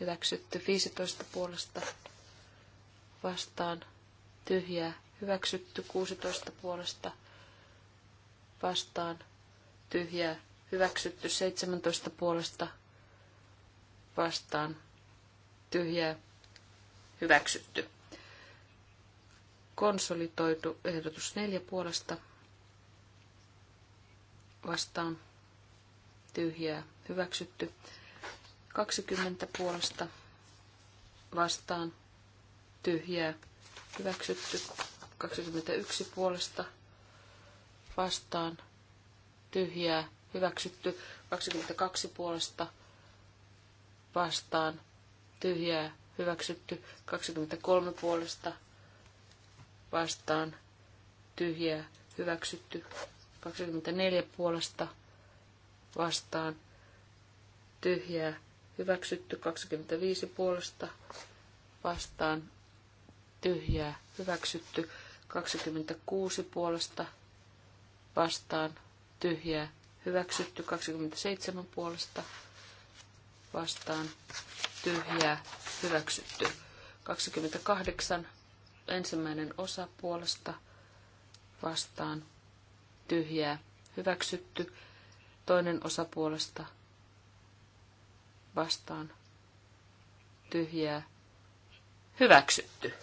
hyväksytty 15 puolesta vastaan tyhjää, hyväksytty 16 puolesta vastaan tyhjää, hyväksytty 17 puolesta vastaan tyhjää, hyväksytty. Konsolitoitu ehdotus 4 puolesta vastaan tyhjää, hyväksytty 20 puolesta vastaan tyhjää hyväksytty. 21 puolesta vastaan tyhjää hyväksytty. 22 puolesta vastaan tyhjää hyväksytty. 23 puolesta vastaan tyhjää hyväksytty. 24 puolesta vastaan tyhjää hyväksytty 25 puolesta vastaan tyhjää hyväksytty 26 puolesta vastaan tyhjää hyväksytty 27 puolesta vastaan tyhjää hyväksytty 28 ensimmäinen osa puolesta vastaan tyhjää hyväksytty toinen osa puolesta vastaan tyhjää hyväksytty.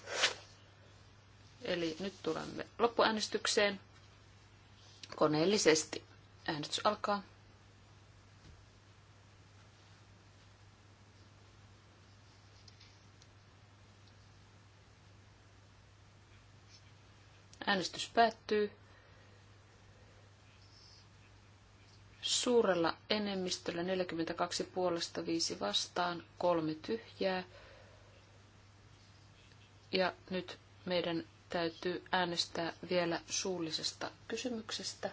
Eli nyt tulemme loppuäänestykseen koneellisesti. Äänestys alkaa. Äänestys päättyy. suurella enemmistöllä 42 puolesta 5 vastaan, kolme tyhjää. Ja nyt meidän täytyy äänestää vielä suullisesta kysymyksestä.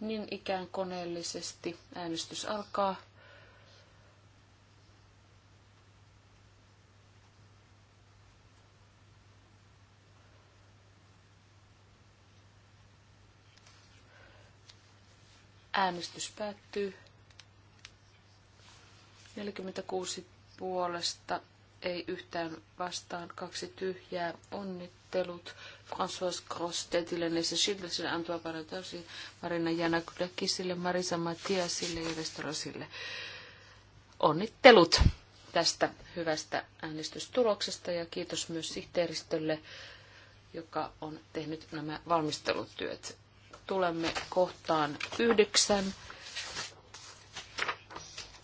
Niin ikään koneellisesti äänestys alkaa. Äänestys päättyy. 46 puolesta, ei yhtään vastaan, kaksi tyhjää. Onnittelut François Grostetille, Nesse Schindlesille, Antoa Paratosi, Marina Janakudakisille, Marisa Matiasille ja Vestorosille. Onnittelut tästä hyvästä äänestystuloksesta ja kiitos myös sihteeristölle, joka on tehnyt nämä valmistelutyöt tulemme kohtaan yhdeksän,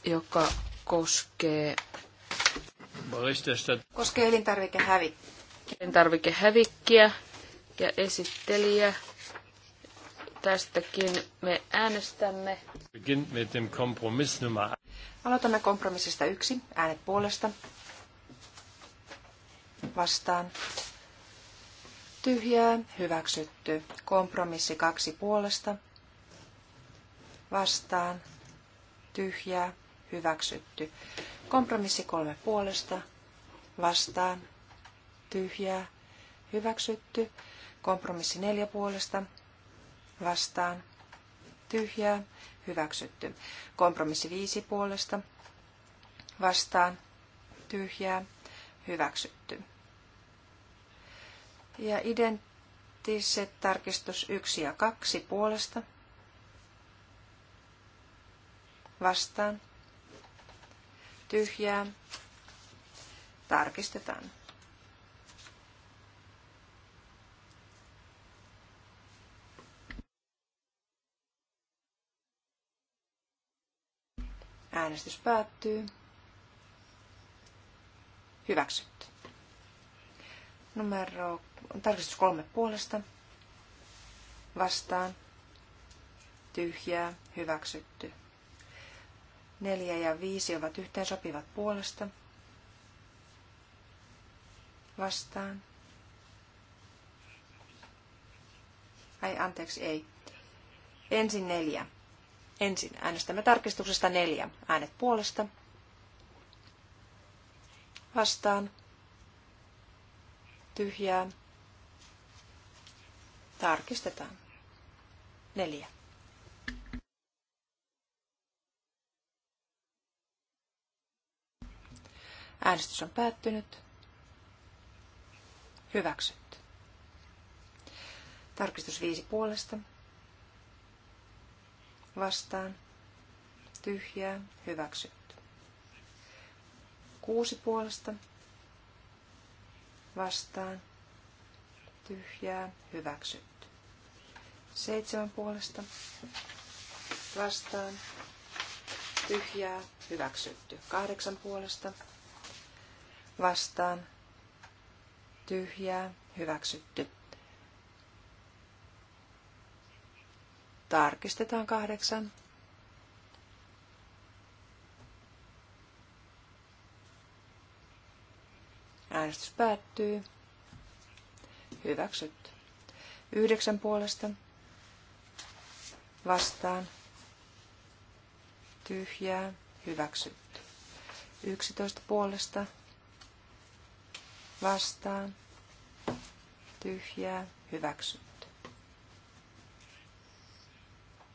joka koskee, koskee elintarvikehävikkiä. Elintarvikehävikkiä ja esittelijä. Tästäkin me äänestämme. Aloitamme kompromissista yksi. Äänet puolesta. Vastaan tyhjää, hyväksytty. Kompromissi kaksi puolesta, vastaan, tyhjää, hyväksytty. Kompromissi kolme puolesta, vastaan, tyhjää, hyväksytty. Kompromissi neljä puolesta, vastaan, tyhjää, hyväksytty. Kompromissi viisi puolesta, vastaan, tyhjää, hyväksytty. Ja identtiset tarkistus 1 ja 2 puolesta. Vastaan. Tyhjää. Tarkistetaan. Äänestys päättyy. Hyväksytty. Numero Tarkistus kolme puolesta. Vastaan. Tyhjää. Hyväksytty. Neljä ja viisi ovat yhteen sopivat puolesta. Vastaan. Ai anteeksi, ei. Ensin neljä. Ensin äänestämme tarkistuksesta neljä. Äänet puolesta. Vastaan. Tyhjää. Tarkistetaan. Neljä. Äänestys on päättynyt. Hyväksytty. Tarkistus viisi puolesta. Vastaan. Tyhjää. Hyväksytty. Kuusi puolesta. Vastaan tyhjää, hyväksytty. Seitsemän puolesta vastaan, tyhjää, hyväksytty. Kahdeksan puolesta vastaan, tyhjää, hyväksytty. Tarkistetaan kahdeksan. Äänestys päättyy. Hyväksytty. Yhdeksän puolesta. Vastaan. Tyhjää. Hyväksytty. Yksitoista puolesta. Vastaan. Tyhjää. Hyväksytty.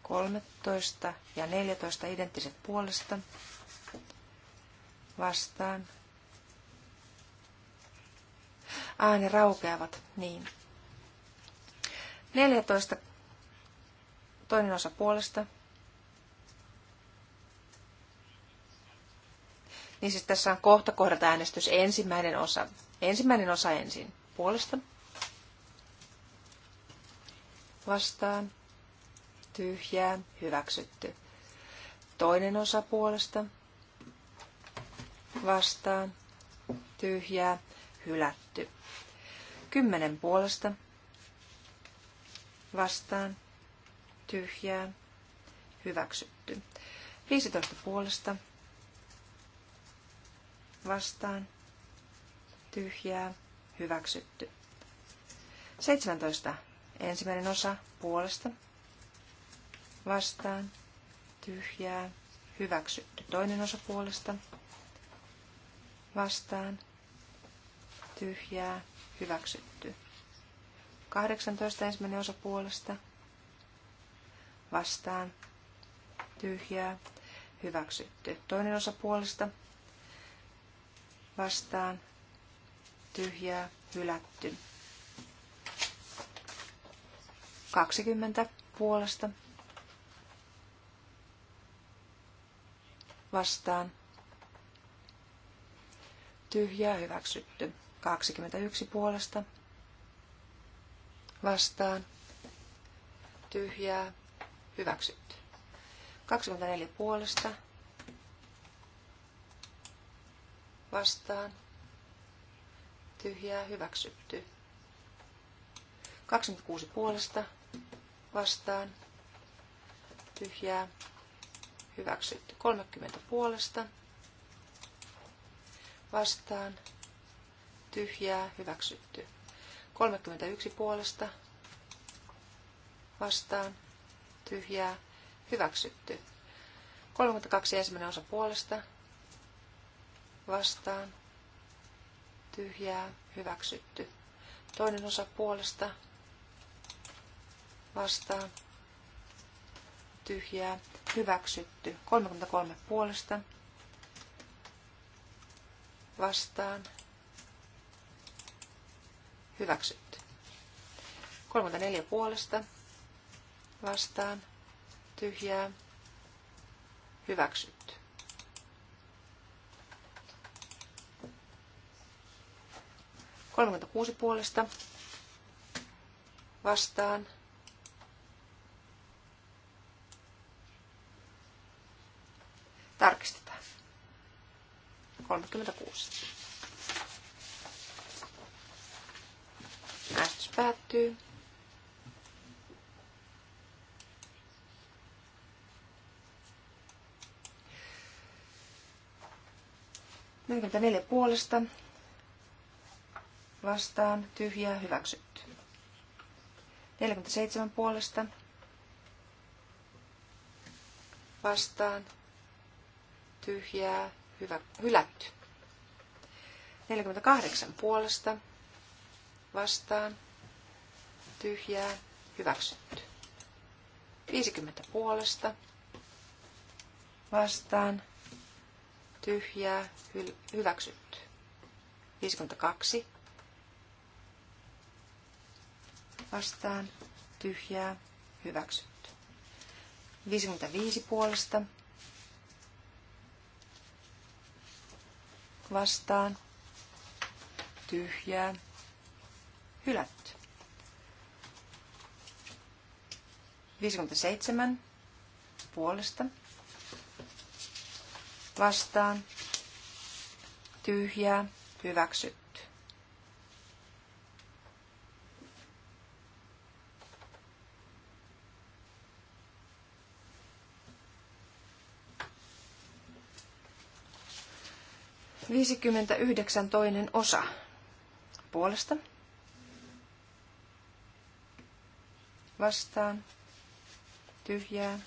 13 ja 14 identtiset puolesta. Vastaan ääni raukeavat niin. 14. Toinen osa puolesta. Niin siis tässä on kohta kohdalta äänestys ensimmäinen osa. Ensimmäinen osa ensin. Puolesta. Vastaan. Tyhjää. Hyväksytty. Toinen osa puolesta. Vastaan. Tyhjää hylätty. Kymmenen puolesta vastaan tyhjää hyväksytty. 15 puolesta vastaan tyhjää hyväksytty. 17 ensimmäinen osa puolesta vastaan tyhjää hyväksytty. Toinen osa puolesta vastaan tyhjää, hyväksytty. 18 ensimmäinen osa puolesta, vastaan, tyhjää, hyväksytty. Toinen osa puolesta, vastaan, tyhjää, hylätty. 20 puolesta, vastaan, tyhjää, hyväksytty. 21 puolesta vastaan tyhjää hyväksytty. 24 puolesta vastaan tyhjää hyväksytty. 26 puolesta vastaan tyhjää hyväksytty. 30 puolesta vastaan tyhjää, hyväksytty. 31 puolesta vastaan, tyhjää, hyväksytty. 32 ensimmäinen osa puolesta vastaan, tyhjää, hyväksytty. Toinen osa puolesta vastaan, tyhjää, hyväksytty. 33 puolesta vastaan, Hyväksytty. 34 puolesta vastaan. Tyhjää. Hyväksytty. kuusi puolesta vastaan. Tarkistetaan. 36. Match päättyy. neljä puolesta vastaan tyhjää hyväksytty. 47 puolesta vastaan tyhjää hyvä, hylätty. 48 puolesta vastaan, tyhjää, hyväksytty. 50 puolesta, vastaan, tyhjää, hy- hyväksytty. 52 vastaan, tyhjää, hyväksytty. 55 puolesta vastaan, tyhjää, hylätty. 57 puolesta vastaan tyhjää hyväksytty. yhdeksän toinen osa puolesta vastaan, tyhjää,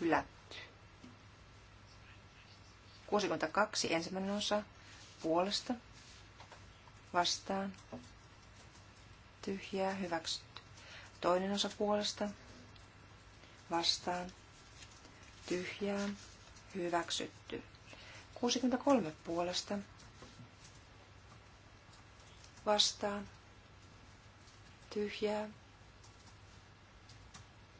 hylätty. 62 ensimmäinen osa puolesta, vastaan, tyhjää, hyväksytty. Toinen osa puolesta, vastaan, tyhjää, hyväksytty. 63 puolesta, vastaan, tyhjää,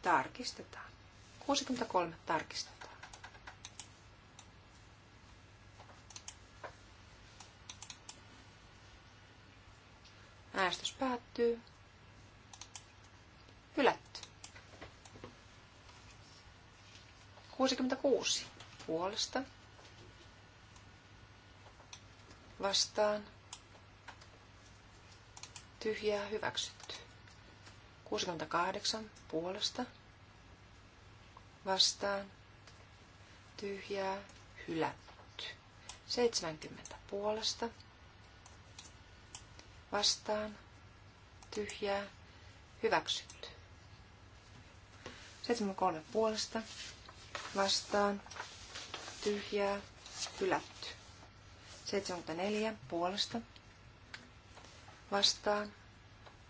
Tarkistetaan. 63 tarkistetaan. Äänestys päättyy. Hylätty. 66 puolesta. Vastaan. Tyhjää hyväksytty. 68 puolesta vastaan tyhjää hylätty. 70 puolesta vastaan tyhjää hyväksytty. 73 puolesta vastaan tyhjää hylätty. 74 puolesta vastaan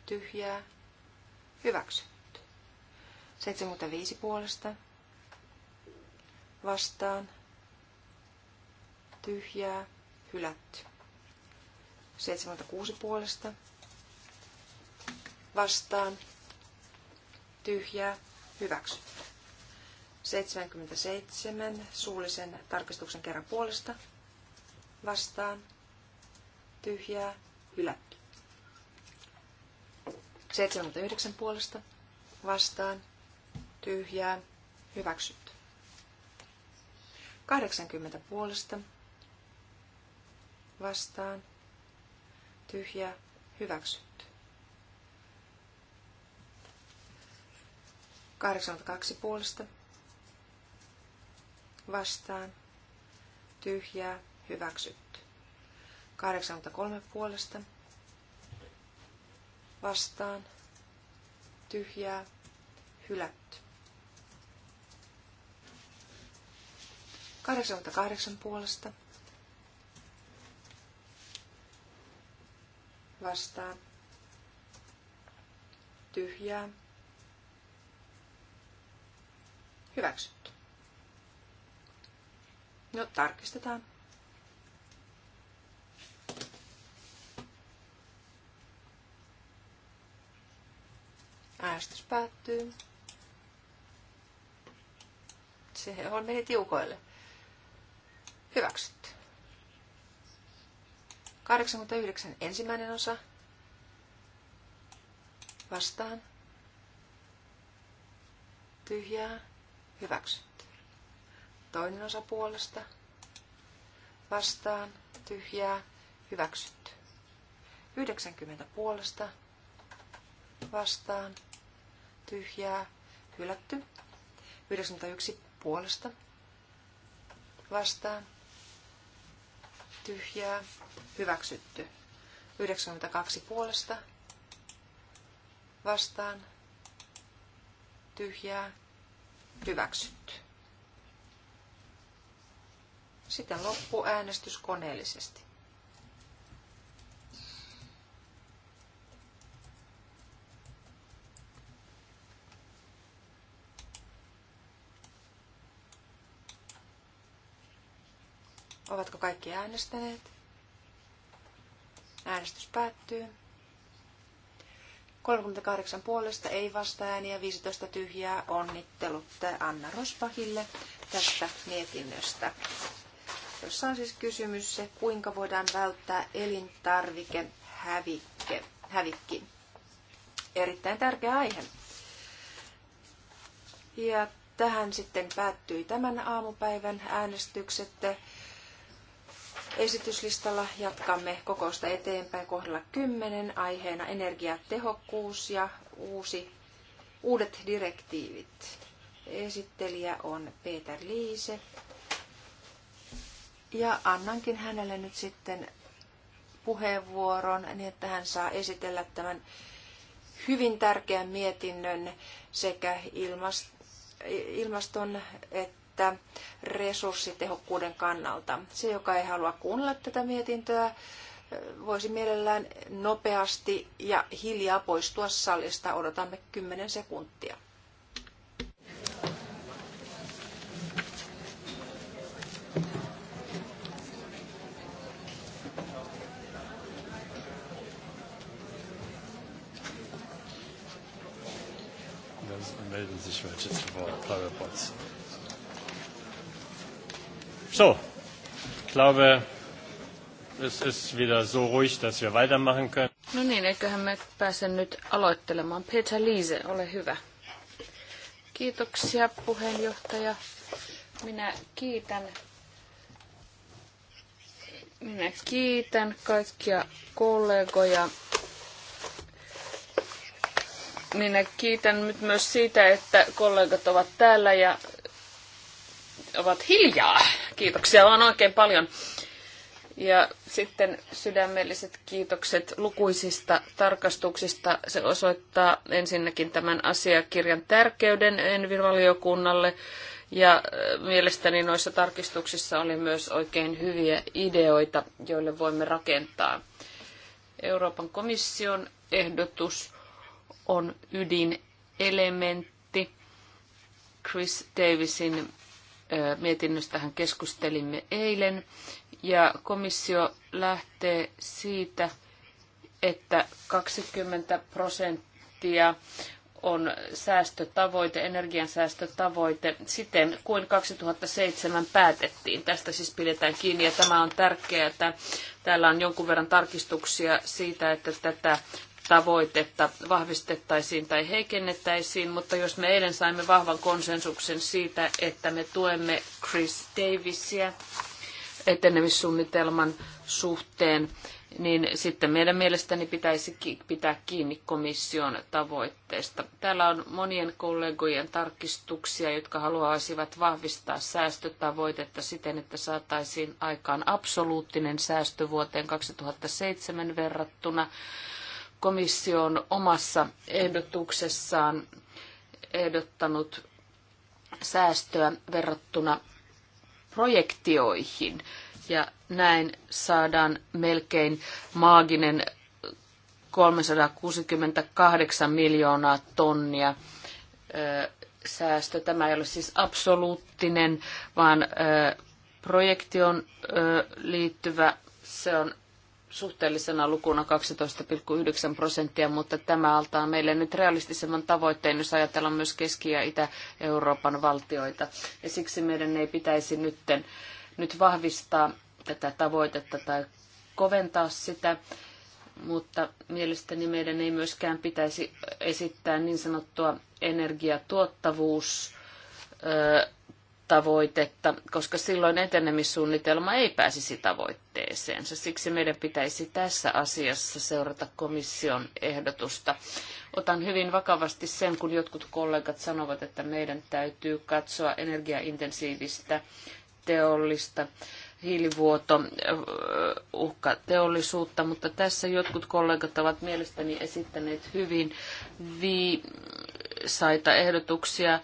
tyhjää Hyväksytty. 75 puolesta. Vastaan. Tyhjää. Hylätty. 76 puolesta. Vastaan. Tyhjää. Hyväksytty. 77 suullisen tarkistuksen kerran puolesta. Vastaan. Tyhjää. Hylätty. 79 puolesta vastaan tyhjää hyväksytty. 80 puolesta vastaan tyhjää hyväksytty. 82 puolesta vastaan tyhjää hyväksytty. 83 puolesta vastaan, vastaan, tyhjää, hylätty. 88 puolesta vastaan, tyhjää, hyväksytty. No, tarkistetaan. äästys päättyy. Se on meni tiukoille. Hyväksytty. 89 ensimmäinen osa. Vastaan. Tyhjää. Hyväksytty. Toinen osa puolesta. Vastaan. Tyhjää. Hyväksytty. 90 puolesta. Vastaan tyhjää, hylätty. 91 puolesta vastaan, tyhjää, hyväksytty. 92 puolesta vastaan, tyhjää, hyväksytty. Sitten loppuäänestys koneellisesti. kaikki äänestäneet? Äänestys päättyy. 38 puolesta ei ja 15 tyhjää. Onnittelut Anna Rosbachille tästä mietinnöstä, jossa on siis kysymys se, kuinka voidaan välttää elintarvikehävikki. Hävikki. Erittäin tärkeä aihe. Ja tähän sitten päättyi tämän aamupäivän äänestykset esityslistalla jatkamme kokousta eteenpäin kohdalla 10 aiheena energiatehokkuus ja uusi, uudet direktiivit. Esittelijä on Peter Liise. Ja annankin hänelle nyt sitten puheenvuoron niin, että hän saa esitellä tämän hyvin tärkeän mietinnön sekä ilmaston että sitä resurssitehokkuuden kannalta. Se, joka ei halua kuunnella tätä mietintöä, voisi mielellään nopeasti ja hiljaa poistua salista. Odotamme 10 sekuntia. melden sich welche zu PowerPoints. So, ich glaube, es ist wieder so ruhig, dass wir weitermachen können. No niin, eiköhän me pääse nyt aloittelemaan. Peter Liise, ole hyvä. Kiitoksia puheenjohtaja. Minä kiitän minä kiitän kaikkia kollegoja. Minä kiitän nyt myös siitä, että kollegat ovat täällä ja ovat hiljaa. Kiitoksia vaan oikein paljon. Ja sitten sydämelliset kiitokset lukuisista tarkastuksista. Se osoittaa ensinnäkin tämän asiakirjan tärkeyden Envivaliokunnalle. Ja äh, mielestäni noissa tarkistuksissa oli myös oikein hyviä ideoita, joille voimme rakentaa. Euroopan komission ehdotus on ydinelementti Chris Davisin mietinnöstähän keskustelimme eilen, ja komissio lähtee siitä, että 20 prosenttia on säästötavoite, energiansäästötavoite siten kuin 2007 päätettiin. Tästä siis pidetään kiinni ja tämä on tärkeää, että täällä on jonkun verran tarkistuksia siitä, että tätä tavoitetta vahvistettaisiin tai heikennettäisiin, mutta jos me eilen saimme vahvan konsensuksen siitä, että me tuemme Chris Davisia etenemissuunnitelman suhteen, niin sitten meidän mielestäni pitäisi pitää kiinni komission tavoitteesta. Täällä on monien kollegojen tarkistuksia, jotka haluaisivat vahvistaa säästötavoitetta siten, että saataisiin aikaan absoluuttinen säästö vuoteen 2007 verrattuna Komissio on omassa ehdotuksessaan ehdottanut säästöä verrattuna projektioihin. Ja näin saadaan melkein maaginen 368 miljoonaa tonnia säästö. Tämä ei ole siis absoluuttinen, vaan projektioon liittyvä. Se on suhteellisena lukuna 12,9 prosenttia, mutta tämä altaa meille nyt realistisemman tavoitteen, jos ajatellaan myös Keski- ja Itä-Euroopan valtioita. Ja siksi meidän ei pitäisi nyt, nyt vahvistaa tätä tavoitetta tai koventaa sitä, mutta mielestäni meidän ei myöskään pitäisi esittää niin sanottua energiatuottavuus tavoitetta, koska silloin etenemissuunnitelma ei pääsisi tavoitteeseensa. Siksi meidän pitäisi tässä asiassa seurata komission ehdotusta. Otan hyvin vakavasti sen, kun jotkut kollegat sanovat, että meidän täytyy katsoa energiaintensiivistä teollista hiilivuoto äh, uhka teollisuutta, mutta tässä jotkut kollegat ovat mielestäni esittäneet hyvin viisaita ehdotuksia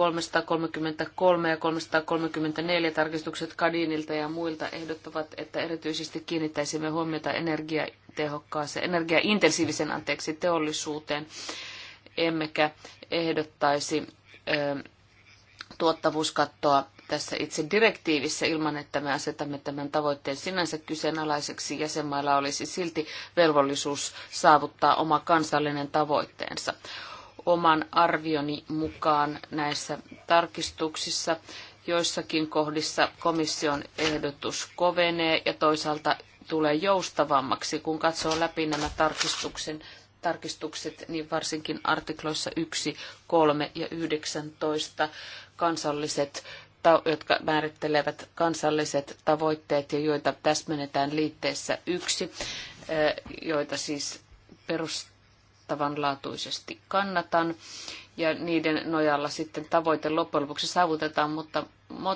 333 ja 334 tarkistukset Kadinilta ja muilta ehdottavat, että erityisesti kiinnittäisimme huomiota energiatehokkaaseen, energiaintensiivisen anteeksi teollisuuteen, emmekä ehdottaisi ö, tuottavuuskattoa tässä itse direktiivissä ilman, että me asetamme tämän tavoitteen sinänsä kyseenalaiseksi. Jäsenmailla olisi silti velvollisuus saavuttaa oma kansallinen tavoitteensa oman arvioni mukaan näissä tarkistuksissa. Joissakin kohdissa komission ehdotus kovenee ja toisaalta tulee joustavammaksi. Kun katsoo läpi nämä tarkistuksen, tarkistukset, niin varsinkin artikloissa 1, 3 ja 19 kansalliset jotka määrittelevät kansalliset tavoitteet ja joita täsmennetään liitteessä yksi, eh, joita siis perus, perustavanlaatuisesti kannatan ja niiden nojalla sitten tavoite loppujen lopuksi saavutetaan, mutta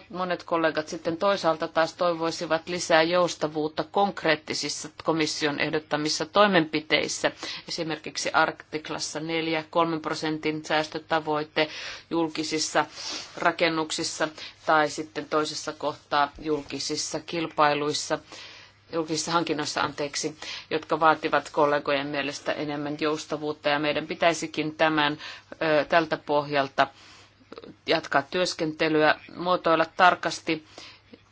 monet kollegat sitten toisaalta taas toivoisivat lisää joustavuutta konkreettisissa komission ehdottamissa toimenpiteissä, esimerkiksi artiklassa 4, 3 prosentin säästötavoite julkisissa rakennuksissa tai sitten toisessa kohtaa julkisissa kilpailuissa julkisissa hankinnoissa, anteeksi, jotka vaativat kollegojen mielestä enemmän joustavuutta ja meidän pitäisikin tämän, tältä pohjalta jatkaa työskentelyä, muotoilla tarkasti,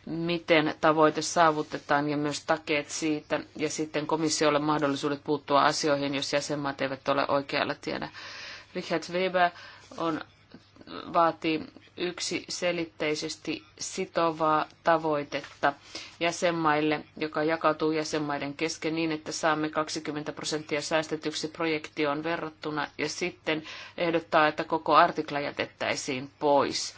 miten tavoite saavutetaan ja myös takeet siitä ja sitten komissiolle mahdollisuudet puuttua asioihin, jos jäsenmaat eivät ole oikealla tiellä. Richard Weber on vaatii yksi selitteisesti sitovaa tavoitetta jäsenmaille, joka jakautuu jäsenmaiden kesken niin, että saamme 20 prosenttia säästetyksi projektioon verrattuna ja sitten ehdottaa, että koko artikla jätettäisiin pois.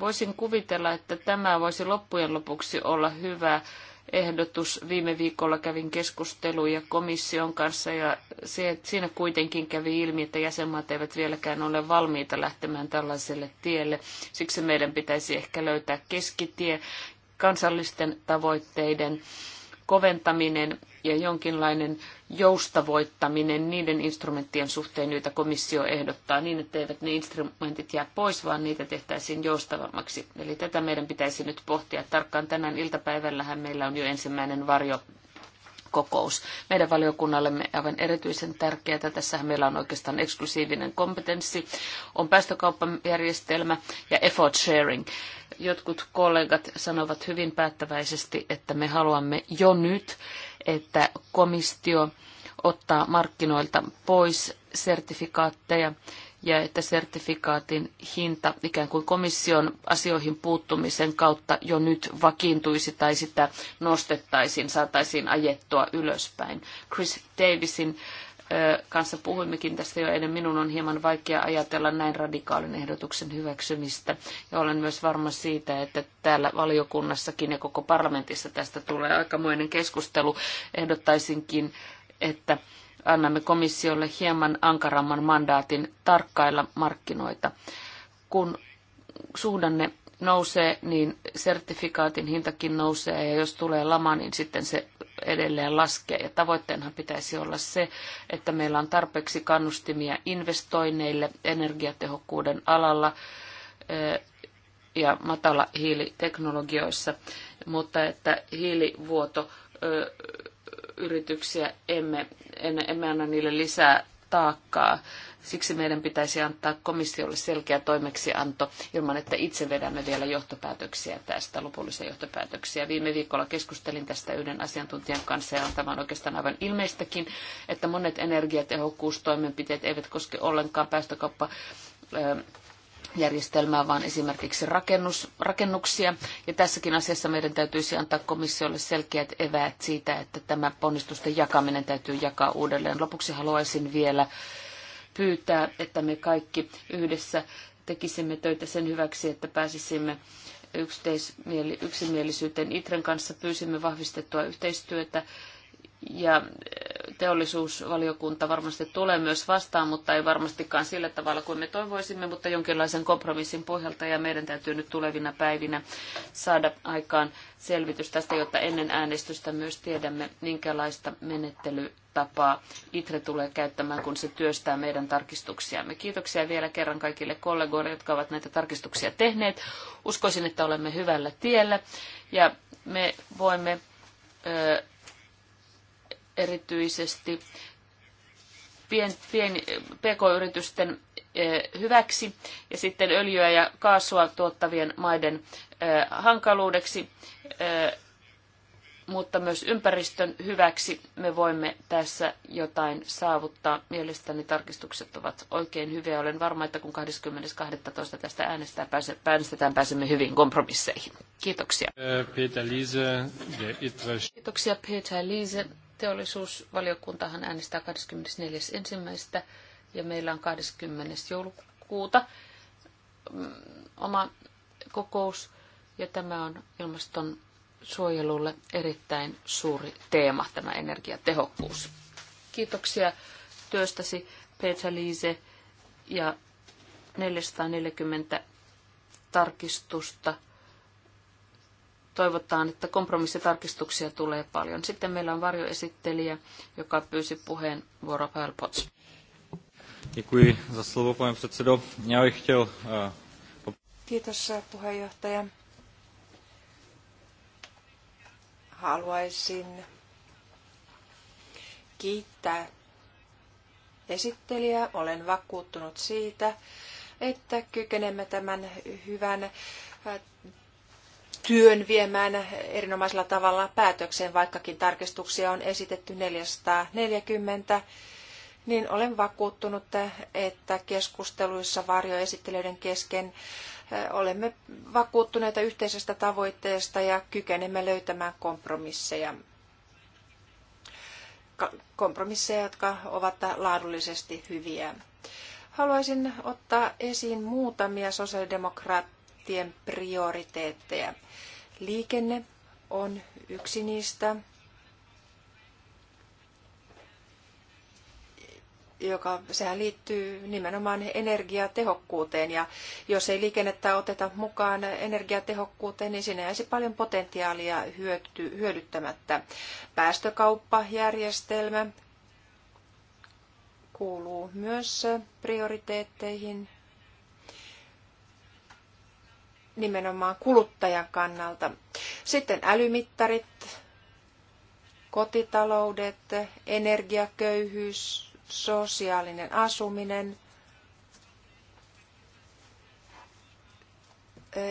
Voisin kuvitella, että tämä voisi loppujen lopuksi olla hyvä ehdotus. Viime viikolla kävin keskusteluja komission kanssa ja se, siinä kuitenkin kävi ilmi, että jäsenmaat eivät vieläkään ole valmiita lähtemään tällaiselle tielle. Siksi meidän pitäisi ehkä löytää keskitie, kansallisten tavoitteiden koventaminen ja jonkinlainen joustavoittaminen niiden instrumenttien suhteen, joita komissio ehdottaa, niin että eivät ne instrumentit jää pois, vaan niitä tehtäisiin joustavammaksi. Eli tätä meidän pitäisi nyt pohtia tarkkaan. Tänään iltapäivällähän meillä on jo ensimmäinen varjo kokous. Meidän valiokunnallemme aivan erityisen tärkeää, tässähän meillä on oikeastaan eksklusiivinen kompetenssi, on päästökauppajärjestelmä ja effort sharing. Jotkut kollegat sanovat hyvin päättäväisesti, että me haluamme jo nyt että komistio ottaa markkinoilta pois sertifikaatteja ja että sertifikaatin hinta ikään kuin komission asioihin puuttumisen kautta jo nyt vakiintuisi tai sitä nostettaisiin, saataisiin ajettua ylöspäin. Chris Davisin kanssa puhuimmekin tästä jo eilen, minun on hieman vaikea ajatella näin radikaalin ehdotuksen hyväksymistä. Ja olen myös varma siitä, että täällä valiokunnassakin ja koko parlamentissa tästä tulee aikamoinen keskustelu. Ehdottaisinkin, että annamme komissiolle hieman ankaramman mandaatin tarkkailla markkinoita. Kun suhdanne nousee, niin sertifikaatin hintakin nousee ja jos tulee lama, niin sitten se edelleen laskea. Ja tavoitteenhan pitäisi olla se, että meillä on tarpeeksi kannustimia investoinneille energiatehokkuuden alalla eh, ja matala hiiliteknologioissa, mutta että hiilivuoto eh, yrityksiä emme, emme anna niille lisää taakkaa. Siksi meidän pitäisi antaa komissiolle selkeä toimeksianto ilman, että itse vedämme vielä johtopäätöksiä tästä, lopullisia johtopäätöksiä. Viime viikolla keskustelin tästä yhden asiantuntijan kanssa ja on tämä oikeastaan aivan ilmeistäkin, että monet energiatehokkuustoimenpiteet eivät koske ollenkaan päästökauppa järjestelmää, vaan esimerkiksi rakennus, rakennuksia. Ja tässäkin asiassa meidän täytyisi antaa komissiolle selkeät eväät siitä, että tämä ponnistusten jakaminen täytyy jakaa uudelleen. Lopuksi haluaisin vielä pyytää, että me kaikki yhdessä tekisimme töitä sen hyväksi, että pääsisimme yksimielisyyteen. Itren kanssa pyysimme vahvistettua yhteistyötä ja teollisuusvaliokunta varmasti tulee myös vastaan, mutta ei varmastikaan sillä tavalla kuin me toivoisimme, mutta jonkinlaisen kompromissin pohjalta ja meidän täytyy nyt tulevina päivinä saada aikaan selvitys tästä, jotta ennen äänestystä myös tiedämme, minkälaista menettelytapaa ITRE tulee käyttämään, kun se työstää meidän tarkistuksiamme. Kiitoksia vielä kerran kaikille kollegoille, jotka ovat näitä tarkistuksia tehneet. Uskoisin, että olemme hyvällä tiellä ja me voimme erityisesti pien, pien, pk-yritysten e, hyväksi ja sitten öljyä ja kaasua tuottavien maiden e, hankaluudeksi, e, mutta myös ympäristön hyväksi me voimme tässä jotain saavuttaa. Mielestäni tarkistukset ovat oikein hyviä. Olen varma, että kun 20.12. tästä äänestää, pääse, äänestetään, pääsemme hyvin kompromisseihin. Kiitoksia. Peter Liese, Kiitoksia Peter Liese Teollisuusvaliokuntahan äänestää 24.1. ja meillä on 20. joulukuuta mm, oma kokous ja tämä on ilmaston suojelulle erittäin suuri teema, tämä energiatehokkuus. Kiitoksia työstäsi Petra Liise ja 440 tarkistusta toivotaan, että kompromissitarkistuksia tulee paljon. Sitten meillä on varjoesittelijä, joka pyysi puheen Pavel Pärpots. Děkuji za slovo, pane předsedo. Já bych chtěl... Eh, Kiitos, puheenjohtaja. Haluaisin kiittää esittelijää. Olen vakuuttunut siitä, että kykenemme tämän hyvän työn viemään erinomaisella tavalla päätökseen, vaikkakin tarkistuksia on esitetty 440, niin olen vakuuttunut, että keskusteluissa varjoesittelyiden kesken eh, olemme vakuuttuneita yhteisestä tavoitteesta ja kykenemme löytämään kompromisseja. Kompromisseja, jotka ovat laadullisesti hyviä. Haluaisin ottaa esiin muutamia sosiaalidemokraatteja kuntien prioriteetteja. Liikenne on yksi niistä, joka sehän liittyy nimenomaan energiatehokkuuteen. Ja jos ei liikennettä oteta mukaan energiatehokkuuteen, niin siinä jäisi paljon potentiaalia hyöty, hyödyttämättä. Päästökauppajärjestelmä kuuluu myös prioriteetteihin nimenomaan kuluttajan kannalta. Sitten älymittarit, kotitaloudet, energiaköyhyys, sosiaalinen asuminen,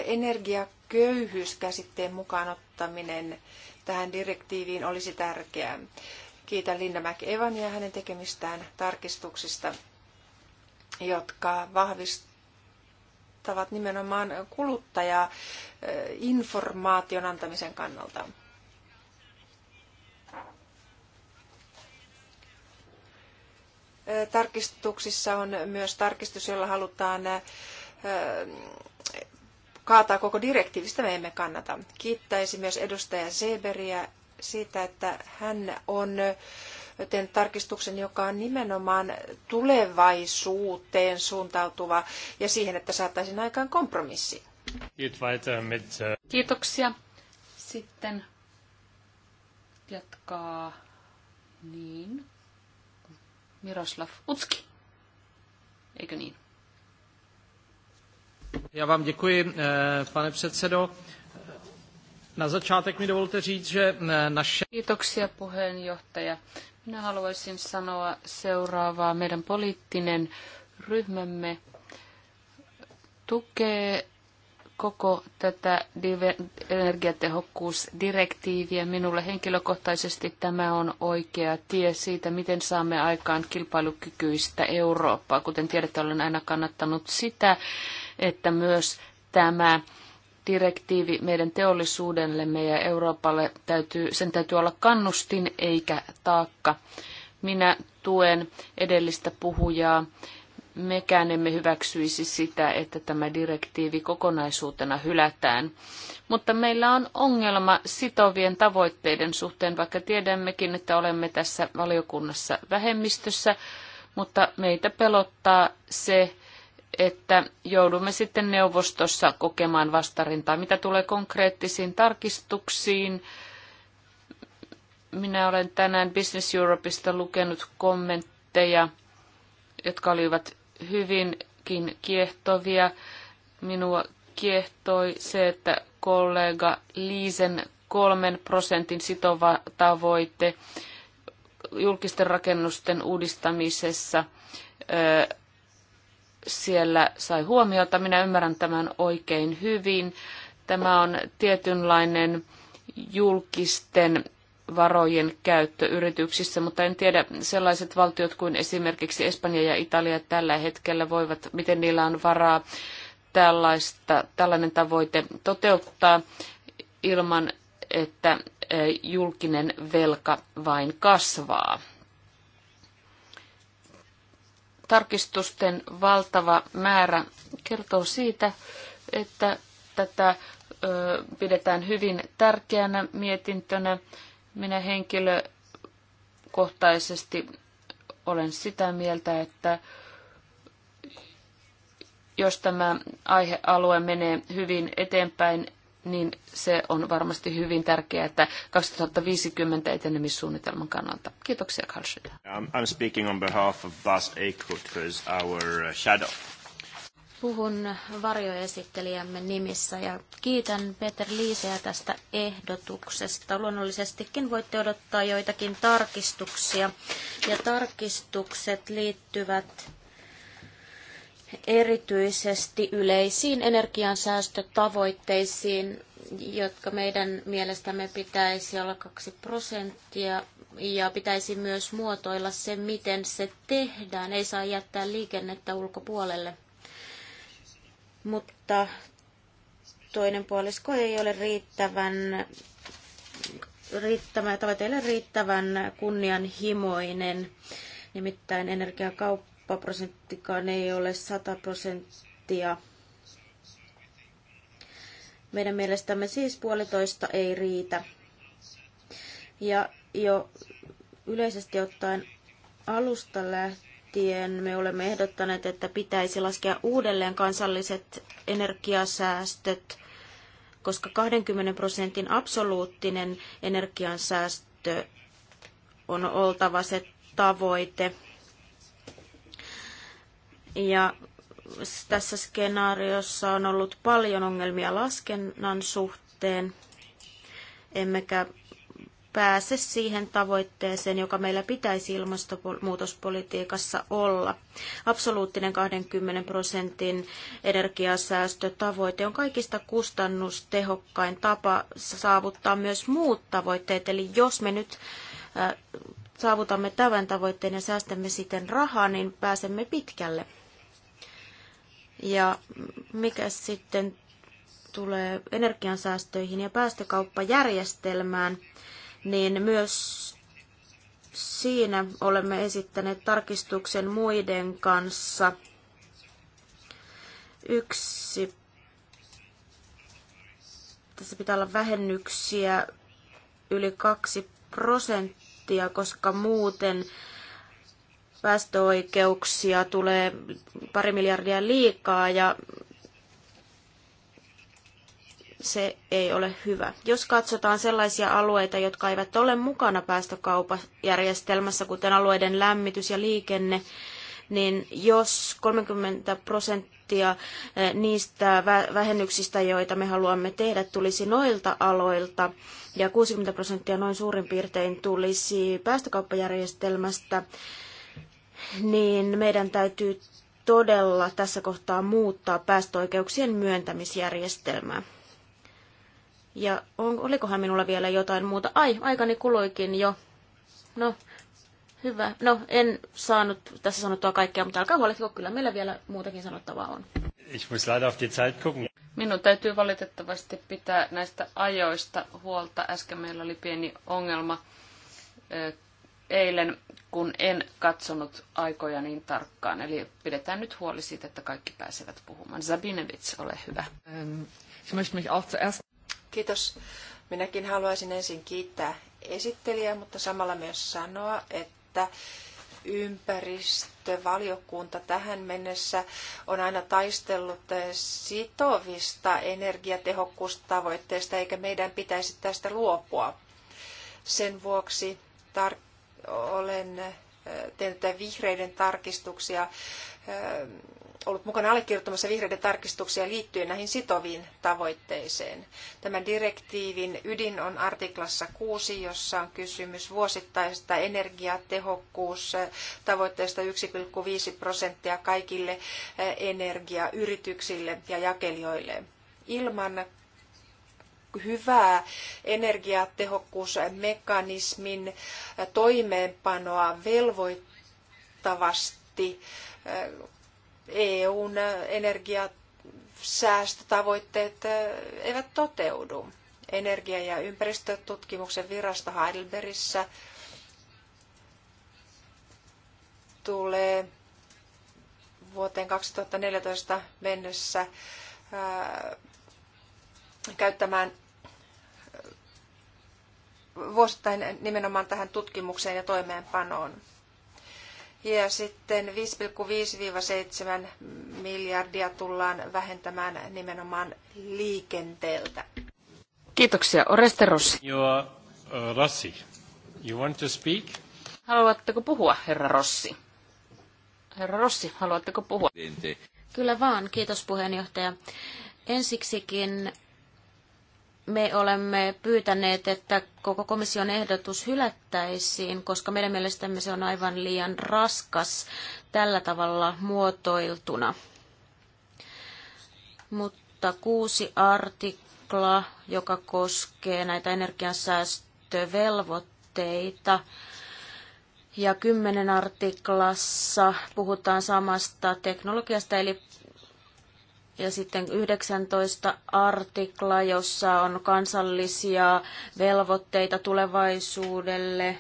energiaköyhyyskäsitteen mukaan ottaminen tähän direktiiviin olisi tärkeää. Kiitän Linda McEvania hänen tekemistään tarkistuksista, jotka vahvistavat auttavat nimenomaan kuluttajaa informaation antamisen kannalta. Tarkistuksissa on myös tarkistus, jolla halutaan kaataa koko direktiivistä me emme kannata. Kiittäisi myös edustaja Seberiä siitä, että hän on joten tarkistuksen, joka on nimenomaan tulevaisuuteen suuntautuva ja siihen, että saataisiin aikaan kompromissi. Äh, Kiitoksia. Sitten jatkaa niin. Miroslav Utski. Eikö niin? Já vám děkuji, eh, pane předsedo. Na začátek mi dovolte říct, že eh, naše... Kiitoksia puheenjohtaja. Minä haluaisin sanoa seuraavaa. Meidän poliittinen ryhmämme tukee koko tätä energiatehokkuusdirektiiviä. Minulle henkilökohtaisesti tämä on oikea tie siitä, miten saamme aikaan kilpailukykyistä Eurooppaa. Kuten tiedätte, olen aina kannattanut sitä, että myös tämä direktiivi meidän teollisuudellemme ja Euroopalle täytyy, sen täytyy olla kannustin eikä taakka. Minä tuen edellistä puhujaa. Mekään emme hyväksyisi sitä, että tämä direktiivi kokonaisuutena hylätään. Mutta meillä on ongelma sitovien tavoitteiden suhteen, vaikka tiedämmekin, että olemme tässä valiokunnassa vähemmistössä, mutta meitä pelottaa se, että joudumme sitten neuvostossa kokemaan vastarintaa. Mitä tulee konkreettisiin tarkistuksiin, minä olen tänään Business Europeista lukenut kommentteja, jotka olivat hyvinkin kiehtovia. Minua kiehtoi se, että kollega Liisen kolmen prosentin sitova tavoite julkisten rakennusten uudistamisessa siellä sai huomiota. Minä ymmärrän tämän oikein hyvin. Tämä on tietynlainen julkisten varojen käyttö yrityksissä, mutta en tiedä sellaiset valtiot kuin esimerkiksi Espanja ja Italia tällä hetkellä voivat, miten niillä on varaa tällaista, tällainen tavoite toteuttaa ilman, että eh, julkinen velka vain kasvaa tarkistusten valtava määrä kertoo siitä, että tätä ö, pidetään hyvin tärkeänä mietintönä. Minä henkilökohtaisesti olen sitä mieltä, että jos tämä aihealue menee hyvin eteenpäin, niin se on varmasti hyvin tärkeää, että 2050 etenemissuunnitelman kannalta. Kiitoksia Carl I'm speaking on behalf of Bas Eichhut, who is our uh, shadow. Puhun varjoesittelijämme nimissä ja kiitän Peter Liiseä tästä ehdotuksesta. Luonnollisestikin voitte odottaa joitakin tarkistuksia. Ja tarkistukset liittyvät erityisesti yleisiin energiansäästötavoitteisiin, jotka meidän mielestämme pitäisi olla kaksi prosenttia ja pitäisi myös muotoilla se, miten se tehdään. Ei saa jättää liikennettä ulkopuolelle. Mutta toinen puolisko ei ole riittävän riittävän, tavoitteille riittävän kunnianhimoinen. Nimittäin energiakauppa prosenttikaan ei ole 100 prosenttia. Meidän mielestämme siis puolitoista ei riitä. Ja jo yleisesti ottaen alusta lähtien me olemme ehdottaneet, että pitäisi laskea uudelleen kansalliset energiasäästöt, koska 20 prosentin absoluuttinen energiansäästö on oltava se tavoite. Ja tässä skenaariossa on ollut paljon ongelmia laskennan suhteen, emmekä pääse siihen tavoitteeseen, joka meillä pitäisi ilmastonmuutospolitiikassa olla. Absoluuttinen 20 prosentin energiasäästötavoite on kaikista kustannustehokkain tapa saavuttaa myös muut tavoitteet. Eli jos me nyt äh, saavutamme tämän tavoitteen ja säästämme siten rahaa, niin pääsemme pitkälle. Ja mikä sitten tulee energiansäästöihin ja päästökauppajärjestelmään, niin myös siinä olemme esittäneet tarkistuksen muiden kanssa. Yksi. Tässä pitää olla vähennyksiä yli kaksi prosenttia, koska muuten päästöoikeuksia tulee pari miljardia liikaa ja se ei ole hyvä. Jos katsotaan sellaisia alueita, jotka eivät ole mukana päästökaupajärjestelmässä, kuten alueiden lämmitys ja liikenne, niin jos 30 prosenttia eh, niistä vähennyksistä, joita me haluamme tehdä, tulisi noilta aloilta ja 60 prosenttia noin suurin piirtein tulisi päästökauppajärjestelmästä, niin meidän täytyy todella tässä kohtaa muuttaa päästöoikeuksien myöntämisjärjestelmää. Ja on, olikohan minulla vielä jotain muuta? Ai, aikani kuluikin jo. No, hyvä. No, en saanut tässä sanottua kaikkea, mutta alkaa huolehtiko, kyllä meillä vielä muutakin sanottavaa on. Ich muss leider auf die Zeit gucken. Minun täytyy valitettavasti pitää näistä ajoista huolta. Äsken meillä oli pieni ongelma eilen, kun en katsonut aikoja niin tarkkaan. Eli pidetään nyt huoli siitä, että kaikki pääsevät puhumaan. Zabinevits, ole hyvä. Ähm, Kiitos. Minäkin haluaisin ensin kiittää esittelijää, mutta samalla myös sanoa, että ympäristövaliokunta tähän mennessä on aina taistellut sitovista energiatehokkuustavoitteista, eikä meidän pitäisi tästä luopua. Sen vuoksi tar- olen tehnyt vihreiden tarkistuksia, ollut mukana allekirjoittamassa vihreiden tarkistuksia liittyen näihin sitoviin tavoitteisiin. Tämän direktiivin ydin on artiklassa 6, jossa on kysymys vuosittaisesta energiatehokkuustavoitteesta 1,5 prosenttia kaikille energiayrityksille ja jakelijoille. Ilman hyvää energiatehokkuusmekanismin toimeenpanoa velvoittavasti eh, EUn energiasäästötavoitteet eh, eivät toteudu. Energia- ja ympäristötutkimuksen virasto Heidelbergissä tulee vuoteen 2014 mennessä eh, käyttämään vuosittain nimenomaan tähän tutkimukseen ja toimeenpanoon. Ja sitten 5,5-7 miljardia tullaan vähentämään nimenomaan liikenteeltä. Kiitoksia. Oreste Rossi. Joo, uh, Rossi. You want to speak? Haluatteko puhua, herra Rossi? Herra Rossi, haluatteko puhua? Kyllä vaan, kiitos puheenjohtaja. Ensiksikin me olemme pyytäneet, että koko komission ehdotus hylättäisiin, koska meidän mielestämme se on aivan liian raskas tällä tavalla muotoiltuna. Mutta kuusi artikla, joka koskee näitä energiansäästövelvoitteita, ja kymmenen artiklassa puhutaan samasta teknologiasta, eli ja sitten 19 artikla, jossa on kansallisia velvoitteita tulevaisuudelle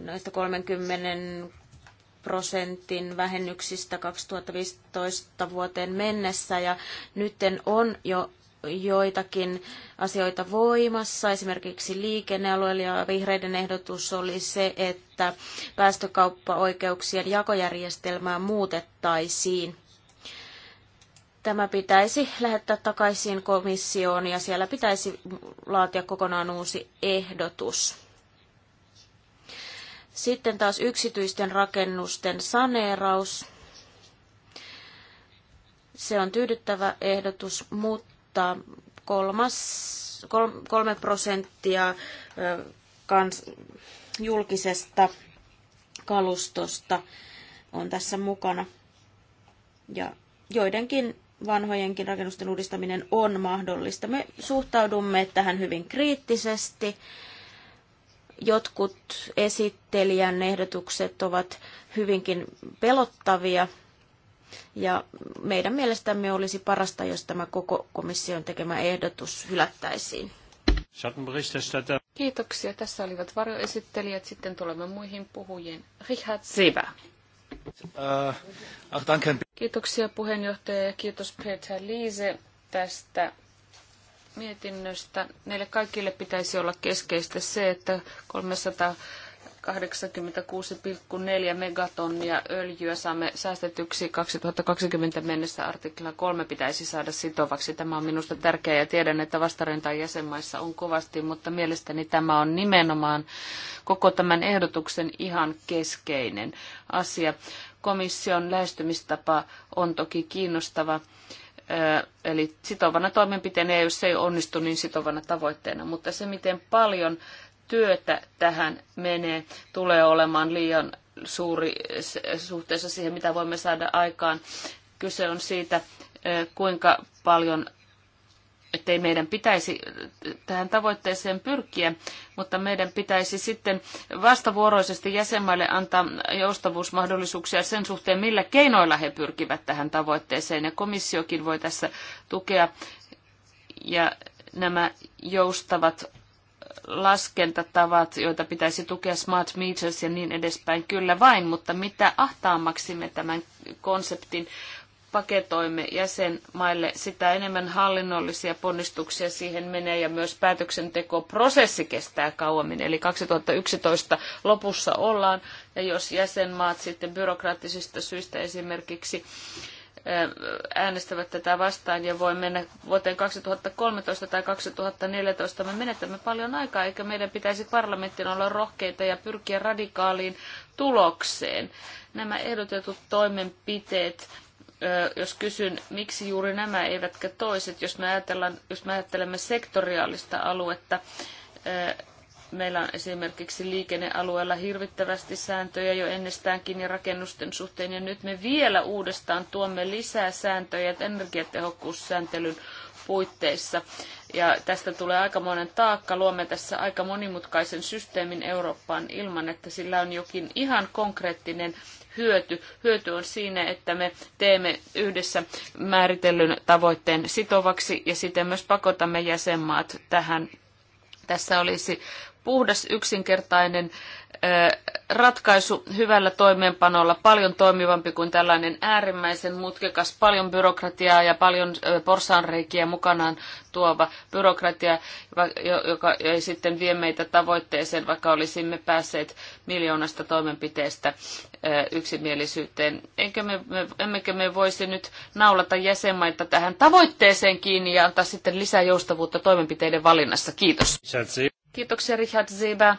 näistä 30 prosentin vähennyksistä 2015 vuoteen mennessä ja nyt on jo joitakin asioita voimassa. Esimerkiksi liikennealueella ja vihreiden ehdotus oli se, että päästökauppaoikeuksien jakojärjestelmää muutettaisiin. Tämä pitäisi lähettää takaisin komissioon ja siellä pitäisi laatia kokonaan uusi ehdotus. Sitten taas yksityisten rakennusten saneeraus. Se on tyydyttävä ehdotus, mutta kolmas, kolme prosenttia kans, julkisesta kalustosta on tässä mukana. Ja joidenkin vanhojenkin rakennusten uudistaminen on mahdollista. Me suhtaudumme tähän hyvin kriittisesti. Jotkut esittelijän ehdotukset ovat hyvinkin pelottavia ja meidän mielestämme olisi parasta, jos tämä koko komission tekemä ehdotus hylättäisiin. Kiitoksia. Tässä olivat varjoesittelijät. Sitten tulemme muihin puhujiin. Richard Sivä. Uh, Kiitoksia puheenjohtaja ja kiitos Peter Liise tästä mietinnöstä. Meille kaikille pitäisi olla keskeistä se, että 300 86,4 megatonnia öljyä saamme säästetyksi 2020 mennessä. Artikla 3 pitäisi saada sitovaksi. Tämä on minusta tärkeää ja tiedän, että vastarintaa jäsenmaissa on kovasti, mutta mielestäni tämä on nimenomaan koko tämän ehdotuksen ihan keskeinen asia. Komission lähestymistapa on toki kiinnostava. Eli sitovana toimenpiteenä, ja jos se ei onnistu, niin sitovana tavoitteena. Mutta se, miten paljon työtä tähän menee, tulee olemaan liian suuri suhteessa siihen, mitä voimme saada aikaan. Kyse on siitä, kuinka paljon ettei meidän pitäisi tähän tavoitteeseen pyrkiä, mutta meidän pitäisi sitten vastavuoroisesti jäsenmaille antaa joustavuusmahdollisuuksia sen suhteen, millä keinoilla he pyrkivät tähän tavoitteeseen, ja komissiokin voi tässä tukea. Ja nämä joustavat laskentatavat, joita pitäisi tukea smart meters ja niin edespäin, kyllä vain, mutta mitä ahtaammaksi me tämän konseptin paketoimme jäsenmaille, sitä enemmän hallinnollisia ponnistuksia siihen menee ja myös päätöksentekoprosessi kestää kauemmin. Eli 2011 lopussa ollaan ja jos jäsenmaat sitten byrokraattisista syistä esimerkiksi äänestävät tätä vastaan ja voi mennä vuoteen 2013 tai 2014. Me menetämme paljon aikaa, eikä meidän pitäisi parlamenttina olla rohkeita ja pyrkiä radikaaliin tulokseen. Nämä ehdotetut toimenpiteet, jos kysyn, miksi juuri nämä eivätkä toiset, jos me, ajatellaan, jos me ajattelemme sektoriaalista aluetta, Meillä on esimerkiksi liikennealueella hirvittävästi sääntöjä jo ennestäänkin ja rakennusten suhteen, ja nyt me vielä uudestaan tuomme lisää sääntöjä energiatehokkuussääntelyn puitteissa. Ja tästä tulee aikamoinen taakka. Luomme tässä aika monimutkaisen systeemin Eurooppaan ilman, että sillä on jokin ihan konkreettinen hyöty. Hyöty on siinä, että me teemme yhdessä määritellyn tavoitteen sitovaksi ja siten myös pakotamme jäsenmaat tähän. Tässä olisi puhdas, yksinkertainen ratkaisu hyvällä toimeenpanolla, paljon toimivampi kuin tällainen äärimmäisen mutkikas, paljon byrokratiaa ja paljon porsaanreikiä mukanaan tuova byrokratia, joka ei sitten vie meitä tavoitteeseen, vaikka olisimme päässeet miljoonasta toimenpiteestä yksimielisyyteen. Eikö me, me, emmekö me voisi nyt naulata jäsenmaita tähän tavoitteeseen kiinni ja antaa sitten lisää joustavuutta toimenpiteiden valinnassa? Kiitos. Kiitoksia Richard Ziba.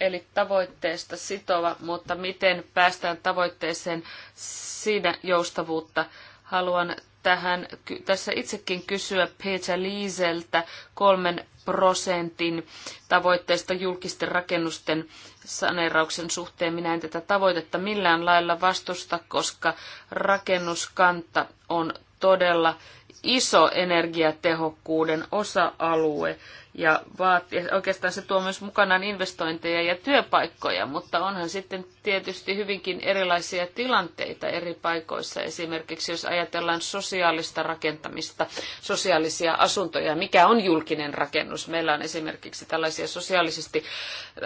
Eli tavoitteesta sitova, mutta miten päästään tavoitteeseen siinä joustavuutta? Haluan tähän tässä itsekin kysyä Peter Liiseltä kolmen prosentin tavoitteesta julkisten rakennusten saneerauksen suhteen. Minä en tätä tavoitetta millään lailla vastusta, koska rakennuskanta on todella iso energiatehokkuuden osa-alue ja vaatii, oikeastaan se tuo myös mukanaan investointeja ja työpaikkoja, mutta onhan sitten tietysti hyvinkin erilaisia tilanteita eri paikoissa. Esimerkiksi jos ajatellaan sosiaalista rakentamista, sosiaalisia asuntoja, mikä on julkinen rakennus. Meillä on esimerkiksi tällaisia sosiaalisesti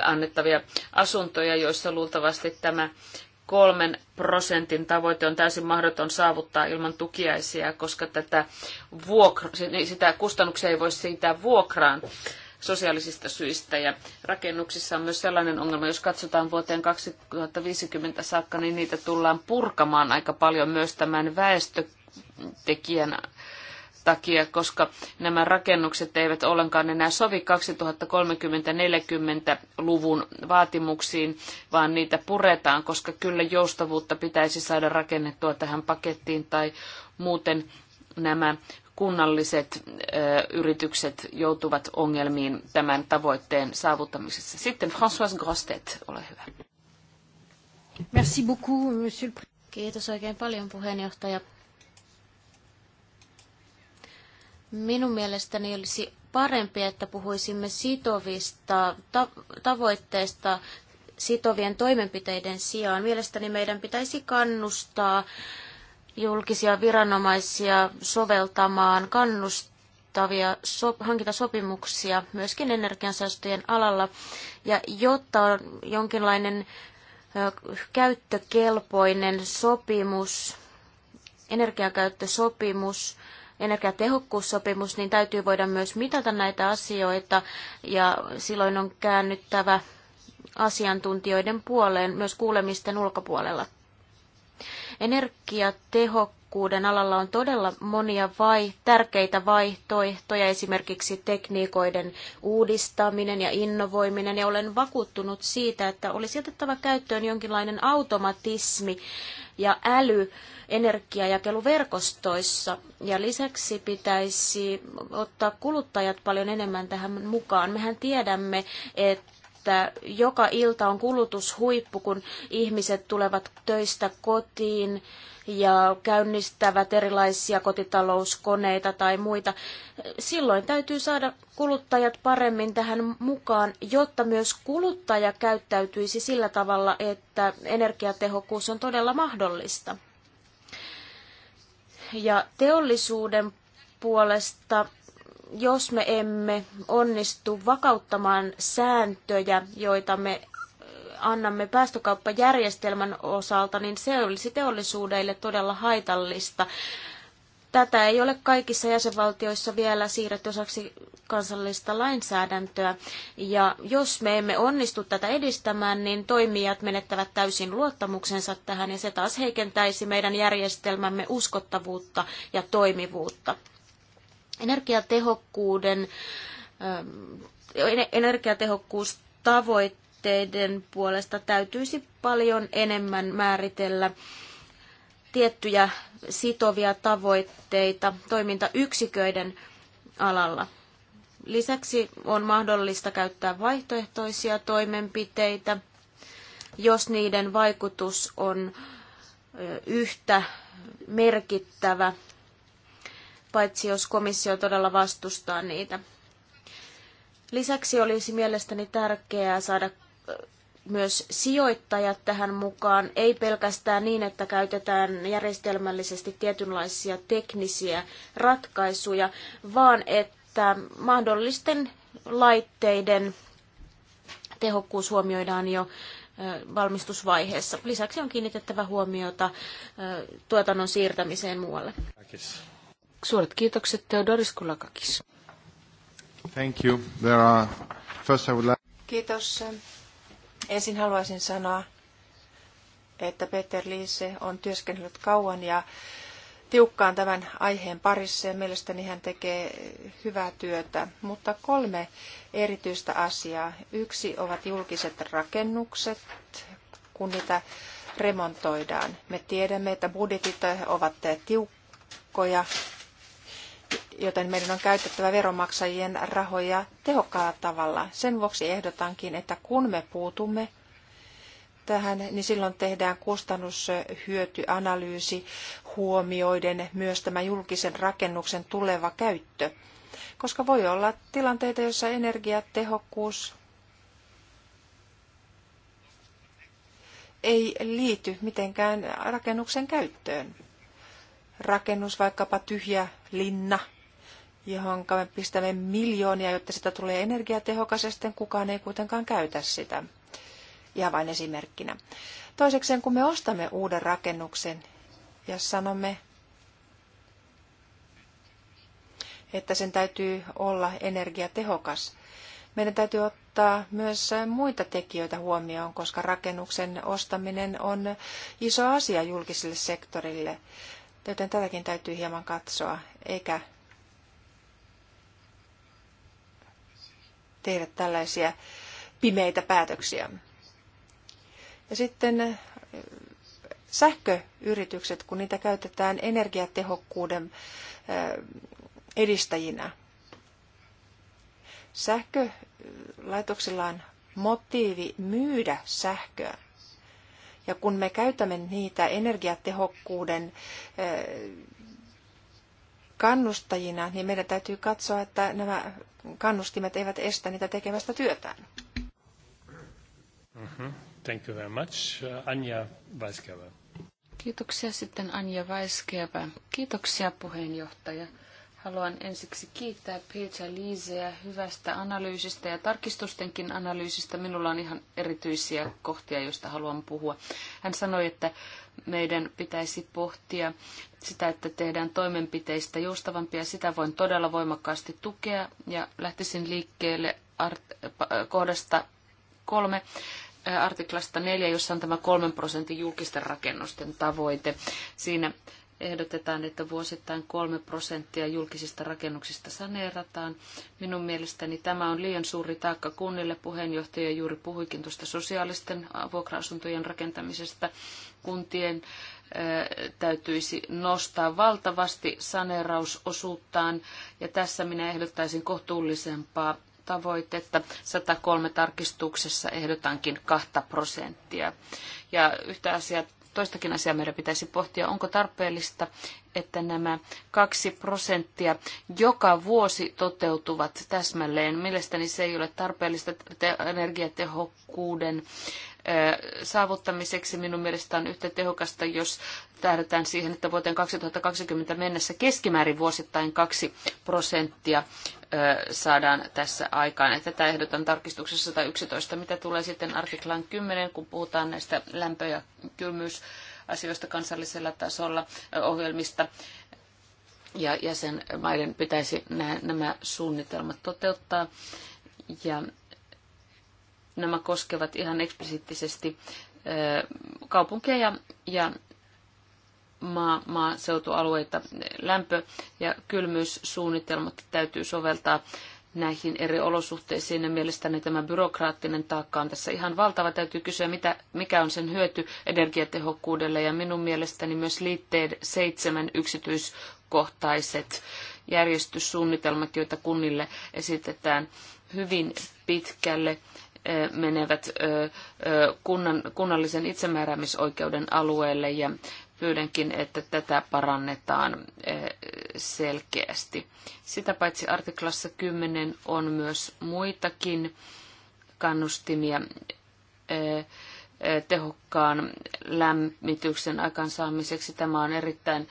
annettavia asuntoja, joissa luultavasti tämä kolmen prosentin tavoite on täysin mahdoton saavuttaa ilman tukiaisia, koska tätä vuokra, niin sitä kustannuksia ei voi siitä vuokraan sosiaalisista syistä. Ja rakennuksissa on myös sellainen ongelma, jos katsotaan vuoteen 2050 saakka, niin niitä tullaan purkamaan aika paljon myös tämän väestötekijän takia, koska nämä rakennukset eivät ollenkaan enää sovi 2030-40-luvun vaatimuksiin, vaan niitä puretaan, koska kyllä joustavuutta pitäisi saada rakennettua tähän pakettiin tai muuten nämä kunnalliset yritykset joutuvat ongelmiin tämän tavoitteen saavuttamisessa. Sitten François Grostet, ole hyvä. Merci beaucoup, monsieur Kiitos oikein paljon puheenjohtaja. Minun mielestäni olisi parempi, että puhuisimme sitovista tavoitteista sitovien toimenpiteiden sijaan. Mielestäni meidän pitäisi kannustaa julkisia viranomaisia soveltamaan kannustavia so- hankintasopimuksia myöskin energiansäästöjen alalla. Ja jotta on jonkinlainen käyttökelpoinen sopimus, energiakäyttösopimus, energiatehokkuussopimus, niin täytyy voida myös mitata näitä asioita ja silloin on käännyttävä asiantuntijoiden puoleen myös kuulemisten ulkopuolella. Energiatehokkuuden alalla on todella monia vai, tärkeitä vaihtoehtoja, esimerkiksi tekniikoiden uudistaminen ja innovoiminen, ja olen vakuuttunut siitä, että olisi otettava käyttöön jonkinlainen automatismi, ja äly energiajakeluverkostoissa. Ja lisäksi pitäisi ottaa kuluttajat paljon enemmän tähän mukaan. Mehän tiedämme, että että joka ilta on kulutushuippu, kun ihmiset tulevat töistä kotiin ja käynnistävät erilaisia kotitalouskoneita tai muita. Silloin täytyy saada kuluttajat paremmin tähän mukaan, jotta myös kuluttaja käyttäytyisi sillä tavalla, että energiatehokkuus on todella mahdollista. Ja teollisuuden puolesta jos me emme onnistu vakauttamaan sääntöjä, joita me äh, annamme päästökauppajärjestelmän osalta, niin se olisi teollisuudelle todella haitallista. Tätä ei ole kaikissa jäsenvaltioissa vielä siirretty osaksi kansallista lainsäädäntöä. Ja jos me emme onnistu tätä edistämään, niin toimijat menettävät täysin luottamuksensa tähän ja se taas heikentäisi meidän järjestelmämme uskottavuutta ja toimivuutta. Energiatehokkuuden, ähm, energiatehokkuustavoitteiden puolesta täytyisi paljon enemmän määritellä tiettyjä sitovia tavoitteita toimintayksiköiden alalla. Lisäksi on mahdollista käyttää vaihtoehtoisia toimenpiteitä, jos niiden vaikutus on yhtä merkittävä paitsi jos komissio todella vastustaa niitä. Lisäksi olisi mielestäni tärkeää saada myös sijoittajat tähän mukaan, ei pelkästään niin, että käytetään järjestelmällisesti tietynlaisia teknisiä ratkaisuja, vaan että mahdollisten laitteiden tehokkuus huomioidaan jo valmistusvaiheessa. Lisäksi on kiinnitettävä huomiota tuotannon siirtämiseen muualle. Kiitos. Suuret kiitokset Teodoris Kulakakis. Thank you. There are... First I would like... Kiitos. Ensin haluaisin sanoa, että Peter Liise on työskennellyt kauan ja tiukkaan tämän aiheen parissa ja mielestäni hän tekee hyvää työtä. Mutta kolme erityistä asiaa. Yksi ovat julkiset rakennukset, kun niitä remontoidaan. Me tiedämme, että budjetit ovat tiukkoja joten meidän on käytettävä veronmaksajien rahoja tehokkaalla tavalla. Sen vuoksi ehdotankin, että kun me puutumme tähän, niin silloin tehdään kustannushyötyanalyysi huomioiden myös tämä julkisen rakennuksen tuleva käyttö. Koska voi olla tilanteita, joissa energiatehokkuus ei liity mitenkään rakennuksen käyttöön rakennus, vaikkapa tyhjä linna, johon me pistämme miljoonia, jotta sitä tulee energiatehokas ja sitten kukaan ei kuitenkaan käytä sitä. Ihan vain esimerkkinä. Toisekseen, kun me ostamme uuden rakennuksen ja sanomme, että sen täytyy olla energiatehokas, meidän täytyy ottaa myös muita tekijöitä huomioon, koska rakennuksen ostaminen on iso asia julkiselle sektorille. Joten tätäkin täytyy hieman katsoa, eikä tehdä tällaisia pimeitä päätöksiä. Ja sitten äh, sähköyritykset, kun niitä käytetään energiatehokkuuden äh, edistäjinä. Sähkölaitoksilla on motiivi myydä sähköä. Ja kun me käytämme niitä energiatehokkuuden kannustajina, niin meidän täytyy katsoa, että nämä kannustimet eivät estä niitä tekemästä työtään. Mm-hmm. Thank you very much. Uh, Anja Weisgerber. Kiitoksia sitten Anja Vaiskeva. Kiitoksia puheenjohtaja. Haluan ensiksi kiittää Peter Liiseä hyvästä analyysistä ja tarkistustenkin analyysistä. Minulla on ihan erityisiä kohtia, joista haluan puhua. Hän sanoi, että meidän pitäisi pohtia sitä, että tehdään toimenpiteistä joustavampia. Sitä voin todella voimakkaasti tukea ja lähtisin liikkeelle art- äh, kohdasta kolme äh, artiklasta neljä, jossa on tämä kolmen prosentin julkisten rakennusten tavoite. Siinä ehdotetaan, että vuosittain kolme prosenttia julkisista rakennuksista saneerataan. Minun mielestäni tämä on liian suuri taakka kunnille. Puheenjohtaja juuri puhuikin tuosta sosiaalisten vuokra-asuntojen rakentamisesta. Kuntien eh, täytyisi nostaa valtavasti saneerausosuuttaan ja tässä minä ehdottaisin kohtuullisempaa tavoitetta. 103 tarkistuksessa ehdotankin 2 prosenttia. Ja yhtä asiaa toistakin asiaa meidän pitäisi pohtia. Onko tarpeellista, että nämä kaksi prosenttia joka vuosi toteutuvat täsmälleen? Mielestäni se ei ole tarpeellista energiatehokkuuden saavuttamiseksi minun mielestä on yhtä tehokasta, jos tähdätään siihen, että vuoteen 2020 mennessä keskimäärin vuosittain 2 prosenttia saadaan tässä aikaan. Tätä ehdotan tarkistuksessa 111, mitä tulee sitten artiklaan 10, kun puhutaan näistä lämpö- ja kylmyysasioista kansallisella tasolla ohjelmista. Ja jäsenmaiden pitäisi nämä suunnitelmat toteuttaa. Ja nämä koskevat ihan eksplisiittisesti kaupunkeja ja maa, maaseutualueita. Lämpö- ja kylmyyssuunnitelmat täytyy soveltaa näihin eri olosuhteisiin ja mielestäni tämä byrokraattinen taakka on tässä ihan valtava. Täytyy kysyä, mitä, mikä on sen hyöty energiatehokkuudelle ja minun mielestäni myös liitteet seitsemän yksityiskohtaiset järjestyssuunnitelmat, joita kunnille esitetään hyvin pitkälle menevät kunnan, kunnallisen itsemääräämisoikeuden alueelle ja pyydänkin, että tätä parannetaan eh, selkeästi. Sitä paitsi artiklassa 10 on myös muitakin kannustimia eh, eh, tehokkaan lämmityksen aikaansaamiseksi. Tämä on erittäin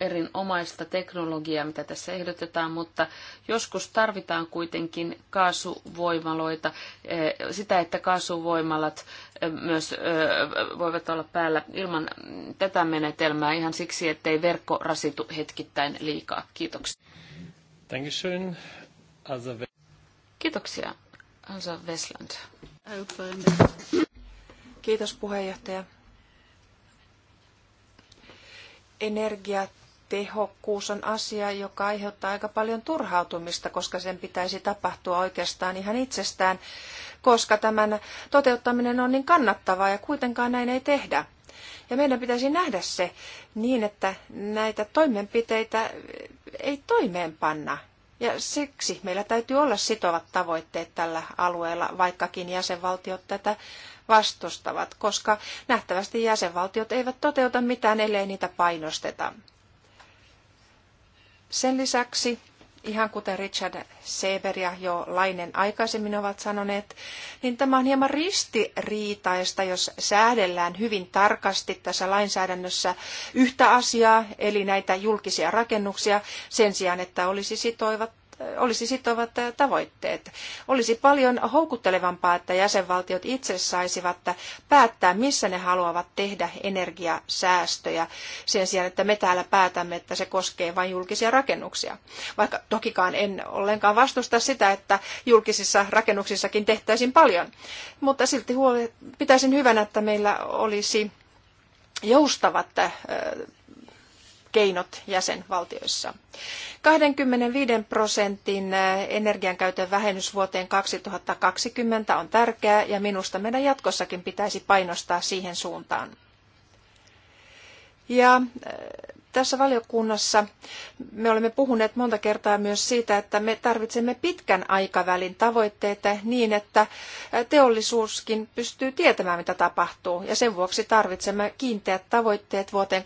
erinomaista teknologiaa, mitä tässä ehdotetaan, mutta joskus tarvitaan kuitenkin kaasuvoimaloita, eh, sitä, että kaasuvoimalat eh, myös eh, voivat olla päällä ilman tätä menetelmää ihan siksi, ettei verkko rasitu hetkittäin liikaa. Kiitoksia. Dankeschön. Kiitoksia. Ansa Westland. Kiitos puheenjohtaja energiat tehokkuus on asia, joka aiheuttaa aika paljon turhautumista, koska sen pitäisi tapahtua oikeastaan ihan itsestään, koska tämän toteuttaminen on niin kannattavaa ja kuitenkaan näin ei tehdä. Ja meidän pitäisi nähdä se niin, että näitä toimenpiteitä ei toimeenpanna. Ja siksi meillä täytyy olla sitovat tavoitteet tällä alueella, vaikkakin jäsenvaltiot tätä vastustavat, koska nähtävästi jäsenvaltiot eivät toteuta mitään, ellei niitä painosteta. Sen lisäksi, ihan kuten Richard Seber ja jo Lainen aikaisemmin ovat sanoneet, niin tämä on hieman ristiriitaista, jos säädellään hyvin tarkasti tässä lainsäädännössä yhtä asiaa, eli näitä julkisia rakennuksia, sen sijaan, että olisi sitoivat olisi sitovat tavoitteet. Olisi paljon houkuttelevampaa, että jäsenvaltiot itse saisivat päättää, missä ne haluavat tehdä energiasäästöjä, sen sijaan, että me täällä päätämme, että se koskee vain julkisia rakennuksia. Vaikka tokikaan en ollenkaan vastusta sitä, että julkisissa rakennuksissakin tehtäisiin paljon, mutta silti pitäisin hyvänä, että meillä olisi joustavat keinot jäsenvaltioissa. 25 prosentin energiankäytön vähennys vuoteen 2020 on tärkeää ja minusta meidän jatkossakin pitäisi painostaa siihen suuntaan. Ja tässä valiokunnassa me olemme puhuneet monta kertaa myös siitä, että me tarvitsemme pitkän aikavälin tavoitteita niin, että teollisuuskin pystyy tietämään, mitä tapahtuu. Ja sen vuoksi tarvitsemme kiinteät tavoitteet vuoteen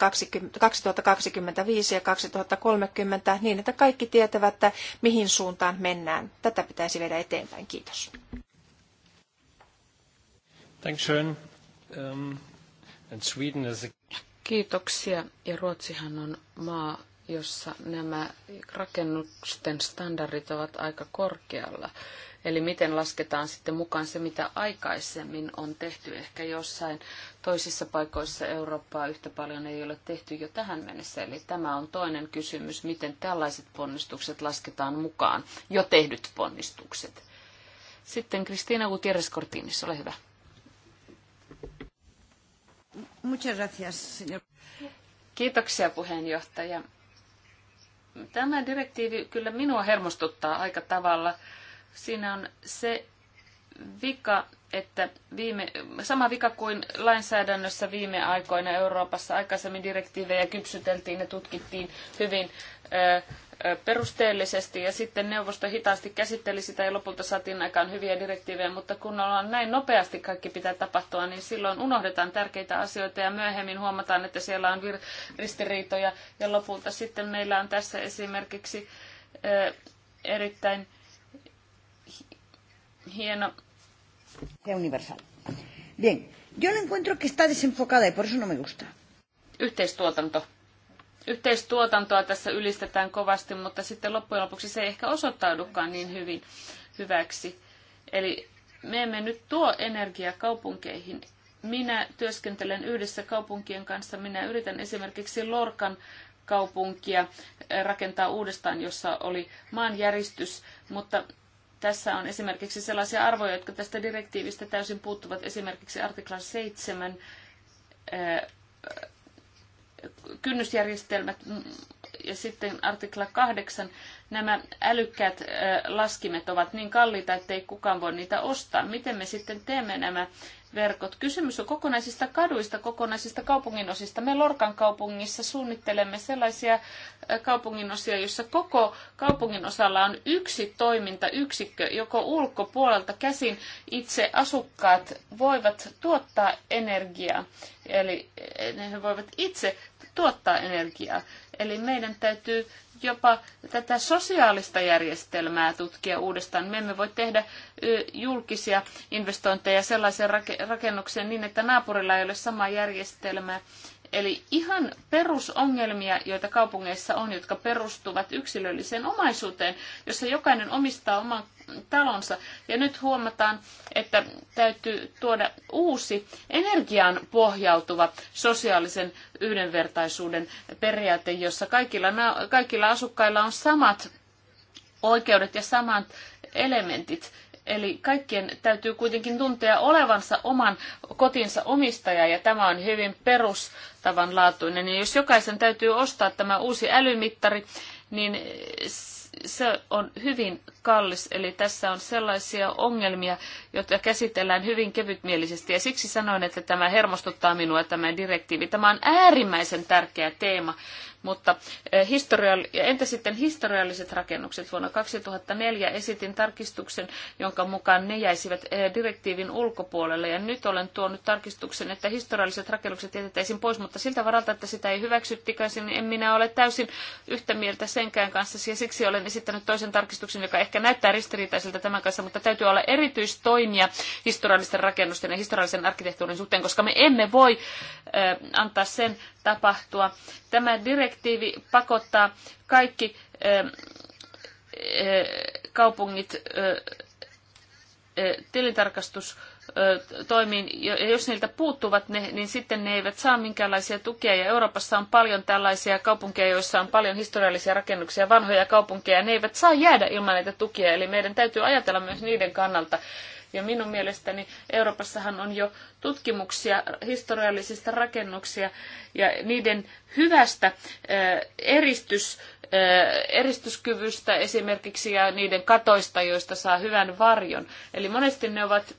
2025 ja 2030 niin, että kaikki tietävät, että mihin suuntaan mennään. Tätä pitäisi viedä eteenpäin. Kiitos. Um, and Sweden is a... Kiitoksia. Ja Ruotsihan on maa, jossa nämä rakennusten standardit ovat aika korkealla. Eli miten lasketaan sitten mukaan se, mitä aikaisemmin on tehty. Ehkä jossain toisissa paikoissa Eurooppaa yhtä paljon ei ole tehty jo tähän mennessä. Eli tämä on toinen kysymys, miten tällaiset ponnistukset lasketaan mukaan, jo tehdyt ponnistukset. Sitten Kristiina Gutierrez-Cortinis, ole hyvä. Muchas gracias, señor. Kiitoksia puheenjohtaja. Tämä direktiivi kyllä minua hermostuttaa aika tavalla. Siinä on se vika, että viime, sama vika kuin lainsäädännössä viime aikoina Euroopassa aikaisemmin direktiivejä kypsyteltiin ja tutkittiin hyvin ö, perusteellisesti ja sitten neuvosto hitaasti käsitteli sitä ja lopulta saatiin aikaan hyviä direktiivejä, mutta kun ollaan näin nopeasti kaikki pitää tapahtua, niin silloin unohdetaan tärkeitä asioita ja myöhemmin huomataan, että siellä on vir- ristiriitoja ja lopulta sitten meillä on tässä esimerkiksi erittäin hieno... Universal. Bien. Yo lo encuentro que está desenfocada y por eso no me gusta. Yhteistuotanto yhteistuotantoa tässä ylistetään kovasti, mutta sitten loppujen lopuksi se ei ehkä osoittaudukaan niin hyvin hyväksi. Eli me emme nyt tuo energiaa kaupunkeihin. Minä työskentelen yhdessä kaupunkien kanssa. Minä yritän esimerkiksi Lorkan kaupunkia eh, rakentaa uudestaan, jossa oli maanjäristys, mutta tässä on esimerkiksi sellaisia arvoja, jotka tästä direktiivistä täysin puuttuvat. Esimerkiksi artikla 7 kynnysjärjestelmät mm, ja sitten artikla 8, nämä älykkäät laskimet ovat niin kalliita, ettei kukaan voi niitä ostaa. Miten me sitten teemme nämä verkot. Kysymys on kokonaisista kaduista, kokonaisista kaupunginosista. Me Lorkan kaupungissa suunnittelemme sellaisia äh, kaupunginosia, joissa koko kaupunginosalla on yksi toimintayksikkö, joko ulkopuolelta käsin itse asukkaat voivat tuottaa energiaa. Eli he eh, voivat itse tuottaa energiaa. Eli meidän täytyy jopa tätä sosiaalista järjestelmää tutkia uudestaan. Me emme voi tehdä julkisia investointeja sellaiseen rakennukseen niin, että naapurilla ei ole samaa järjestelmää Eli ihan perusongelmia, joita kaupungeissa on, jotka perustuvat yksilölliseen omaisuuteen, jossa jokainen omistaa oman talonsa. Ja nyt huomataan, että täytyy tuoda uusi energiaan pohjautuva sosiaalisen yhdenvertaisuuden periaate, jossa kaikilla, kaikilla asukkailla on samat oikeudet ja samat elementit. Eli kaikkien täytyy kuitenkin tuntea olevansa oman kotinsa omistaja ja tämä on hyvin perustavanlaatuinen. Ja jos jokaisen täytyy ostaa tämä uusi älymittari, niin se on hyvin kallis. Eli tässä on sellaisia ongelmia, joita käsitellään hyvin kevytmielisesti. Ja siksi sanoin, että tämä hermostuttaa minua, tämä direktiivi. Tämä on äärimmäisen tärkeä teema. Mutta eh, historial... entä sitten historialliset rakennukset? Vuonna 2004 esitin tarkistuksen, jonka mukaan ne jäisivät eh, direktiivin ulkopuolelle. Ja nyt olen tuonut tarkistuksen, että historialliset rakennukset jätettäisiin pois, mutta siltä varalta, että sitä ei hyväksyttikään, niin en minä ole täysin yhtä mieltä senkään kanssa. Ja siksi olen esittänyt toisen tarkistuksen, joka ehkä ehkä näyttää ristiriitaiselta tämän kanssa, mutta täytyy olla erityistoimia historiallisten rakennusten ja historiallisen arkkitehtuurin suhteen, koska me emme voi antaa sen tapahtua. Tämä direktiivi pakottaa kaikki kaupungit tilintarkastus toimiin, ja jos niiltä puuttuvat ne, niin sitten ne eivät saa minkäänlaisia tukia. Ja Euroopassa on paljon tällaisia kaupunkeja, joissa on paljon historiallisia rakennuksia, vanhoja kaupunkeja, ja ne eivät saa jäädä ilman näitä tukia. Eli meidän täytyy ajatella myös niiden kannalta. Ja minun mielestäni Euroopassahan on jo tutkimuksia historiallisista rakennuksia ja niiden hyvästä eristys, eristyskyvystä esimerkiksi ja niiden katoista, joista saa hyvän varjon. Eli monesti ne ovat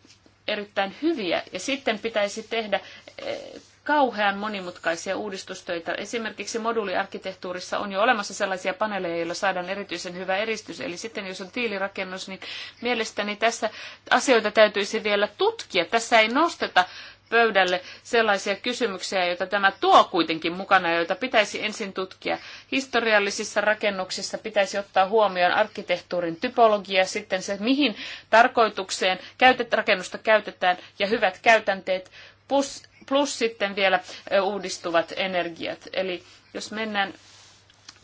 erittäin hyviä ja sitten pitäisi tehdä eh, kauhean monimutkaisia uudistustöitä. Esimerkiksi moduuliarkkitehtuurissa on jo olemassa sellaisia paneeleja, joilla saadaan erityisen hyvä eristys. Eli sitten jos on tiilirakennus, niin mielestäni tässä asioita täytyisi vielä tutkia. Tässä ei nosteta pöydälle sellaisia kysymyksiä, joita tämä tuo kuitenkin mukana, joita pitäisi ensin tutkia. Historiallisissa rakennuksissa pitäisi ottaa huomioon arkkitehtuurin typologia, sitten se, mihin tarkoitukseen käytet, rakennusta käytetään ja hyvät käytänteet, plus, plus sitten vielä uudistuvat energiat. Eli jos mennään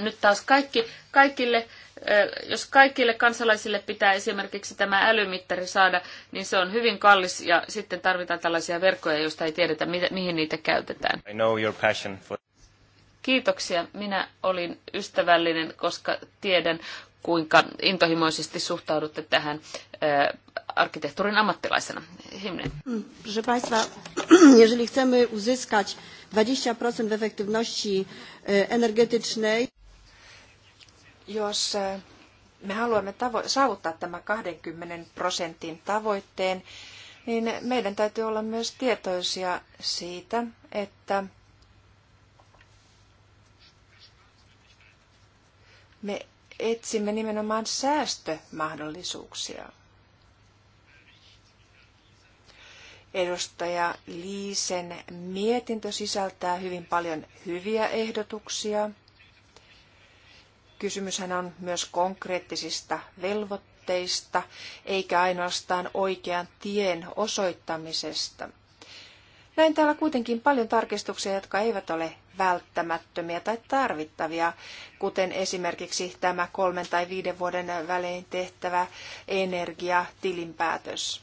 nyt taas kaikki, kaikille, jos kaikille kansalaisille pitää esimerkiksi tämä älymittari saada, niin se on hyvin kallis ja sitten tarvitaan tällaisia verkkoja, joista ei tiedetä, mihin niitä käytetään. I know your passion for... Kiitoksia. Minä olin ystävällinen, koska tiedän, kuinka intohimoisesti suhtaudutte tähän arkkitehtuurin ammattilaisena. Himne. Mm, proszę Państwa, jeżeli chcemy uzyskać 20% efektywności e, energetycznej, jos me haluamme tavo- saavuttaa tämä 20 prosentin tavoitteen, niin meidän täytyy olla myös tietoisia siitä, että me etsimme nimenomaan säästömahdollisuuksia. Edustaja Liisen mietintö sisältää hyvin paljon hyviä ehdotuksia – Kysymyshän on myös konkreettisista velvoitteista, eikä ainoastaan oikean tien osoittamisesta. Näin täällä kuitenkin paljon tarkistuksia, jotka eivät ole välttämättömiä tai tarvittavia, kuten esimerkiksi tämä kolmen tai viiden vuoden välein tehtävä energiatilinpäätös.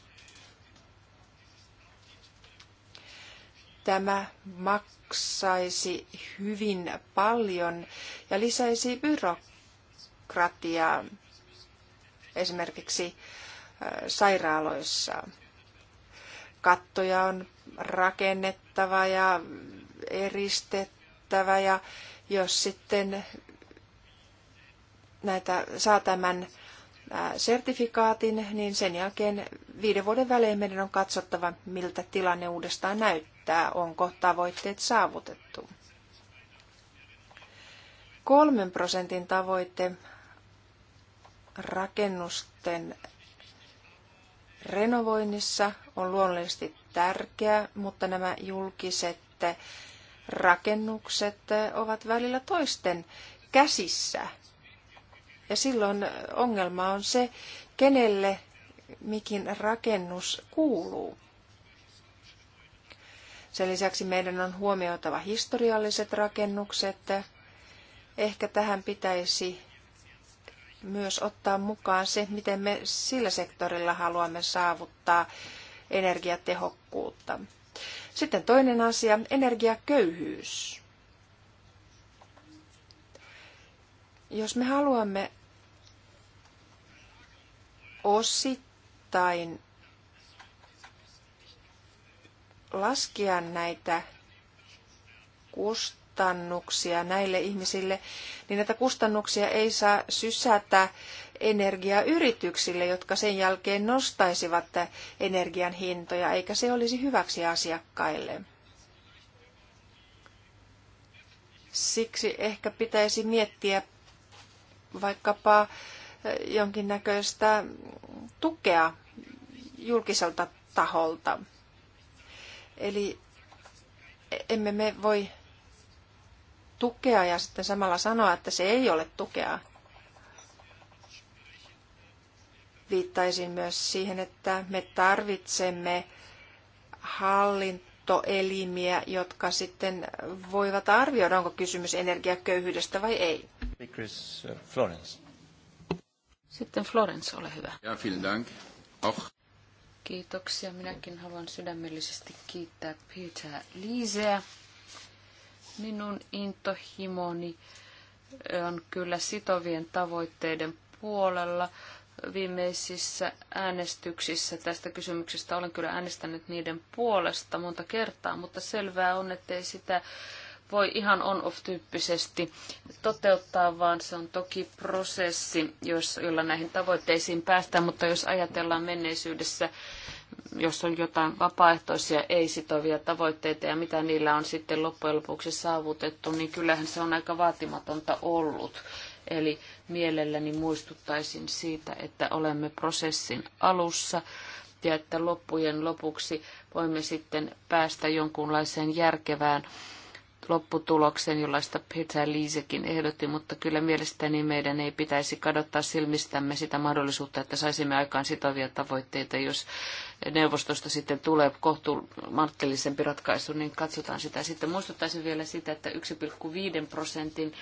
Tämä maksaisi hyvin paljon ja lisäisi byrokratiaa byrokratiaa esimerkiksi äh, sairaaloissa. Kattoja on rakennettava ja eristettävä ja jos sitten näitä saa tämän äh, sertifikaatin, niin sen jälkeen viiden vuoden välein meidän on katsottava, miltä tilanne uudestaan näyttää, onko tavoitteet saavutettu. Kolmen prosentin tavoite rakennusten renovoinnissa on luonnollisesti tärkeää, mutta nämä julkiset rakennukset ovat välillä toisten käsissä. Ja silloin ongelma on se, kenelle mikin rakennus kuuluu. Sen lisäksi meidän on huomioitava historialliset rakennukset. Ehkä tähän pitäisi myös ottaa mukaan se, miten me sillä sektorilla haluamme saavuttaa energiatehokkuutta. Sitten toinen asia, energiaköyhyys. Jos me haluamme osittain laskea näitä kustannuksia, kustannuksia näille ihmisille, niin näitä kustannuksia ei saa sysätä energiayrityksille, jotka sen jälkeen nostaisivat energian hintoja, eikä se olisi hyväksi asiakkaille. Siksi ehkä pitäisi miettiä vaikkapa eh, jonkinnäköistä tukea julkiselta taholta. Eli emme me voi tukea ja sitten samalla sanoa, että se ei ole tukea. Viittaisin myös siihen, että me tarvitsemme hallintoelimiä, jotka sitten voivat arvioida, onko kysymys energiaköyhyydestä vai ei. Uh, sitten Florence, ole hyvä. Ja, dank. Kiitoksia. Minäkin haluan sydämellisesti kiittää Peter Liiseä Minun intohimoni on kyllä sitovien tavoitteiden puolella. Viimeisissä äänestyksissä tästä kysymyksestä olen kyllä äänestänyt niiden puolesta monta kertaa, mutta selvää on, ettei sitä voi ihan on-off-tyyppisesti toteuttaa, vaan se on toki prosessi, jos, jolla näihin tavoitteisiin päästään, mutta jos ajatellaan menneisyydessä, jos on jotain vapaaehtoisia, ei-sitovia tavoitteita ja mitä niillä on sitten loppujen lopuksi saavutettu, niin kyllähän se on aika vaatimatonta ollut. Eli mielelläni muistuttaisin siitä, että olemme prosessin alussa ja että loppujen lopuksi voimme sitten päästä jonkunlaiseen järkevään lopputuloksen, jollaista Peter Liisekin ehdotti, mutta kyllä mielestäni meidän ei pitäisi kadottaa silmistämme sitä mahdollisuutta, että saisimme aikaan sitovia tavoitteita. Jos neuvostosta sitten tulee kohtuullisempi ratkaisu, niin katsotaan sitä. Sitten muistuttaisin vielä sitä, että 1,5 prosentin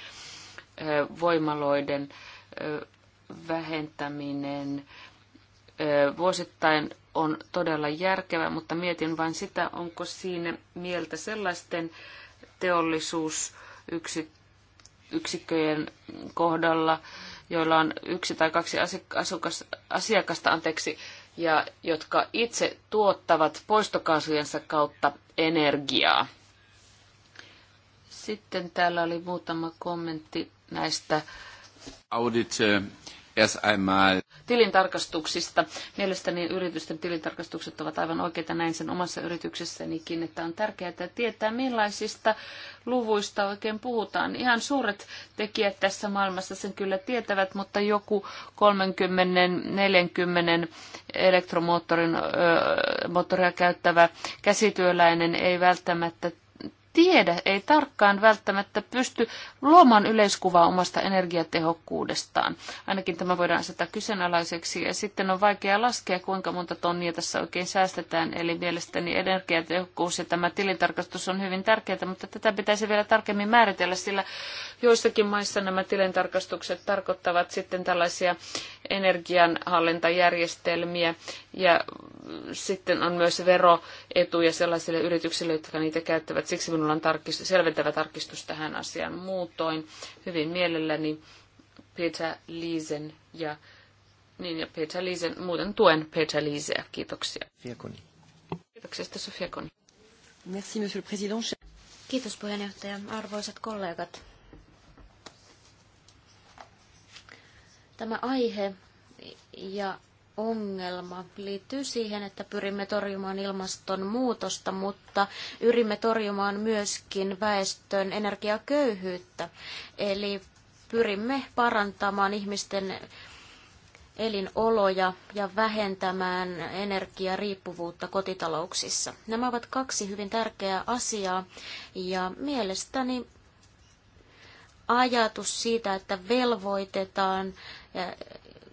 voimaloiden vähentäminen vuosittain on todella järkevä, mutta mietin vain sitä, onko siinä mieltä sellaisten teollisuusyksikköjen kohdalla, joilla on yksi tai kaksi asukas, asiakasta anteeksi, ja jotka itse tuottavat poistokaasujensa kautta energiaa. Sitten täällä oli muutama kommentti näistä audit eh, erst einmal. Tilintarkastuksista. Mielestäni yritysten tilintarkastukset ovat aivan oikeita näin sen omassa yrityksessänikin, että on tärkeää että tietää millaisista luvuista oikein puhutaan. Ihan suuret tekijät tässä maailmassa sen kyllä tietävät, mutta joku 30-40 elektromoottorin ö, moottoria käyttävä käsityöläinen ei välttämättä tiedä, ei tarkkaan välttämättä pysty luomaan yleiskuvaa omasta energiatehokkuudestaan. Ainakin tämä voidaan asettaa kyseenalaiseksi ja sitten on vaikea laskea, kuinka monta tonnia tässä oikein säästetään. Eli mielestäni energiatehokkuus ja tämä tilintarkastus on hyvin tärkeää, mutta tätä pitäisi vielä tarkemmin määritellä, sillä joissakin maissa nämä tilintarkastukset tarkoittavat sitten tällaisia energianhallintajärjestelmiä ja sitten on myös veroetuja sellaisille yrityksille, jotka niitä käyttävät. Siksi minun minulla on tarkist- selventävä tarkistus tähän asiaan muutoin. Hyvin mielelläni Peter Liisen ja, niin, ja Peter Liisen, muuten tuen Peter Liiseä. Kiitoksia. Fiakoni. Kiitoksia, Sofia Koni. Merci, monsieur le président. Kiitos puheenjohtaja. Arvoisat kollegat. Tämä aihe ja ongelma liittyy siihen, että pyrimme torjumaan ilmastonmuutosta, mutta yrimme torjumaan myöskin väestön energiaköyhyyttä. Eli pyrimme parantamaan ihmisten elinoloja ja vähentämään energiariippuvuutta kotitalouksissa. Nämä ovat kaksi hyvin tärkeää asiaa ja mielestäni ajatus siitä, että velvoitetaan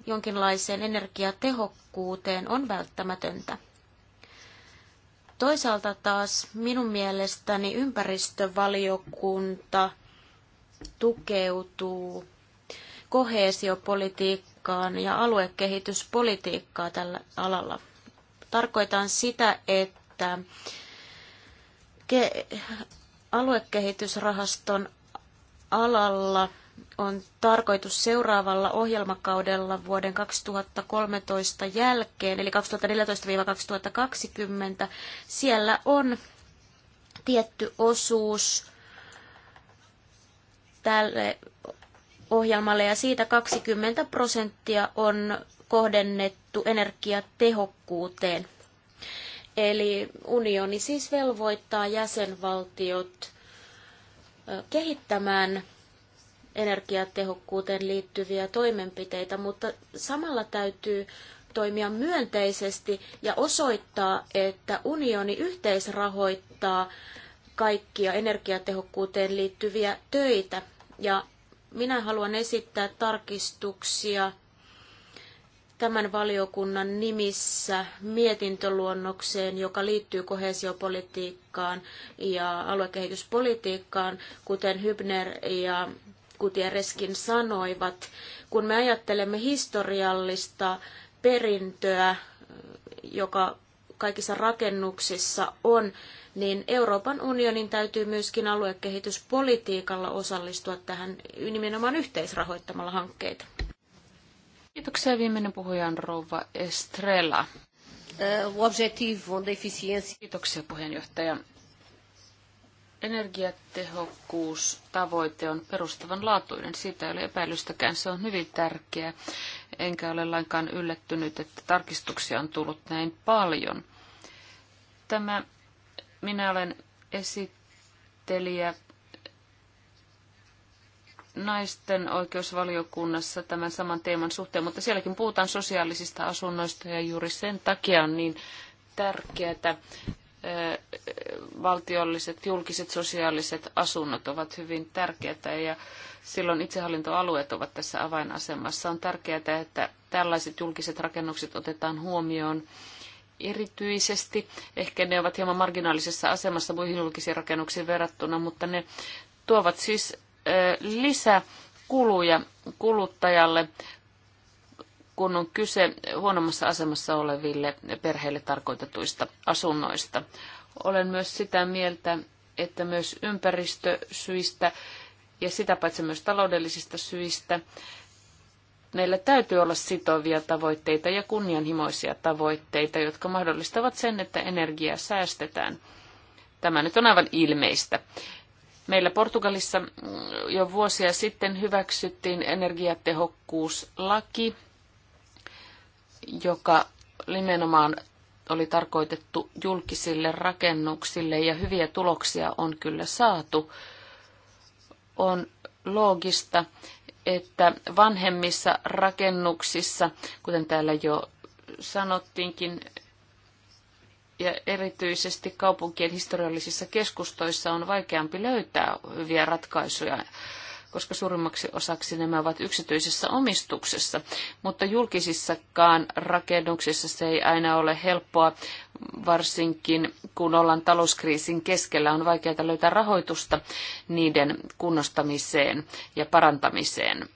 jonkinlaiseen energiatehokkuuteen on välttämätöntä. Toisaalta taas minun mielestäni ympäristövaliokunta tukeutuu koheesiopolitiikkaan ja aluekehityspolitiikkaa tällä alalla. Tarkoitan sitä, että aluekehitysrahaston alalla on tarkoitus seuraavalla ohjelmakaudella vuoden 2013 jälkeen, eli 2014-2020, siellä on tietty osuus tälle ohjelmalle ja siitä 20 prosenttia on kohdennettu energiatehokkuuteen. Eli unioni siis velvoittaa jäsenvaltiot kehittämään energiatehokkuuteen liittyviä toimenpiteitä, mutta samalla täytyy toimia myönteisesti ja osoittaa, että unioni yhteisrahoittaa kaikkia energiatehokkuuteen liittyviä töitä. Ja minä haluan esittää tarkistuksia tämän valiokunnan nimissä mietintöluonnokseen, joka liittyy kohesiopolitiikkaan ja aluekehityspolitiikkaan, kuten Hybner ja Gutierrezkin sanoivat, kun me ajattelemme historiallista perintöä, joka kaikissa rakennuksissa on, niin Euroopan unionin täytyy myöskin aluekehityspolitiikalla osallistua tähän nimenomaan yhteisrahoittamalla hankkeita. Kiitoksia. Viimeinen puhuja on rouva Estrella. Euh, Kiitoksia puheenjohtaja energiatehokkuustavoite on perustavanlaatuinen, siitä ei ole epäilystäkään, se on hyvin tärkeä, enkä ole lainkaan yllättynyt, että tarkistuksia on tullut näin paljon. Tämä, minä olen esittelijä naisten oikeusvaliokunnassa tämän saman teeman suhteen, mutta sielläkin puhutaan sosiaalisista asunnoista ja juuri sen takia on niin tärkeää, valtiolliset, julkiset, sosiaaliset asunnot ovat hyvin tärkeitä ja silloin itsehallintoalueet ovat tässä avainasemassa. On tärkeää, että tällaiset julkiset rakennukset otetaan huomioon erityisesti. Ehkä ne ovat hieman marginaalisessa asemassa muihin julkisiin rakennuksiin verrattuna, mutta ne tuovat siis lisäkuluja kuluttajalle, kun on kyse huonommassa asemassa oleville perheille tarkoitetuista asunnoista. Olen myös sitä mieltä, että myös ympäristösyistä ja sitä paitsi myös taloudellisista syistä meillä täytyy olla sitovia tavoitteita ja kunnianhimoisia tavoitteita, jotka mahdollistavat sen, että energiaa säästetään. Tämä nyt on aivan ilmeistä. Meillä Portugalissa jo vuosia sitten hyväksyttiin energiatehokkuuslaki, joka nimenomaan oli tarkoitettu julkisille rakennuksille ja hyviä tuloksia on kyllä saatu. On loogista, että vanhemmissa rakennuksissa, kuten täällä jo sanottiinkin, ja erityisesti kaupunkien historiallisissa keskustoissa on vaikeampi löytää hyviä ratkaisuja koska suurimmaksi osaksi nämä ovat yksityisessä omistuksessa. Mutta julkisissakaan rakennuksissa se ei aina ole helppoa, varsinkin kun ollaan talouskriisin keskellä. On vaikeaa löytää rahoitusta niiden kunnostamiseen ja parantamiseen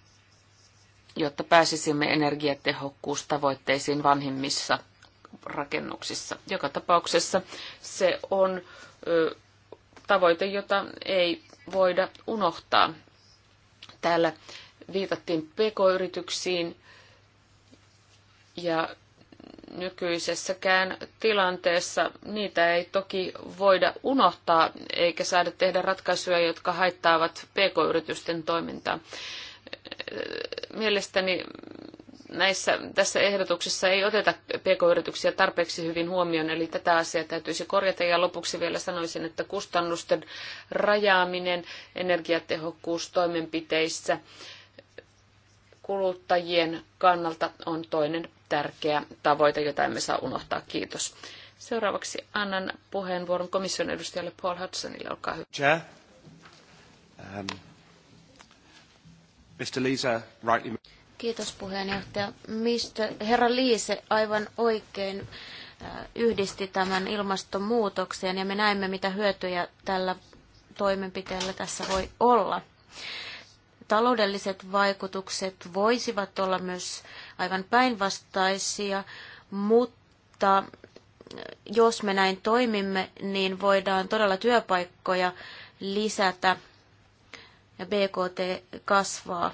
jotta pääsisimme energiatehokkuustavoitteisiin vanhimmissa rakennuksissa. Joka tapauksessa se on tavoite, jota ei voida unohtaa. Täällä viitattiin pk-yrityksiin ja nykyisessäkään tilanteessa niitä ei toki voida unohtaa eikä saada tehdä ratkaisuja, jotka haittaavat pk-yritysten toimintaa. Mielestäni näissä, tässä ehdotuksessa ei oteta pk-yrityksiä tarpeeksi hyvin huomioon, eli tätä asiaa täytyisi korjata. Ja lopuksi vielä sanoisin, että kustannusten rajaaminen energiatehokkuustoimenpiteissä kuluttajien kannalta on toinen tärkeä tavoite, jota emme saa unohtaa. Kiitos. Seuraavaksi annan puheenvuoron komission edustajalle Paul Hudsonille. Olkaa hyvä. Chair. Um, Mr. Lisa rightly... Kiitos puheenjohtaja. Mistä herra Liise aivan oikein äh, yhdisti tämän ilmastonmuutokseen ja me näemme, mitä hyötyjä tällä toimenpiteellä tässä voi olla. Taloudelliset vaikutukset voisivat olla myös aivan päinvastaisia, mutta jos me näin toimimme, niin voidaan todella työpaikkoja lisätä ja BKT kasvaa.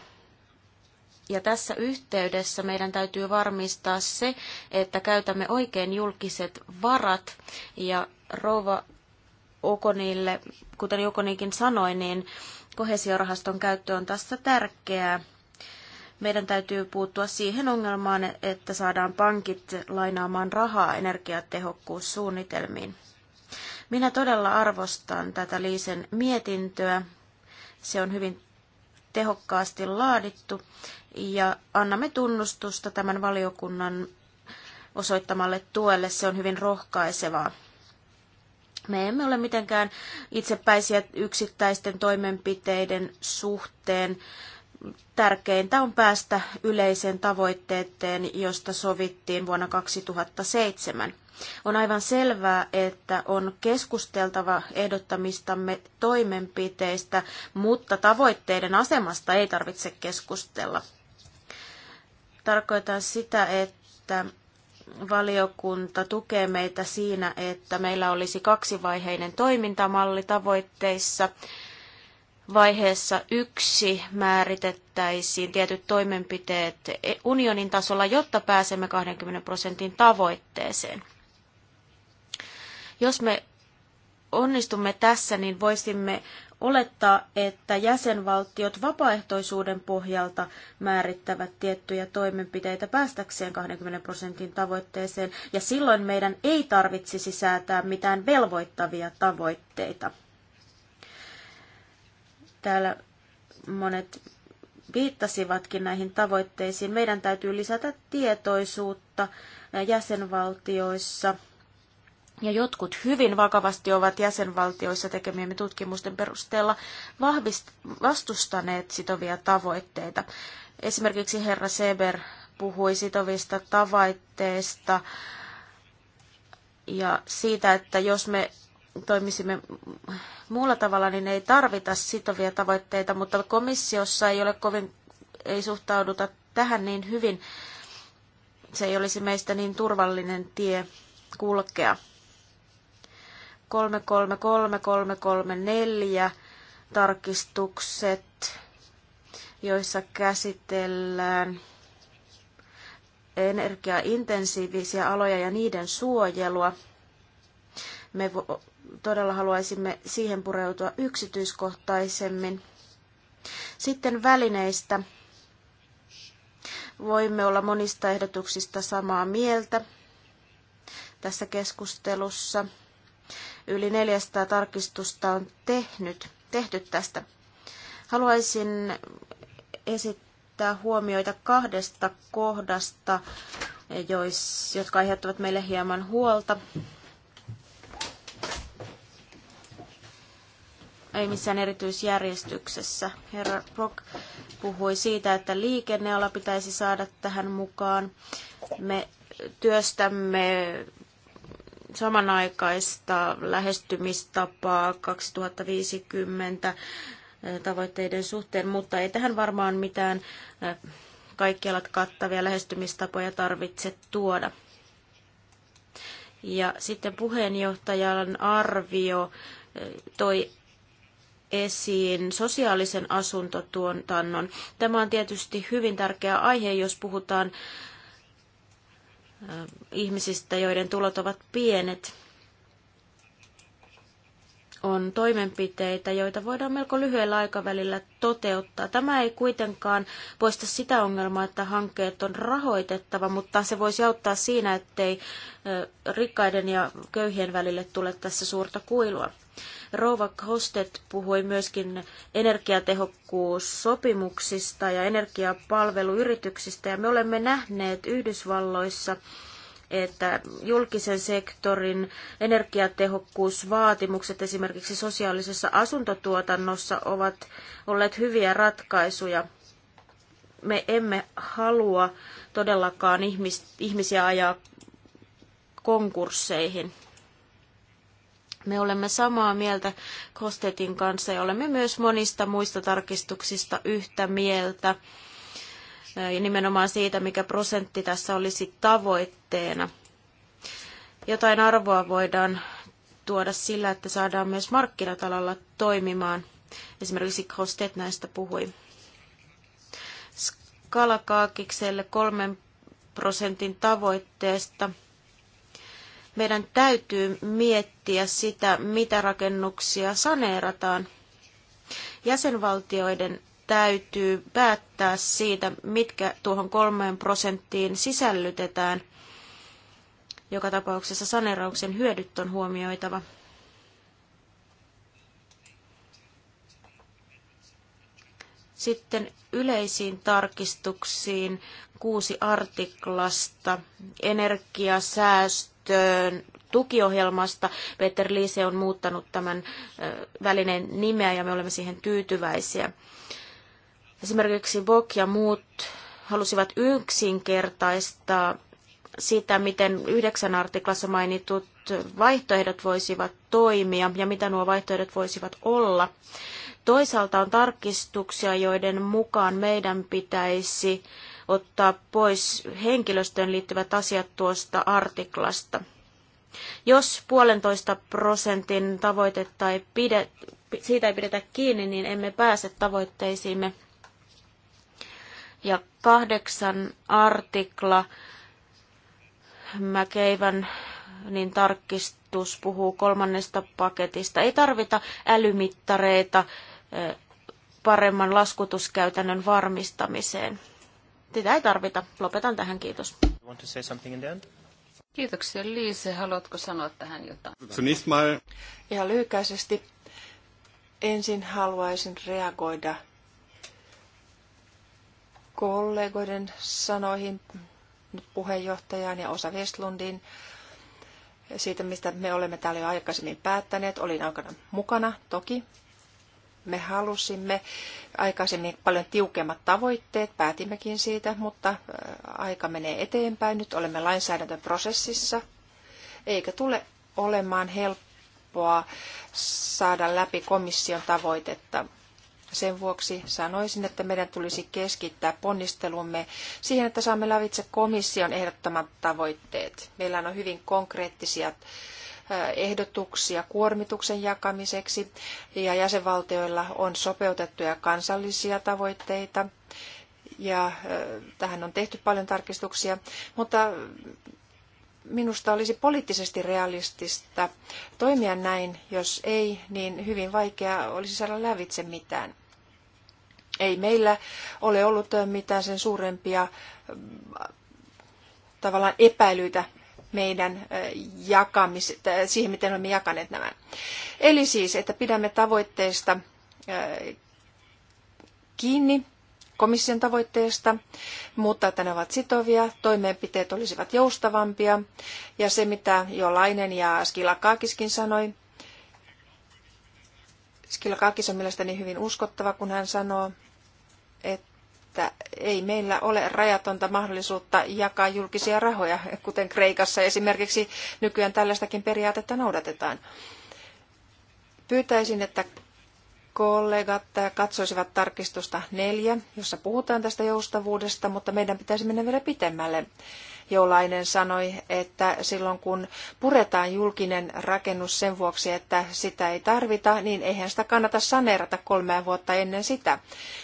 Ja tässä yhteydessä meidän täytyy varmistaa se, että käytämme oikein julkiset varat. Ja rouva Okonille, kuten Jokonikin sanoi, niin kohesiorahaston käyttö on tässä tärkeää. Meidän täytyy puuttua siihen ongelmaan, että saadaan pankit lainaamaan rahaa energiatehokkuussuunnitelmiin. Minä todella arvostan tätä Liisen mietintöä. Se on hyvin tehokkaasti laadittu ja annamme tunnustusta tämän valiokunnan osoittamalle tuelle. Se on hyvin rohkaisevaa. Me emme ole mitenkään itsepäisiä yksittäisten toimenpiteiden suhteen tärkeintä on päästä yleiseen tavoitteeseen, josta sovittiin vuonna 2007. On aivan selvää, että on keskusteltava ehdottamistamme toimenpiteistä, mutta tavoitteiden asemasta ei tarvitse keskustella. Tarkoitan sitä, että valiokunta tukee meitä siinä, että meillä olisi kaksivaiheinen toimintamalli tavoitteissa – vaiheessa yksi määritettäisiin tietyt toimenpiteet e- unionin tasolla, jotta pääsemme 20 prosentin tavoitteeseen. Jos me onnistumme tässä, niin voisimme olettaa, että jäsenvaltiot vapaaehtoisuuden pohjalta määrittävät tiettyjä toimenpiteitä päästäkseen 20 prosentin tavoitteeseen, ja silloin meidän ei tarvitsisi säätää mitään velvoittavia tavoitteita. Täällä monet viittasivatkin näihin tavoitteisiin. Meidän täytyy lisätä tietoisuutta jäsenvaltioissa. Ja jotkut hyvin vakavasti ovat jäsenvaltioissa tekemiemme tutkimusten perusteella vahvist- vastustaneet sitovia tavoitteita. Esimerkiksi herra Seber puhui sitovista tavoitteista ja siitä, että jos me toimisimme muulla tavalla, niin ei tarvita sitovia tavoitteita, mutta komissiossa ei ole kovin, ei suhtauduta tähän niin hyvin. Se ei olisi meistä niin turvallinen tie kulkea. neljä tarkistukset, joissa käsitellään energiaintensiivisiä aloja ja niiden suojelua. Me todella haluaisimme siihen pureutua yksityiskohtaisemmin. Sitten välineistä. Voimme olla monista ehdotuksista samaa mieltä tässä keskustelussa. Yli 400 tarkistusta on tehnyt, tehty tästä. Haluaisin esittää huomioita kahdesta kohdasta, jois, jotka aiheuttavat meille hieman huolta. ei missään erityisjärjestyksessä. Herra Brock puhui siitä, että liikenneala pitäisi saada tähän mukaan. Me työstämme samanaikaista lähestymistapaa 2050 tavoitteiden suhteen, mutta ei tähän varmaan mitään kaikkialla kattavia lähestymistapoja tarvitse tuoda. Ja sitten puheenjohtajan arvio toi esiin sosiaalisen asuntotuotannon. Tämä on tietysti hyvin tärkeä aihe, jos puhutaan ähm, ihmisistä, joiden tulot ovat pienet. On toimenpiteitä, joita voidaan melko lyhyellä aikavälillä toteuttaa. Tämä ei kuitenkaan poista sitä ongelmaa, että hankkeet on rahoitettava, mutta se voisi auttaa siinä, ettei äh, rikkaiden ja köyhien välille tule tässä suurta kuilua. Rova Hostet puhui myöskin energiatehokkuussopimuksista ja energiapalveluyrityksistä, ja me olemme nähneet Yhdysvalloissa, että julkisen sektorin energiatehokkuusvaatimukset esimerkiksi sosiaalisessa asuntotuotannossa ovat olleet hyviä ratkaisuja. Me emme halua todellakaan ihmisiä ajaa konkursseihin. Me olemme samaa mieltä Kostetin kanssa ja olemme myös monista muista tarkistuksista yhtä mieltä. Ja nimenomaan siitä, mikä prosentti tässä olisi tavoitteena. Jotain arvoa voidaan tuoda sillä, että saadaan myös markkinatalalla toimimaan. Esimerkiksi Kostet näistä puhui. Skalakaakikselle kolmen prosentin tavoitteesta – meidän täytyy miettiä sitä, mitä rakennuksia saneerataan. Jäsenvaltioiden täytyy päättää siitä, mitkä tuohon kolmeen prosenttiin sisällytetään. Joka tapauksessa saneerauksen hyödyt on huomioitava. Sitten yleisiin tarkistuksiin kuusi artiklasta, energiasäästö, käyttöön tukiohjelmasta. Peter Liise on muuttanut tämän välineen nimeä ja me olemme siihen tyytyväisiä. Esimerkiksi Bok ja muut halusivat yksinkertaistaa sitä, miten yhdeksän artiklassa mainitut vaihtoehdot voisivat toimia ja mitä nuo vaihtoehdot voisivat olla. Toisaalta on tarkistuksia, joiden mukaan meidän pitäisi äh, ottaa pois henkilöstöön liittyvät asiat tuosta artiklasta. Jos puolentoista prosentin tavoitetta ei pide, siitä ei pidetä kiinni, niin emme pääse tavoitteisiimme. Ja kahdeksan artikla Mäkeivän niin tarkistus puhuu kolmannesta paketista. Ei tarvita älymittareita eh, paremman laskutuskäytännön varmistamiseen. Sitä ei tarvita. Lopetan tähän, kiitos. Kiitoksia Liise. Haluatko sanoa tähän jotain? Zunächst Ihan lyhykäisesti. Ensin haluaisin reagoida kollegoiden sanoihin, nyt puheenjohtajaan ja Osa Westlundin, siitä mistä me olemme täällä jo aikaisemmin päättäneet. Olin aikana mukana toki me halusimme aikaisemmin paljon tiukemmat tavoitteet, päätimmekin siitä, mutta äh, aika menee eteenpäin. Nyt olemme lainsäädäntöprosessissa, eikä tule olemaan helppoa saada läpi komission tavoitetta. Sen vuoksi sanoisin, että meidän tulisi keskittää ponnistelumme siihen, että saamme lävitse komission ehdottamat tavoitteet. Meillä on hyvin konkreettisia ehdotuksia kuormituksen jakamiseksi ja jäsenvaltioilla on sopeutettuja kansallisia tavoitteita ja tähän on tehty paljon tarkistuksia, mutta minusta olisi poliittisesti realistista toimia näin. Jos ei, niin hyvin vaikea olisi saada lävitse mitään. Ei meillä ole ollut mitään sen suurempia tavallaan epäilyitä meidän jakamis, siihen, miten olemme jakaneet nämä. Eli siis, että pidämme tavoitteista kiinni komission tavoitteesta, mutta että ne ovat sitovia, toimeenpiteet olisivat joustavampia. Ja se, mitä jo Lainen ja Skilakaakiskin sanoi, Skilakaakis on mielestäni hyvin uskottava, kun hän sanoo, että että ei meillä ole rajatonta mahdollisuutta jakaa julkisia rahoja, kuten Kreikassa esimerkiksi nykyään tällaistakin periaatetta noudatetaan. Pyytäisin, että kollegat katsoisivat tarkistusta neljä, jossa puhutaan tästä joustavuudesta, mutta meidän pitäisi mennä vielä pitemmälle jollainen sanoi, että silloin kun puretaan julkinen rakennus sen vuoksi, että sitä ei tarvita, niin eihän sitä kannata saneerata kolmea vuotta ennen sitä.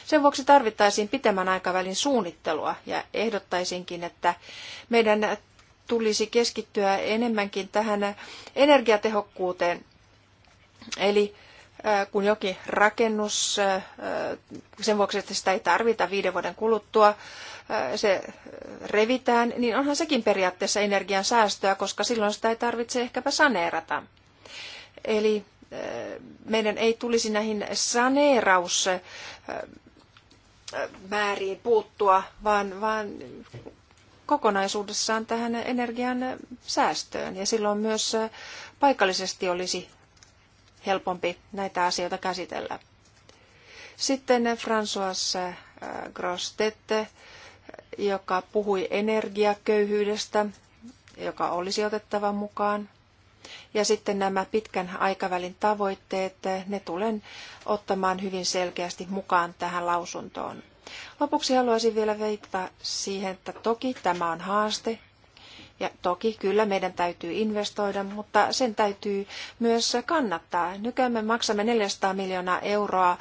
Sen vuoksi tarvittaisiin pitemmän aikavälin suunnittelua ja ehdottaisinkin, että meidän tulisi keskittyä enemmänkin tähän energiatehokkuuteen. Eli kun jokin rakennus, sen vuoksi, että sitä ei tarvita viiden vuoden kuluttua, se revitään, niin onhan sekin periaatteessa energian säästöä, koska silloin sitä ei tarvitse ehkäpä saneerata. Eli meidän ei tulisi näihin saneerausmääriin puuttua, vaan, vaan kokonaisuudessaan tähän energian säästöön. Ja silloin myös paikallisesti olisi helpompi näitä asioita käsitellä. Sitten François Grostette joka puhui energiaköyhyydestä, joka olisi otettava mukaan. Ja sitten nämä pitkän aikavälin tavoitteet, ne tulen ottamaan hyvin selkeästi mukaan tähän lausuntoon. Lopuksi haluaisin vielä viitata siihen, että toki tämä on haaste, ja toki kyllä meidän täytyy investoida, mutta sen täytyy myös kannattaa. Nykyään me maksamme 400 miljoonaa euroa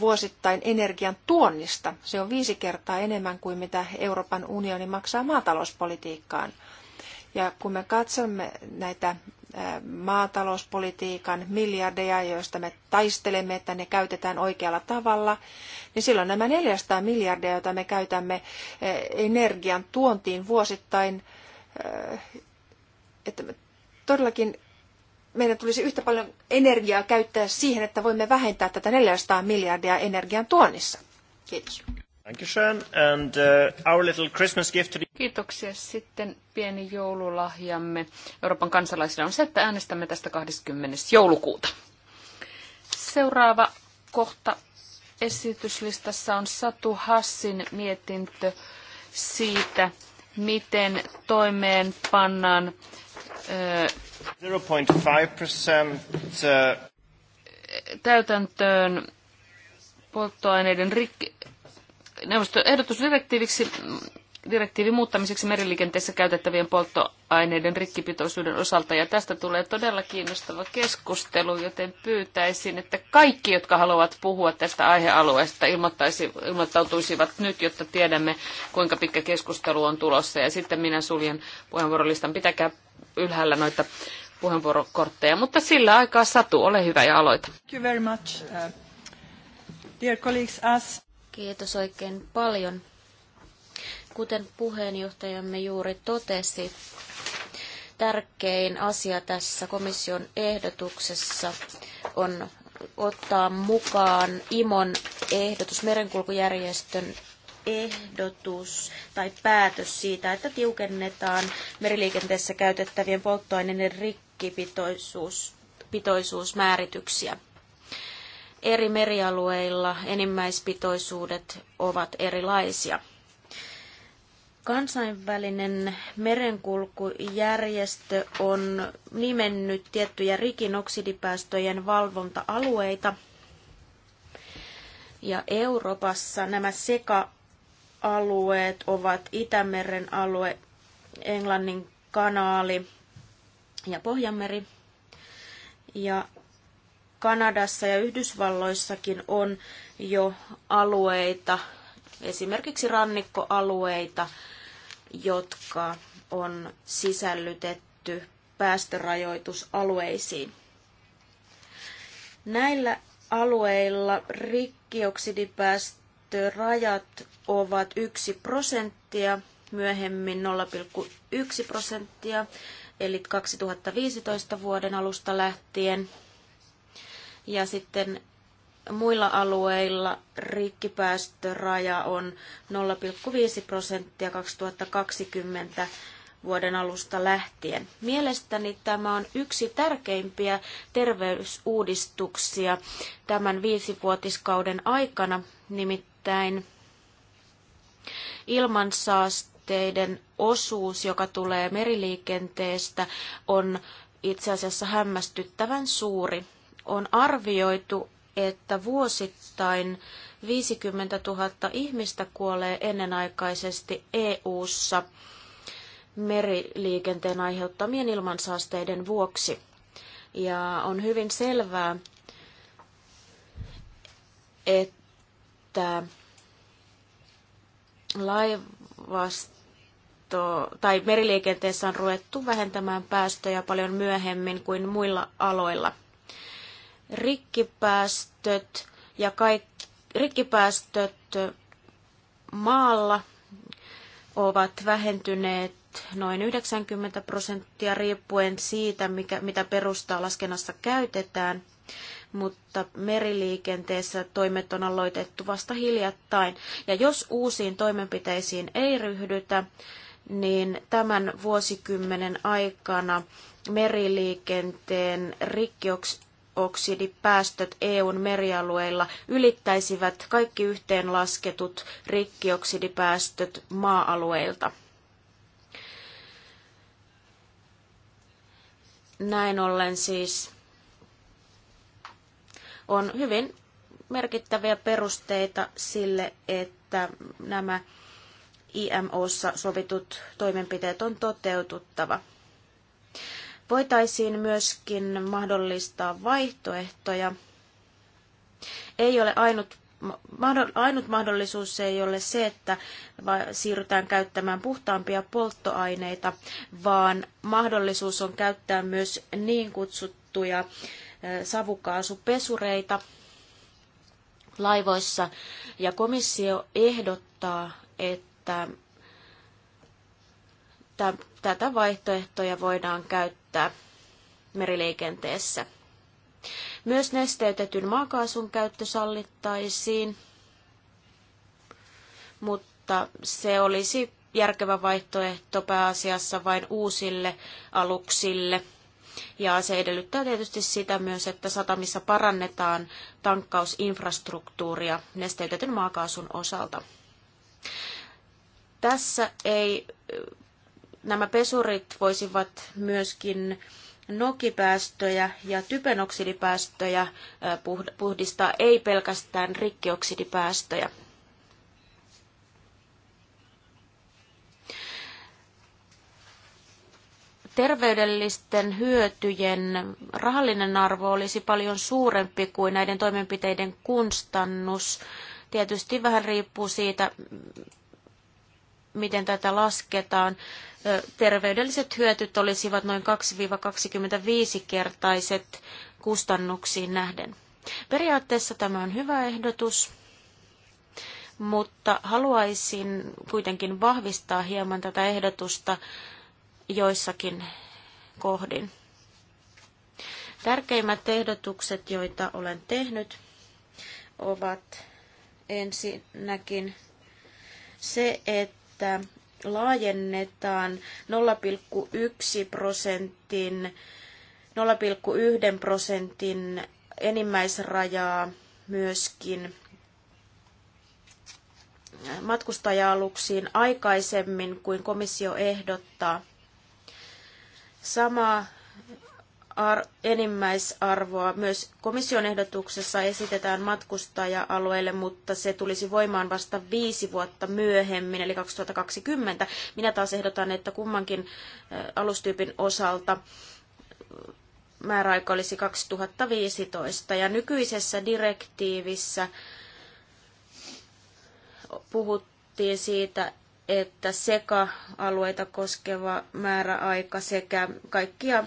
vuosittain energian tuonnista. Se on viisi kertaa enemmän kuin mitä Euroopan unioni maksaa maatalouspolitiikkaan. Ja kun me katsomme näitä maatalouspolitiikan miljardeja, joista me taistelemme, että ne käytetään oikealla tavalla, niin silloin nämä 400 miljardia, joita me käytämme energian tuontiin vuosittain – että me todellakin meidän tulisi yhtä paljon energiaa käyttää siihen, että voimme vähentää tätä 400 miljardia energian tuonnissa. Kiitos. Uh, Kiitoksia. Sitten pieni joululahjamme Euroopan kansalaisille on se, että äänestämme tästä 20. joulukuuta. Seuraava kohta esityslistassa on Satu Hassin mietintö siitä, miten toimeen pannaan 0,5% täytäntöön polttoaineiden rikki, neuvoston ehdotusdirektiiviksi direktiivin muuttamiseksi meriliikenteessä käytettävien polttoaineiden rikkipitoisuuden osalta. Ja tästä tulee todella kiinnostava keskustelu, joten pyytäisin, että kaikki, jotka haluavat puhua tästä aihealueesta, ilmoittautuisivat nyt, jotta tiedämme, kuinka pitkä keskustelu on tulossa. Ja sitten minä suljen puheenvuorolistan. Pitäkää ylhäällä noita puheenvuorokortteja, mutta sillä aikaa Satu, ole hyvä ja aloita. Thank you very much. Uh, dear colleagues, as... Kiitos oikein paljon. Kuten puheenjohtajamme juuri totesi, tärkein asia tässä komission ehdotuksessa on ottaa mukaan IMON ehdotus, merenkulkujärjestön ehdotus tai päätös siitä, että tiukennetaan meriliikenteessä käytettävien polttoaineiden rikkipitoisuusmäärityksiä. Eri merialueilla enimmäispitoisuudet ovat erilaisia. Kansainvälinen merenkulkujärjestö on nimennyt tiettyjä rikinoksidipäästöjen valvonta-alueita. Ja Euroopassa nämä seka-alueet ovat Itämeren alue, Englannin kanaali ja Pohjanmeri. Ja Kanadassa ja Yhdysvalloissakin on jo alueita, esimerkiksi rannikkoalueita, jotka on sisällytetty päästörajoitusalueisiin. Näillä alueilla rikkioksidipäästörajat ovat 1 prosenttia, myöhemmin 0,1 prosenttia, eli 2015 vuoden alusta lähtien. Ja sitten Muilla alueilla rikkipäästöraja on 0,5 prosenttia 2020 vuoden alusta lähtien. Mielestäni tämä on yksi tärkeimpiä terveysuudistuksia tämän viisivuotiskauden aikana, nimittäin ilmansaasteiden osuus, joka tulee meriliikenteestä, on itse asiassa hämmästyttävän suuri. On arvioitu, että vuosittain 50 000 ihmistä kuolee ennenaikaisesti EU-ssa meriliikenteen aiheuttamien ilmansaasteiden vuoksi. Ja on hyvin selvää, että laivasto tai meriliikenteessä on ruvettu vähentämään päästöjä paljon myöhemmin kuin muilla aloilla – rikkipäästöt ja kaikki rikkipäästöt maalla ovat vähentyneet noin 90 prosenttia riippuen siitä, mikä, mitä perustaa laskennassa käytetään, mutta meriliikenteessä toimet on aloitettu vasta hiljattain. Ja jos uusiin toimenpiteisiin ei ryhdytä, niin tämän vuosikymmenen aikana meriliikenteen rikkioks, hiilidioksidipäästöt EUn merialueilla ylittäisivät kaikki yhteenlasketut rikkioksidipäästöt maa-alueilta. Näin ollen siis on hyvin merkittäviä perusteita sille, että nämä IMOssa sovitut toimenpiteet on toteututtava. Voitaisiin myöskin mahdollistaa vaihtoehtoja. Ei ole ainut, ainut mahdollisuus ei ole se, että siirrytään käyttämään puhtaampia polttoaineita, vaan mahdollisuus on käyttää myös niin kutsuttuja savukaasupesureita laivoissa. Ja komissio ehdottaa, että tätä vaihtoehtoja voidaan käyttää meriliikenteessä. Myös nesteytetyn maakaasun käyttö sallittaisiin, mutta se olisi järkevä vaihtoehto pääasiassa vain uusille aluksille. Ja se edellyttää tietysti sitä myös, että satamissa parannetaan tankkausinfrastruktuuria nesteytetyn maakaasun osalta. Tässä ei Nämä pesurit voisivat myöskin nokipäästöjä ja typenoksidipäästöjä puhdistaa, ei pelkästään rikkioksidipäästöjä. terveydellisten hyötyjen rahallinen arvo olisi paljon suurempi kuin näiden toimenpiteiden kustannus. Tietysti vähän riippuu siitä, miten tätä lasketaan terveydelliset hyötyt olisivat noin 2-25-kertaiset kustannuksiin nähden. Periaatteessa tämä on hyvä ehdotus, mutta haluaisin kuitenkin vahvistaa hieman tätä ehdotusta joissakin kohdin. Tärkeimmät ehdotukset, joita olen tehnyt, ovat ensinnäkin se, että laajennetaan 0,1 prosentin 0,1 prosentin enimmäisrajaa myöskin matkustaja-aluksiin aikaisemmin kuin komissio ehdottaa. Sama enimmäisarvoa. Myös komission ehdotuksessa esitetään matkustaja-alueille, mutta se tulisi voimaan vasta viisi vuotta myöhemmin, eli 2020. Minä taas ehdotan, että kummankin alustyypin osalta määräaika olisi 2015. Ja nykyisessä direktiivissä puhuttiin siitä, että seka-alueita koskeva määräaika sekä kaikkia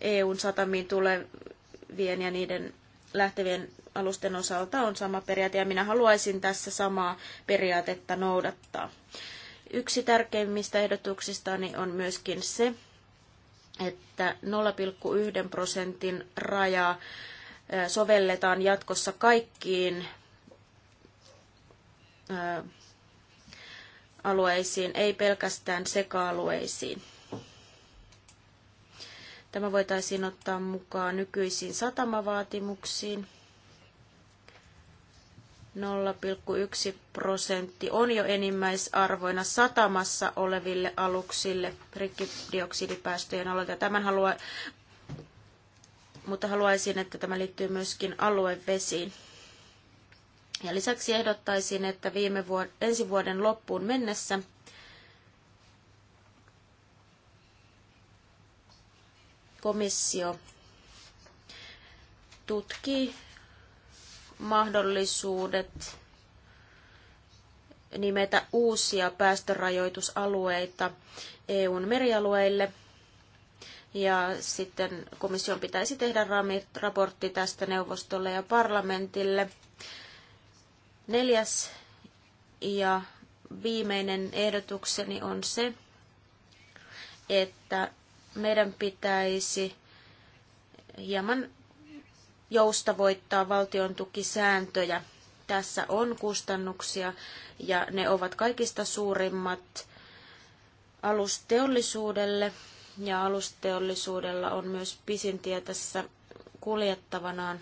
EUn satamiin tulevien ja niiden lähtevien alusten osalta on sama periaate, ja minä haluaisin tässä samaa periaatetta noudattaa. Yksi tärkeimmistä ehdotuksistani on myöskin se, että 0,1 prosentin rajaa sovelletaan jatkossa kaikkiin alueisiin, ei pelkästään seka-alueisiin. Tämä voitaisiin ottaa mukaan nykyisiin satamavaatimuksiin. 0,1 prosentti on jo enimmäisarvoina satamassa oleville aluksille rikkidioksidipäästöjen aloita. Tämän haluan, mutta haluaisin, että tämä liittyy myöskin aluevesiin. Ja lisäksi ehdottaisin, että viime vuod- ensi vuoden loppuun mennessä komissio tutki mahdollisuudet nimetä uusia päästörajoitusalueita EUn merialueille. Ja sitten komission pitäisi tehdä raportti tästä neuvostolle ja parlamentille. Neljäs ja viimeinen ehdotukseni on se, että meidän pitäisi hieman joustavoittaa valtion tukisääntöjä. Tässä on kustannuksia ja ne ovat kaikista suurimmat alusteollisuudelle ja alusteollisuudella on myös pisin tie tässä kuljettavanaan.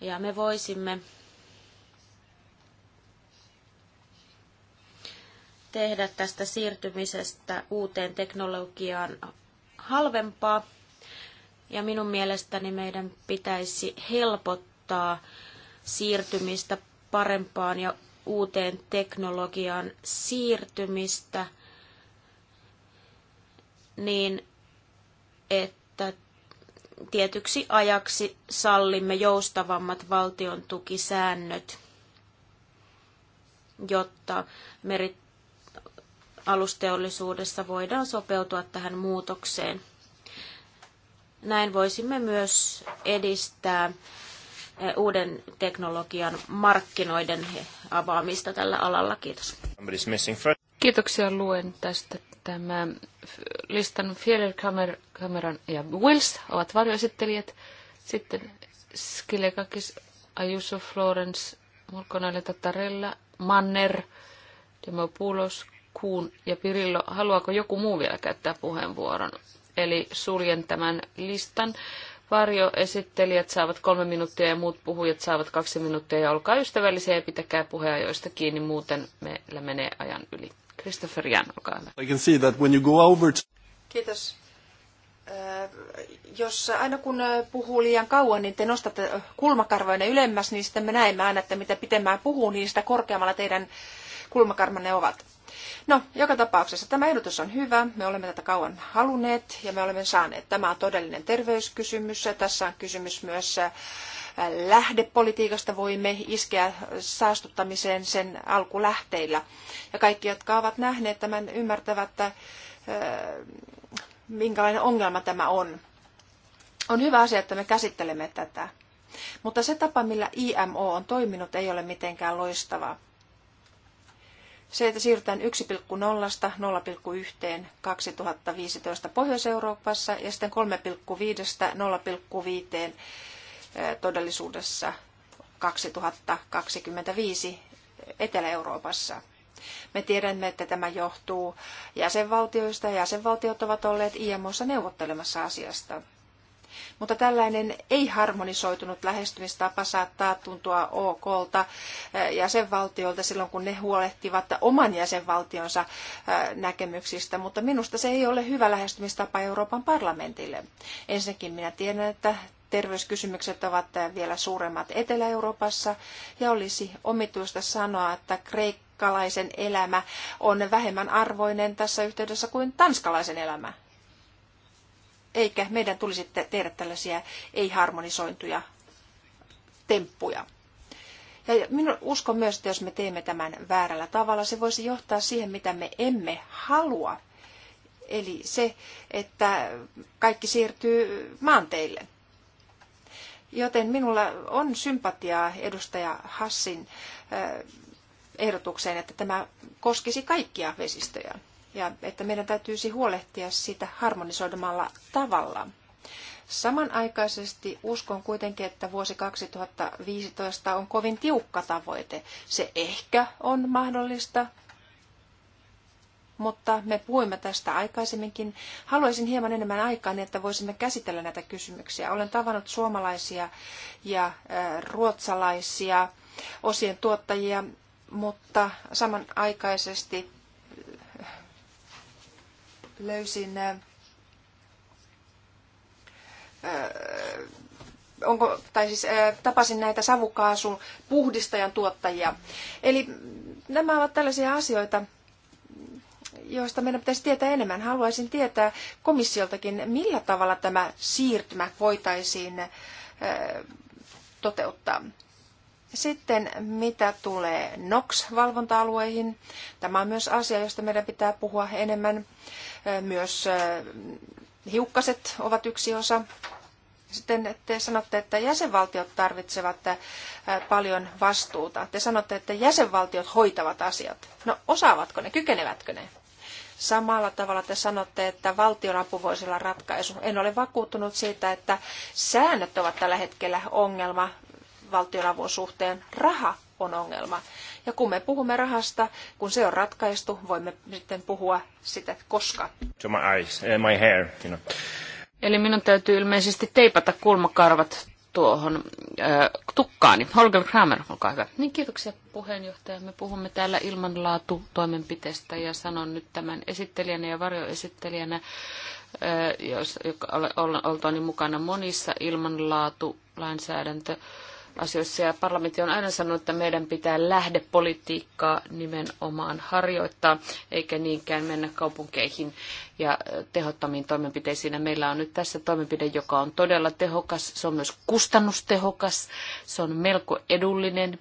Ja me voisimme tehdä tästä siirtymisestä uuteen teknologiaan halvempaa. Ja minun mielestäni meidän pitäisi helpottaa siirtymistä parempaan ja uuteen teknologiaan siirtymistä niin, että tietyksi ajaksi sallimme joustavammat valtion tukisäännöt, jotta merit alusteollisuudessa voidaan sopeutua tähän muutokseen. Näin voisimme myös edistää eh, uuden teknologian markkinoiden avaamista tällä alalla. Kiitos. Kiitoksia. Luen tästä tämä listan Fieler, Kamer, Cameron ja Wills ovat varjoesittelijät. Sitten Skilekakis, Ayuso, Florence, Mulkonainen, Tatarella, Manner, Demopoulos, Kuun ja Pirillo, haluaako joku muu vielä käyttää puheenvuoron? Eli suljen tämän listan. Varjoesittelijät saavat kolme minuuttia ja muut puhujat saavat kaksi minuuttia. Ja olkaa ystävällisiä ja pitäkää puheajoista kiinni, muuten meillä menee ajan yli. Christopher Jan, olkaa hyvä. I can see that when you go over to... Kiitos. Äh, jos aina kun äh, puhuu liian kauan, niin te nostatte äh, kulmakarvoinen ylemmäs, niin sitten me näemme aina, että mitä pitemmään puhuu, niin sitä korkeammalla teidän kulmakarmanne ovat. No, joka tapauksessa tämä ehdotus on hyvä. Me olemme tätä kauan halunneet ja me olemme saaneet. Tämä on todellinen terveyskysymys. Tässä on kysymys myös äh, lähdepolitiikasta voimme iskeä saastuttamiseen sen alkulähteillä. Ja kaikki, jotka ovat nähneet tämän, ymmärtävät, että, äh, minkälainen ongelma tämä on. On hyvä asia, että me käsittelemme tätä. Mutta se tapa, millä IMO on toiminut, ei ole mitenkään loistavaa. Se, että siirrytään 1,0 0,1 2015 Pohjois-Euroopassa ja sitten 3,5 0,5 eh, todellisuudessa 2025 Etelä-Euroopassa. Me tiedämme, että tämä johtuu jäsenvaltioista ja jäsenvaltiot ovat olleet IMOssa neuvottelemassa asiasta. Mutta tällainen ei-harmonisoitunut lähestymistapa saattaa tuntua okolta jäsenvaltiolta silloin, kun ne huolehtivat oman jäsenvaltionsa näkemyksistä, mutta minusta se ei ole hyvä lähestymistapa Euroopan parlamentille. Ensinnäkin minä tiedän, että terveyskysymykset ovat vielä suuremmat Etelä-Euroopassa ja olisi omituista sanoa, että Kreikkalaisen elämä on vähemmän arvoinen tässä yhteydessä kuin tanskalaisen elämä eikä meidän tulisi tehdä tällaisia ei-harmonisointuja temppuja. Ja minun uskon myös, että jos me teemme tämän väärällä tavalla, se voisi johtaa siihen, mitä me emme halua. Eli se, että kaikki siirtyy maanteille. Joten minulla on sympatiaa edustaja Hassin ehdotukseen, että tämä koskisi kaikkia vesistöjä ja että meidän täytyisi huolehtia sitä harmonisoidumalla tavalla. Samanaikaisesti uskon kuitenkin, että vuosi 2015 on kovin tiukka tavoite. Se ehkä on mahdollista, mutta me puhuimme tästä aikaisemminkin. Haluaisin hieman enemmän aikaa, niin että voisimme käsitellä näitä kysymyksiä. Olen tavannut suomalaisia ja ruotsalaisia osien tuottajia, mutta samanaikaisesti löysin, onko, tai siis tapasin näitä savukaasun puhdistajan tuottajia. Eli nämä ovat tällaisia asioita, joista meidän pitäisi tietää enemmän. Haluaisin tietää komissioltakin, millä tavalla tämä siirtymä voitaisiin toteuttaa. Sitten mitä tulee NOx-valvonta-alueihin, tämä on myös asia, josta meidän pitää puhua enemmän. Myös äh, hiukkaset ovat yksi osa. Sitten te sanotte, että jäsenvaltiot tarvitsevat äh, paljon vastuuta. Te sanotte, että jäsenvaltiot hoitavat asiat. No osaavatko ne, kykenevätkö ne? Samalla tavalla te sanotte, että apu voisi olla ratkaisu. En ole vakuuttunut siitä, että säännöt ovat tällä hetkellä ongelma valtionavun suhteen. Raha on ongelma. Ja kun me puhumme rahasta, kun se on ratkaistu, voimme sitten puhua sitä koska. To my eyes, eh, my hair, you know. Eli minun täytyy ilmeisesti teipata kulmakarvat tuohon äh, tukkaani. Holger Kramer, olkaa hyvä. Niin, kiitoksia puheenjohtaja. Me puhumme täällä ilmanlaatu-toimenpiteestä ja sanon nyt tämän esittelijänä ja varjoesittelijänä, äh, jos oltaani mukana monissa ilmanlaatu lainsäädäntö asioissa. Ja parlamentti on aina sanonut, että meidän pitää lähdepolitiikkaa nimenomaan harjoittaa, eikä niinkään mennä kaupunkeihin ja tehottomiin toimenpiteisiin. Ja meillä on nyt tässä toimenpide, joka on todella tehokas. Se on myös kustannustehokas. Se on melko edullinen.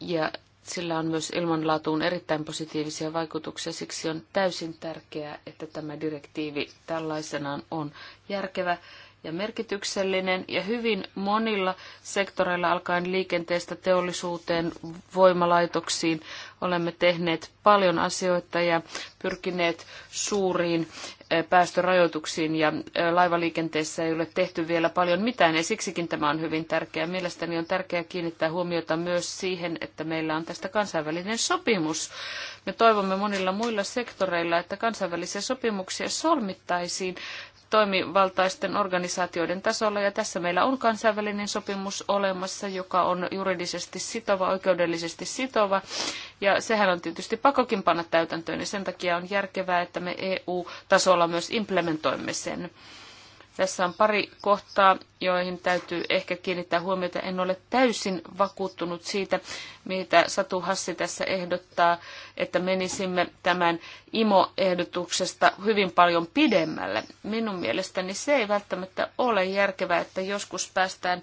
Ja sillä on myös ilmanlaatuun erittäin positiivisia vaikutuksia. Siksi on täysin tärkeää, että tämä direktiivi tällaisenaan on järkevä ja merkityksellinen ja hyvin monilla sektoreilla alkaen liikenteestä teollisuuteen, voimalaitoksiin olemme tehneet paljon asioita ja pyrkineet suuriin eh, päästörajoituksiin ja eh, laivaliikenteessä ei ole tehty vielä paljon mitään ja siksikin tämä on hyvin tärkeää. Mielestäni on tärkeää kiinnittää huomiota myös siihen, että meillä on tästä kansainvälinen sopimus. Me toivomme monilla muilla sektoreilla, että kansainvälisiä sopimuksia solmittaisiin toimivaltaisten organisaatioiden tasolla. Ja tässä meillä on kansainvälinen sopimus olemassa, joka on juridisesti sitova, oikeudellisesti sitova. Ja sehän on tietysti pakokin panna täytäntöön ja sen takia on järkevää, että me EU-tasolla myös implementoimme sen. Tässä on pari kohtaa, joihin täytyy ehkä kiinnittää huomiota. En ole täysin vakuuttunut siitä, mitä Satu Hassi tässä ehdottaa, että menisimme tämän IMO-ehdotuksesta hyvin paljon pidemmälle. Minun mielestäni se ei välttämättä ole järkevää, että joskus päästään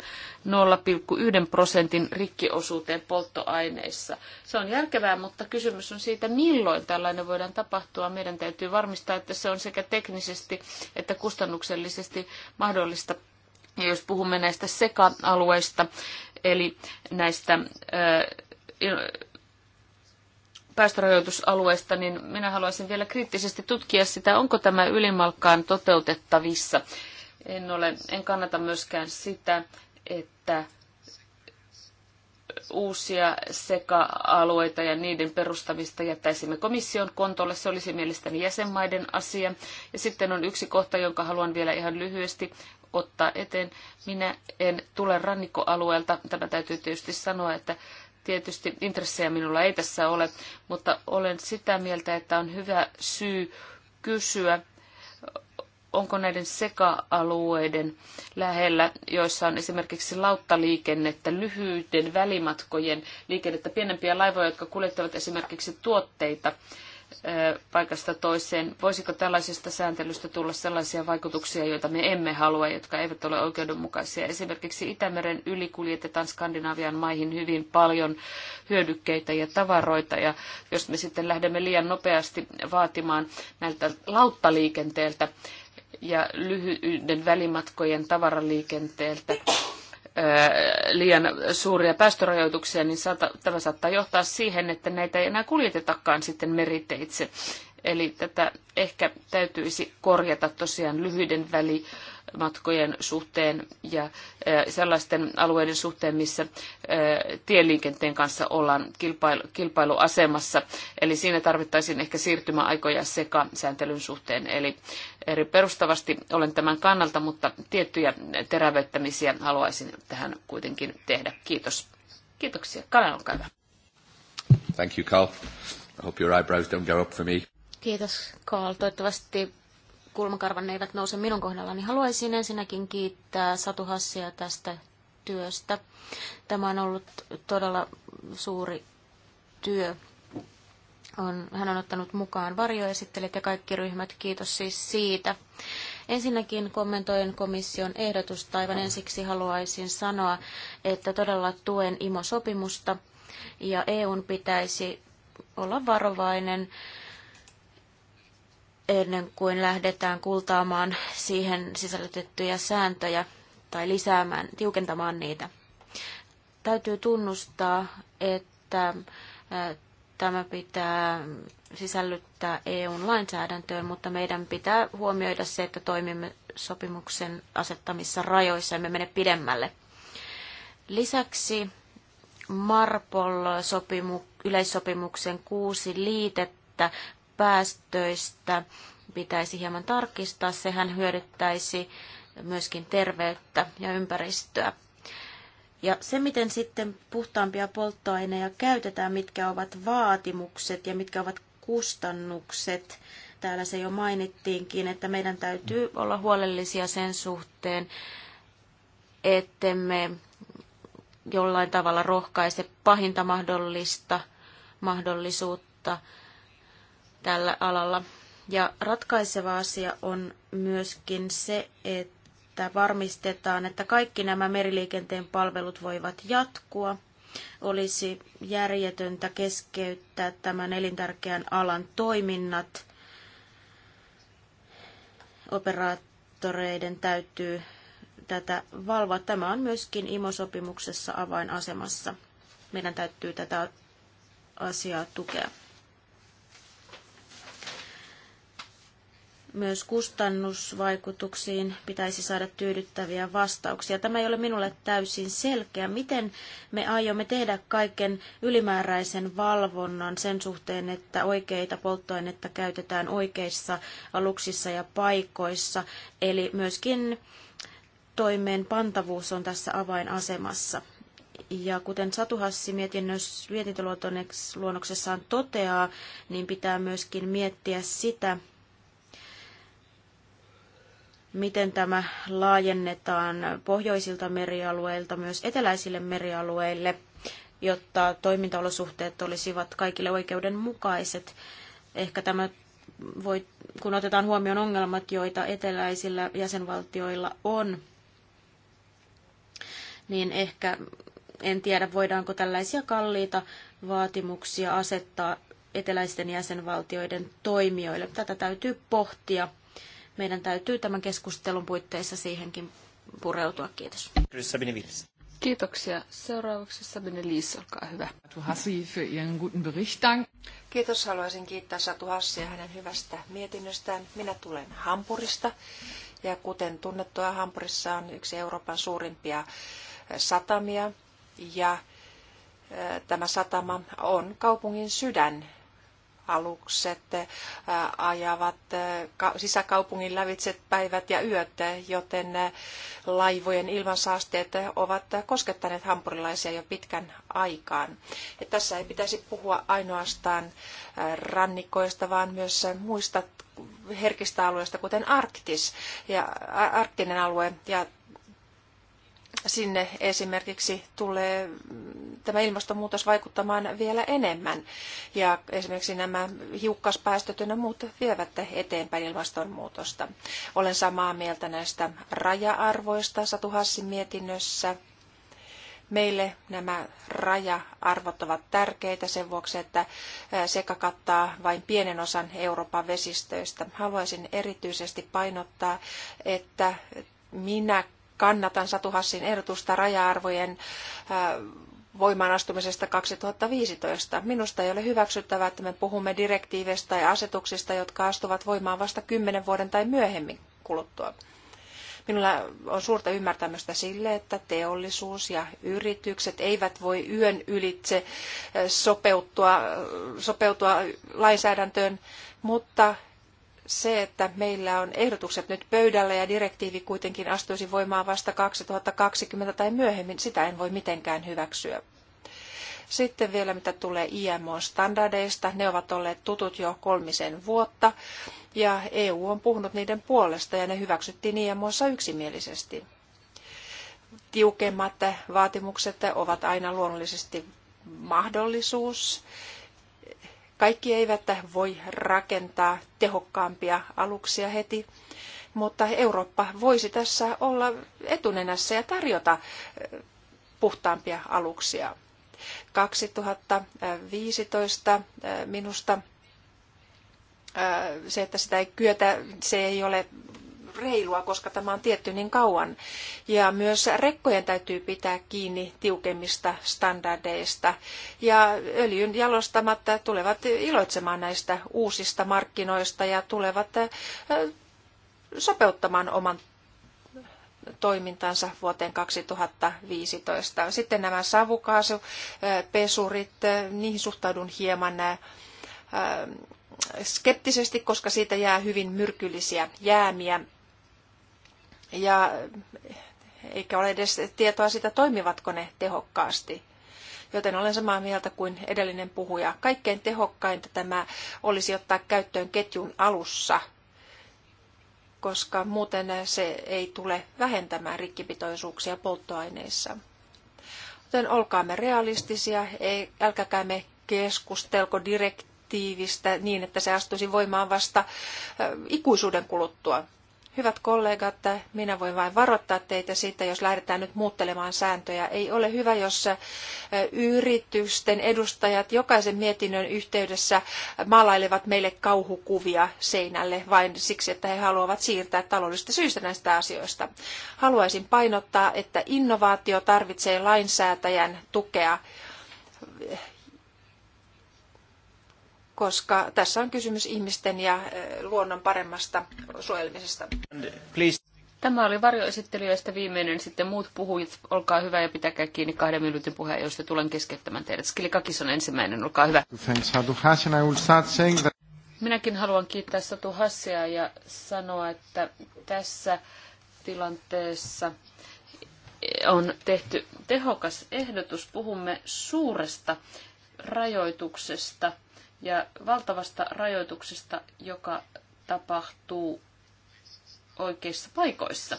0,1 prosentin rikkiosuuteen polttoaineissa. Se on järkevää, mutta kysymys on siitä, milloin tällainen voidaan tapahtua. Meidän täytyy varmistaa, että se on sekä teknisesti että kustannuksellisesti tietysti mahdollista. jos puhumme näistä seka-alueista, eli näistä päästörajoitusalueista, niin minä haluaisin vielä kriittisesti tutkia sitä, onko tämä ylimalkkaan toteutettavissa. En, ole, en kannata myöskään sitä, että uusia seka-alueita ja niiden perustamista jättäisimme komission kontolle. Se olisi mielestäni jäsenmaiden asia. Ja sitten on yksi kohta, jonka haluan vielä ihan lyhyesti ottaa eteen. Minä en tule rannikkoalueelta. Tämä täytyy tietysti sanoa, että tietysti intressejä minulla ei tässä ole, mutta olen sitä mieltä, että on hyvä syy kysyä onko näiden seka-alueiden lähellä, joissa on esimerkiksi lauttaliikennettä, lyhyiden välimatkojen liikennettä, pienempiä laivoja, jotka kuljettavat esimerkiksi tuotteita paikasta toiseen. Voisiko tällaisesta sääntelystä tulla sellaisia vaikutuksia, joita me emme halua, jotka eivät ole oikeudenmukaisia? Esimerkiksi Itämeren yli kuljetetaan Skandinavian maihin hyvin paljon hyödykkeitä ja tavaroita, ja jos me sitten lähdemme liian nopeasti vaatimaan näiltä lauttaliikenteeltä ja lyhyiden välimatkojen tavaraliikenteeltä liian suuria päästörajoituksia, niin tämä saattaa johtaa siihen, että näitä ei enää kuljetetakaan sitten meriteitse. Eli tätä ehkä täytyisi korjata tosiaan lyhyiden välimatkojen matkojen suhteen ja sellaisten alueiden suhteen, missä tieliikenteen kanssa ollaan kilpailuasemassa. Eli siinä tarvittaisiin ehkä siirtymäaikoja sekä sääntelyn suhteen. Eli eri perustavasti olen tämän kannalta, mutta tiettyjä terävöittämisiä haluaisin tähän kuitenkin tehdä. Kiitos. Kiitoksia. Kalan, olkaa hyvä. Thank you, Carl. I hope your eyebrows don't go up for me. Kiitos, Carl. Toivottavasti kulmakarvanne eivät nouse minun kohdallani. Niin haluaisin ensinnäkin kiittää Satu Hassia tästä työstä. Tämä on ollut todella suuri työ. On, hän on ottanut mukaan varjoesittelijät ja kaikki ryhmät. Kiitos siis siitä. Ensinnäkin kommentoin komission ehdotusta. Aivan ensiksi haluaisin sanoa, että todella tuen IMO-sopimusta ja EUn pitäisi olla varovainen ennen kuin lähdetään kultaamaan siihen sisällytettyjä sääntöjä tai lisäämään, tiukentamaan niitä. Täytyy tunnustaa, että tämä pitää sisällyttää EUn lainsäädäntöön, mutta meidän pitää huomioida se, että toimimme sopimuksen asettamissa rajoissa ja me mene pidemmälle. Lisäksi Marpol-yleissopimuksen kuusi liitettä päästöistä pitäisi hieman tarkistaa. Sehän hyödyttäisi myöskin terveyttä ja ympäristöä. Ja se, miten sitten puhtaampia polttoaineja käytetään, mitkä ovat vaatimukset ja mitkä ovat kustannukset. Täällä se jo mainittiinkin, että meidän täytyy olla huolellisia sen suhteen, ettemme jollain tavalla rohkaise pahinta mahdollista mahdollisuutta tällä alalla. Ja ratkaiseva asia on myöskin se, että varmistetaan, että kaikki nämä meriliikenteen palvelut voivat jatkua. Olisi järjetöntä keskeyttää tämän elintärkeän alan toiminnat. Operaattoreiden täytyy tätä valvoa. Tämä on myöskin IMO-sopimuksessa avainasemassa. Meidän täytyy tätä asiaa tukea. myös kustannusvaikutuksiin pitäisi saada tyydyttäviä vastauksia. Tämä ei ole minulle täysin selkeä. Miten me aiomme tehdä kaiken ylimääräisen valvonnan sen suhteen, että oikeita polttoainetta käytetään oikeissa aluksissa ja paikoissa? Eli myöskin toimeen pantavuus on tässä avainasemassa. Ja kuten Satuhassi mietintöluonnoksessaan toteaa, niin pitää myöskin miettiä sitä, miten tämä laajennetaan pohjoisilta merialueilta myös eteläisille merialueille, jotta toimintaolosuhteet olisivat kaikille oikeudenmukaiset. Ehkä tämä voi, kun otetaan huomioon ongelmat, joita eteläisillä jäsenvaltioilla on, niin ehkä en tiedä, voidaanko tällaisia kalliita vaatimuksia asettaa eteläisten jäsenvaltioiden toimijoille. Tätä täytyy pohtia meidän täytyy tämän keskustelun puitteissa siihenkin pureutua. Kiitos. Kiitoksia. Seuraavaksi Sabine Liis, olkaa hyvä. für Ihren guten Bericht. Kiitos. Haluaisin kiittää Satu Hassia hänen hyvästä mietinnöstään. Minä tulen Hampurista ja kuten tunnettua Hampurissa on yksi Euroopan suurimpia eh, satamia ja eh, tämä satama on kaupungin sydän alukset äh, ajavat äh, sisäkaupungin lävitse päivät ja yöt, joten äh, laivojen ilmansaasteet ovat koskettaneet hampurilaisia jo pitkän aikaan. Ja tässä ei pitäisi puhua ainoastaan rannikoista, vaan myös muista herkistä alueista, kuten Arktis ja arktinen alue ja sinne esimerkiksi tulee tämä ilmastonmuutos vaikuttamaan vielä enemmän. Ja esimerkiksi nämä hiukkaspäästöt ja muut vievät eteenpäin ilmastonmuutosta. Olen samaa mieltä näistä raja-arvoista Satu Hassin mietinnössä. Meille nämä raja-arvot ovat tärkeitä sen vuoksi, että sekä kattaa vain pienen osan Euroopan vesistöistä. Haluaisin erityisesti painottaa, että minä kannatan Satu Hassin ehdotusta raja-arvojen voimaan astumisesta 2015. Minusta ei ole hyväksyttävää, että me puhumme direktiiveistä ja asetuksista, jotka astuvat voimaan vasta kymmenen vuoden tai myöhemmin kuluttua. Minulla on suurta ymmärtämystä sille, että teollisuus ja yritykset eivät voi yön ylitse sopeutua, sopeutua lainsäädäntöön, mutta se, että meillä on ehdotukset nyt pöydällä ja direktiivi kuitenkin astuisi voimaan vasta 2020 tai myöhemmin, sitä en voi mitenkään hyväksyä. Sitten vielä mitä tulee IMO-standardeista, ne ovat olleet tutut jo kolmisen vuotta ja EU on puhunut niiden puolesta ja ne hyväksyttiin IMOssa yksimielisesti. Tiukemmat vaatimukset ovat aina luonnollisesti mahdollisuus kaikki eivät voi rakentaa tehokkaampia aluksia heti, mutta Eurooppa voisi tässä olla etunenässä ja tarjota eh, puhtaampia aluksia. 2015 eh, minusta eh, se, että sitä ei kyetä, se ei ole reilua, koska tämä on tietty niin kauan. Ja myös rekkojen täytyy pitää kiinni tiukemmista standardeista. Ja öljyn jalostamatta tulevat iloitsemaan näistä uusista markkinoista ja tulevat äh, sopeuttamaan oman toimintansa vuoteen 2015. Sitten nämä savukaasupesurit, äh, niihin suhtaudun hieman äh, skeptisesti, koska siitä jää hyvin myrkyllisiä jäämiä ja eikä ole edes tietoa siitä, toimivatko ne tehokkaasti. Joten olen samaa mieltä kuin edellinen puhuja. Kaikkein tehokkainta tämä olisi ottaa käyttöön ketjun alussa, koska muuten se ei tule vähentämään rikkipitoisuuksia polttoaineissa. Joten olkaamme realistisia, ei, me keskustelko direktiivistä niin, että se astuisi voimaan vasta ikuisuuden kuluttua. Hyvät kollegat, minä voin vain varoittaa teitä siitä, jos lähdetään nyt muuttelemaan sääntöjä. Ei ole hyvä, jos yritysten edustajat jokaisen mietinnön yhteydessä maalailevat meille kauhukuvia seinälle vain siksi, että he haluavat siirtää taloudellisista syistä näistä asioista. Haluaisin painottaa, että innovaatio tarvitsee lainsäätäjän tukea koska tässä on kysymys ihmisten ja luonnon paremmasta suojelmisesta. Tämä oli varjoesittelijöistä viimeinen, sitten muut puhujat, olkaa hyvä ja pitäkää kiinni kahden minuutin puheen, josta tulen keskeyttämään teidät. Skili Kakis on ensimmäinen, olkaa hyvä. Minäkin haluan kiittää Satu Hassia ja sanoa, että tässä tilanteessa on tehty tehokas ehdotus. Puhumme suuresta rajoituksesta – ja valtavasta rajoituksesta, joka tapahtuu oikeissa paikoissa.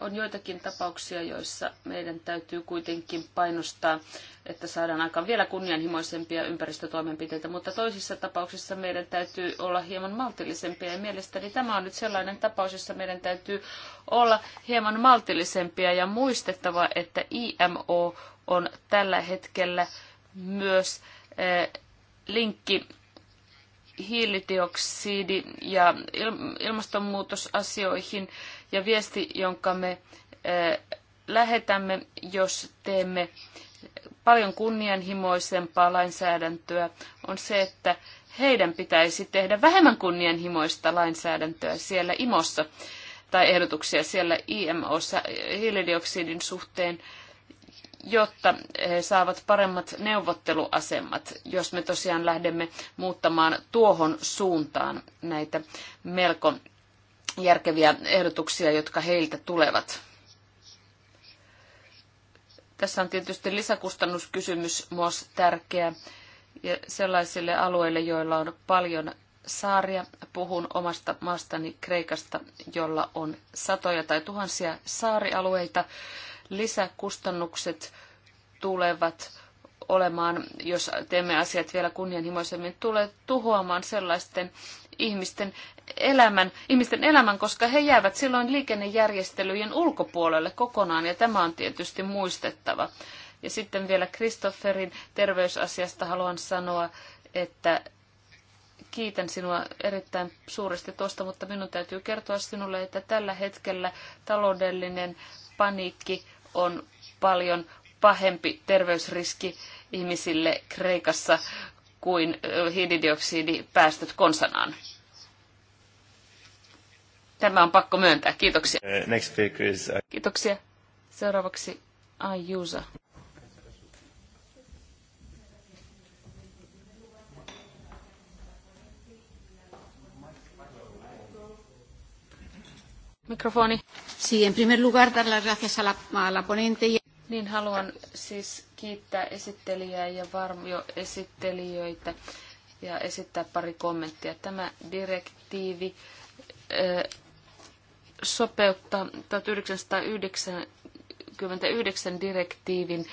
On joitakin tapauksia, joissa meidän täytyy kuitenkin painostaa, että saadaan aikaan vielä kunnianhimoisempia ympäristötoimenpiteitä, mutta toisissa tapauksissa meidän täytyy olla hieman maltillisempia. Ja mielestäni tämä on nyt sellainen tapaus, jossa meidän täytyy olla hieman maltillisempia ja muistettava, että IMO on tällä hetkellä myös eh, linkki hiilidioksidi- ja ilmastonmuutosasioihin ja viesti, jonka me eh, lähetämme, jos teemme paljon kunnianhimoisempaa lainsäädäntöä, on se, että heidän pitäisi tehdä vähemmän kunnianhimoista lainsäädäntöä siellä IMOssa tai ehdotuksia siellä IMOssa hiilidioksidin suhteen jotta he saavat paremmat neuvotteluasemat, jos me tosiaan lähdemme muuttamaan tuohon suuntaan näitä melko järkeviä ehdotuksia, jotka heiltä tulevat. Tässä on tietysti lisäkustannuskysymys myös tärkeä ja sellaisille alueille, joilla on paljon saaria. Puhun omasta maastani Kreikasta, jolla on satoja tai tuhansia saarialueita lisäkustannukset tulevat olemaan, jos teemme asiat vielä kunnianhimoisemmin, tulee tuhoamaan sellaisten ihmisten elämän, ihmisten elämän, koska he jäävät silloin liikennejärjestelyjen ulkopuolelle kokonaan, ja tämä on tietysti muistettava. Ja sitten vielä Kristofferin terveysasiasta haluan sanoa, että kiitän sinua erittäin suuresti tuosta, mutta minun täytyy kertoa sinulle, että tällä hetkellä taloudellinen paniikki on paljon pahempi terveysriski ihmisille Kreikassa kuin hiilidioksidipäästöt konsanaan. Tämä on pakko myöntää. Kiitoksia. Uh, next speaker is... Uh, Kiitoksia. Seuraavaksi Ayusa. Mikrofoni. Sí, en primer lugar, dar las gracias a la, a la ponente. Niin haluan siis kiittää esittelijää ja varmioesittelijöitä ja esittää pari kommenttia. Tämä direktiivi sopeuttaa 1999 direktiivin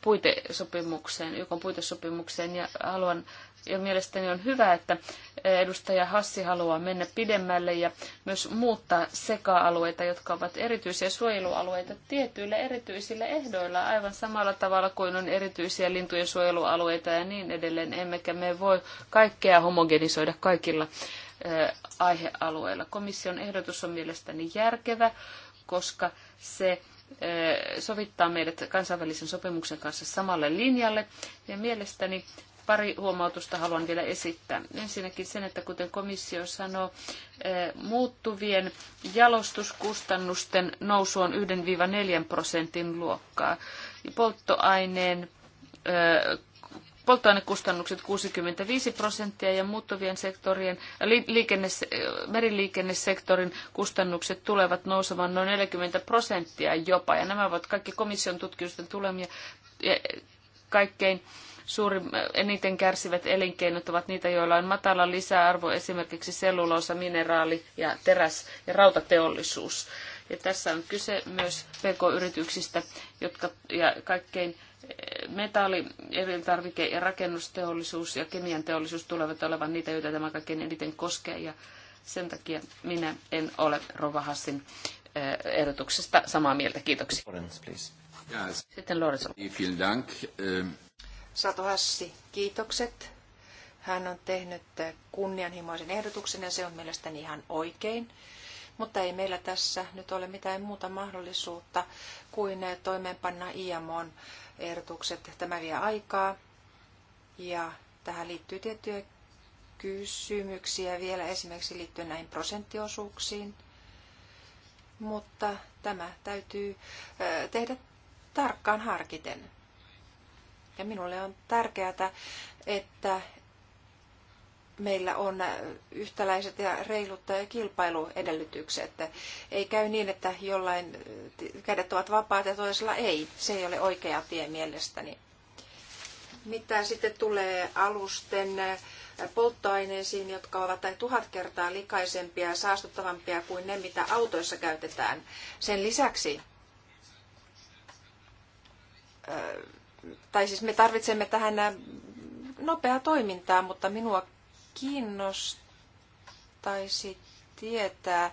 puitesopimukseen, YK puitesopimukseen ja haluan ja mielestäni on hyvä, että edustaja Hassi haluaa mennä pidemmälle ja myös muuttaa seka-alueita, jotka ovat erityisiä suojelualueita tietyillä erityisillä ehdoilla, aivan samalla tavalla kuin on erityisiä lintujen suojelualueita ja niin edelleen. Emmekä me voi kaikkea homogenisoida kaikilla aihealueilla. Komission ehdotus on mielestäni järkevä, koska se sovittaa meidät kansainvälisen sopimuksen kanssa samalle linjalle. Ja mielestäni Pari huomautusta haluan vielä esittää. Ensinnäkin sen, että kuten komissio sanoo, eh, muuttuvien jalostuskustannusten nousu on 1-4 prosentin luokkaa. Polttoaineen eh, polttoainekustannukset 65 prosenttia ja muuttuvien sektorien, liikenne, meriliikennesektorin kustannukset tulevat nousemaan noin 40 prosenttia jopa. Ja nämä ovat kaikki komission tutkimusten tulemia kaikkein suurin, eniten kärsivät elinkeinot ovat niitä, joilla on matala lisäarvo, esimerkiksi selluloosa, mineraali ja teräs- ja rautateollisuus. Ja tässä on kyse myös pk-yrityksistä, jotka ja kaikkein eh, metalli, elintarvike- ja rakennusteollisuus ja kemian teollisuus tulevat olevan niitä, joita tämä kaikkein eniten koskee. Ja sen takia minä en ole Rova Hassin eh, ehdotuksesta samaa mieltä. Kiitoksia. Sitten Lorenzo. Ähm, Satu Hassi, kiitokset. Hän on tehnyt kunnianhimoisen ehdotuksen ja se on mielestäni ihan oikein. Mutta ei meillä tässä nyt ole mitään muuta mahdollisuutta kuin toimeenpanna IMOn ehdotukset. Tämä vie aikaa ja tähän liittyy tiettyjä kysymyksiä vielä esimerkiksi liittyen näihin prosenttiosuuksiin. Mutta tämä täytyy äh, tehdä tarkkaan harkiten. Ja minulle on tärkeää, että meillä on yhtäläiset ja reilut kilpailuedellytykset. Ei käy niin, että jollain kädet ovat vapaat ja toisella ei. Se ei ole oikea tie mielestäni. Mitä sitten tulee alusten polttoaineisiin, jotka ovat tai tuhat kertaa likaisempia ja saastuttavampia kuin ne, mitä autoissa käytetään. Sen lisäksi tai siis me tarvitsemme tähän nopeaa toimintaa, mutta minua kiinnostaisi tietää,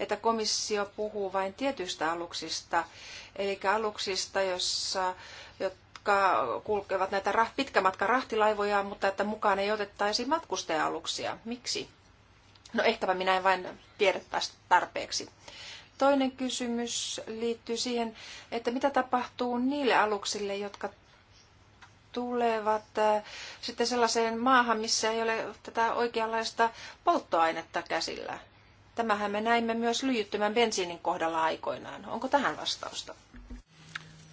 että komissio puhuu vain tietyistä aluksista, eli aluksista, jossa, jotka kulkevat näitä rah, matka rahtilaivoja, mutta että mukaan ei otettaisi matkustaja-aluksia. Miksi? No ehkäpä minä en vain tiedä tästä tarpeeksi. Toinen kysymys liittyy siihen, että mitä tapahtuu niille aluksille, jotka tulevat äh, sitten sellaiseen maahan, missä ei ole tätä oikeanlaista polttoainetta käsillä. Tämähän me näimme myös lyijyttömän bensiinin kohdalla aikoinaan. Onko tähän vastausta?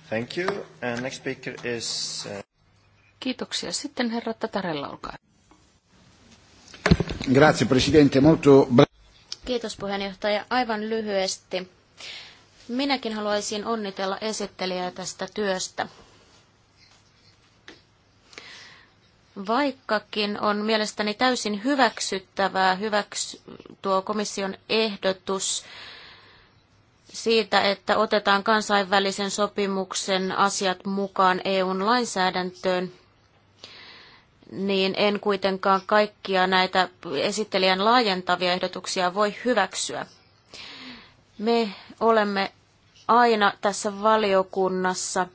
Thank you. And uh, next speaker is... Uh, Kiitoksia. Sitten herra Tatarella, olkaa Grazie, Presidente. Molto... Kiitos puheenjohtaja. Aivan lyhyesti. Minäkin haluaisin onnitella esittelijää tästä työstä. Vaikkakin on mielestäni täysin hyväksyttävää hyväksy, tuo komission ehdotus siitä, että otetaan kansainvälisen sopimuksen asiat mukaan EUn lainsäädäntöön, niin en kuitenkaan kaikkia näitä esittelijän laajentavia ehdotuksia voi hyväksyä. Me olemme aina tässä valiokunnassa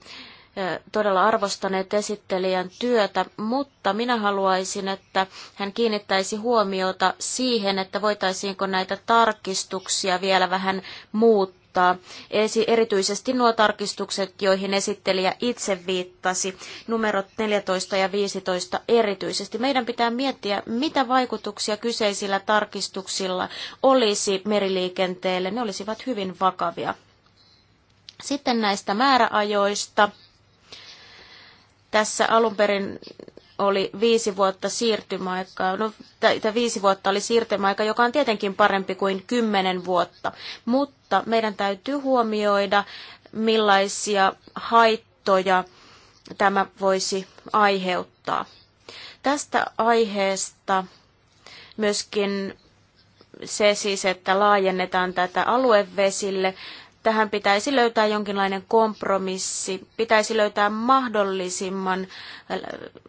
todella arvostaneet esittelijän työtä, mutta minä haluaisin, että hän kiinnittäisi huomiota siihen, että voitaisiinko näitä tarkistuksia vielä vähän muuttaa muuttaa. Erityisesti nuo tarkistukset, joihin esittelijä itse viittasi, numerot 14 ja 15 erityisesti. Meidän pitää miettiä, mitä vaikutuksia kyseisillä tarkistuksilla olisi meriliikenteelle. Ne olisivat hyvin vakavia. Sitten näistä määräajoista. Tässä alun perin oli viisi vuotta siirtymäaikaa. No, tai viisi vuotta oli siirtymäaika, joka on tietenkin parempi kuin kymmenen vuotta. Mutta mutta meidän täytyy huomioida, millaisia haittoja tämä voisi aiheuttaa. Tästä aiheesta myöskin se siis, että laajennetaan tätä aluevesille, tähän pitäisi löytää jonkinlainen kompromissi, pitäisi löytää mahdollisimman äh,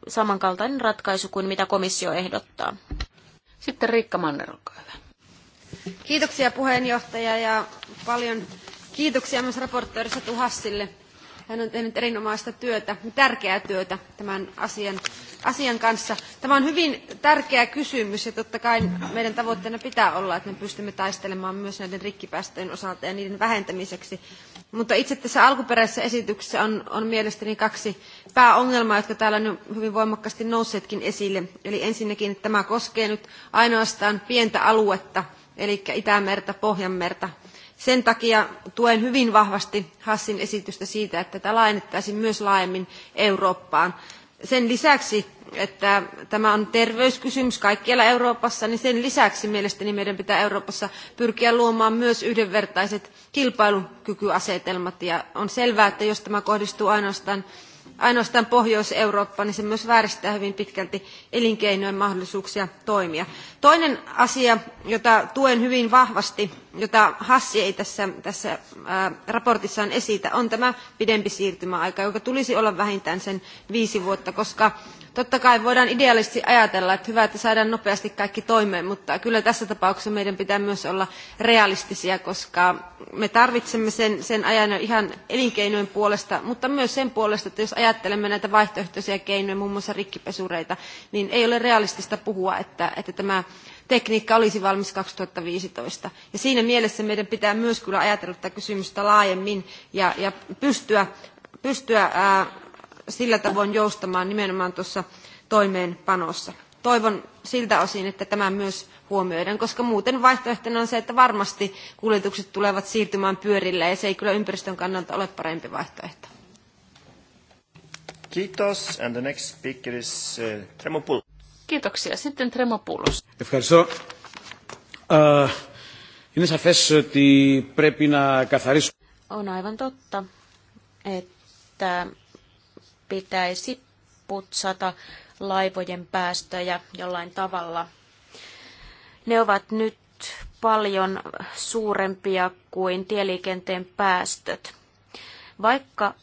samankaltainen ratkaisu kuin mitä komissio ehdottaa. Sitten Riikka Manner, olkaa hyvä. Kiitoksia puheenjohtaja ja paljon kiitoksia myös raportööri Satu Hassille. Hän on tehnyt erinomaista työtä, tärkeää työtä tämän asian, asian kanssa. Tämä on hyvin tärkeä kysymys ja totta kai meidän tavoitteena pitää olla, että me pystymme taistelemaan myös näiden rikkipäästöjen osalta ja niiden vähentämiseksi. Mutta itse tässä alkuperäisessä esityksessä on, on mielestäni kaksi pääongelmaa, jotka täällä on hyvin voimakkaasti nousseetkin esille. Eli ensinnäkin että tämä koskee nyt ainoastaan pientä aluetta – eli Itämerta, Pohjanmerta. Sen takia tuen hyvin vahvasti Hassin esitystä siitä, että tätä laajennettaisiin myös laajemmin Eurooppaan. Sen lisäksi, että tämä on terveyskysymys kaikkialla Euroopassa, niin sen lisäksi mielestäni meidän pitää Euroopassa pyrkiä luomaan myös yhdenvertaiset kilpailukykyasetelmat. Ja on selvää, että jos tämä kohdistuu ainoastaan ainoastaan Pohjois-Eurooppa, niin se myös vääristää hyvin pitkälti elinkeinojen mahdollisuuksia toimia. Toinen asia, jota tuen hyvin vahvasti, jota Hassi ei tässä, tässä raportissaan esitä, on tämä pidempi siirtymäaika, joka tulisi olla vähintään sen viisi vuotta, koska Totta kai voidaan idealisti ajatella, että hyvä, että saadaan nopeasti kaikki toimeen, mutta kyllä tässä tapauksessa meidän pitää myös olla realistisia, koska me tarvitsemme sen, sen ajan ihan elinkeinojen puolesta, mutta myös sen puolesta, että jos ajattelemme näitä vaihtoehtoisia keinoja, muun muassa rikkipesureita, niin ei ole realistista puhua, että, että tämä tekniikka olisi valmis 2015. Ja siinä mielessä meidän pitää myös kyllä ajatella tätä kysymystä laajemmin ja, ja pystyä, pystyä ää, sillä tavoin joustamaan nimenomaan tuossa toimeenpanossa. Toivon siltä osin, että tämä myös huomioidaan, koska muuten vaihtoehtona on se, että varmasti kuljetukset tulevat siirtymään pyörillä ja se ei kyllä ympäristön kannalta ole parempi vaihtoehto. Kiitos. And the next speaker is uh, Tremopoulos. Kiitoksia. Sitten Tremopoulos. Ευχαριστώ. είναι σαφές ότι πρέπει να καθαρίσουμε. On aivan totta, että pitäisi putsata laivojen päästöjä jollain tavalla. Ne ovat nyt paljon suurempia kuin tieliikenteen päästöt. Vaikka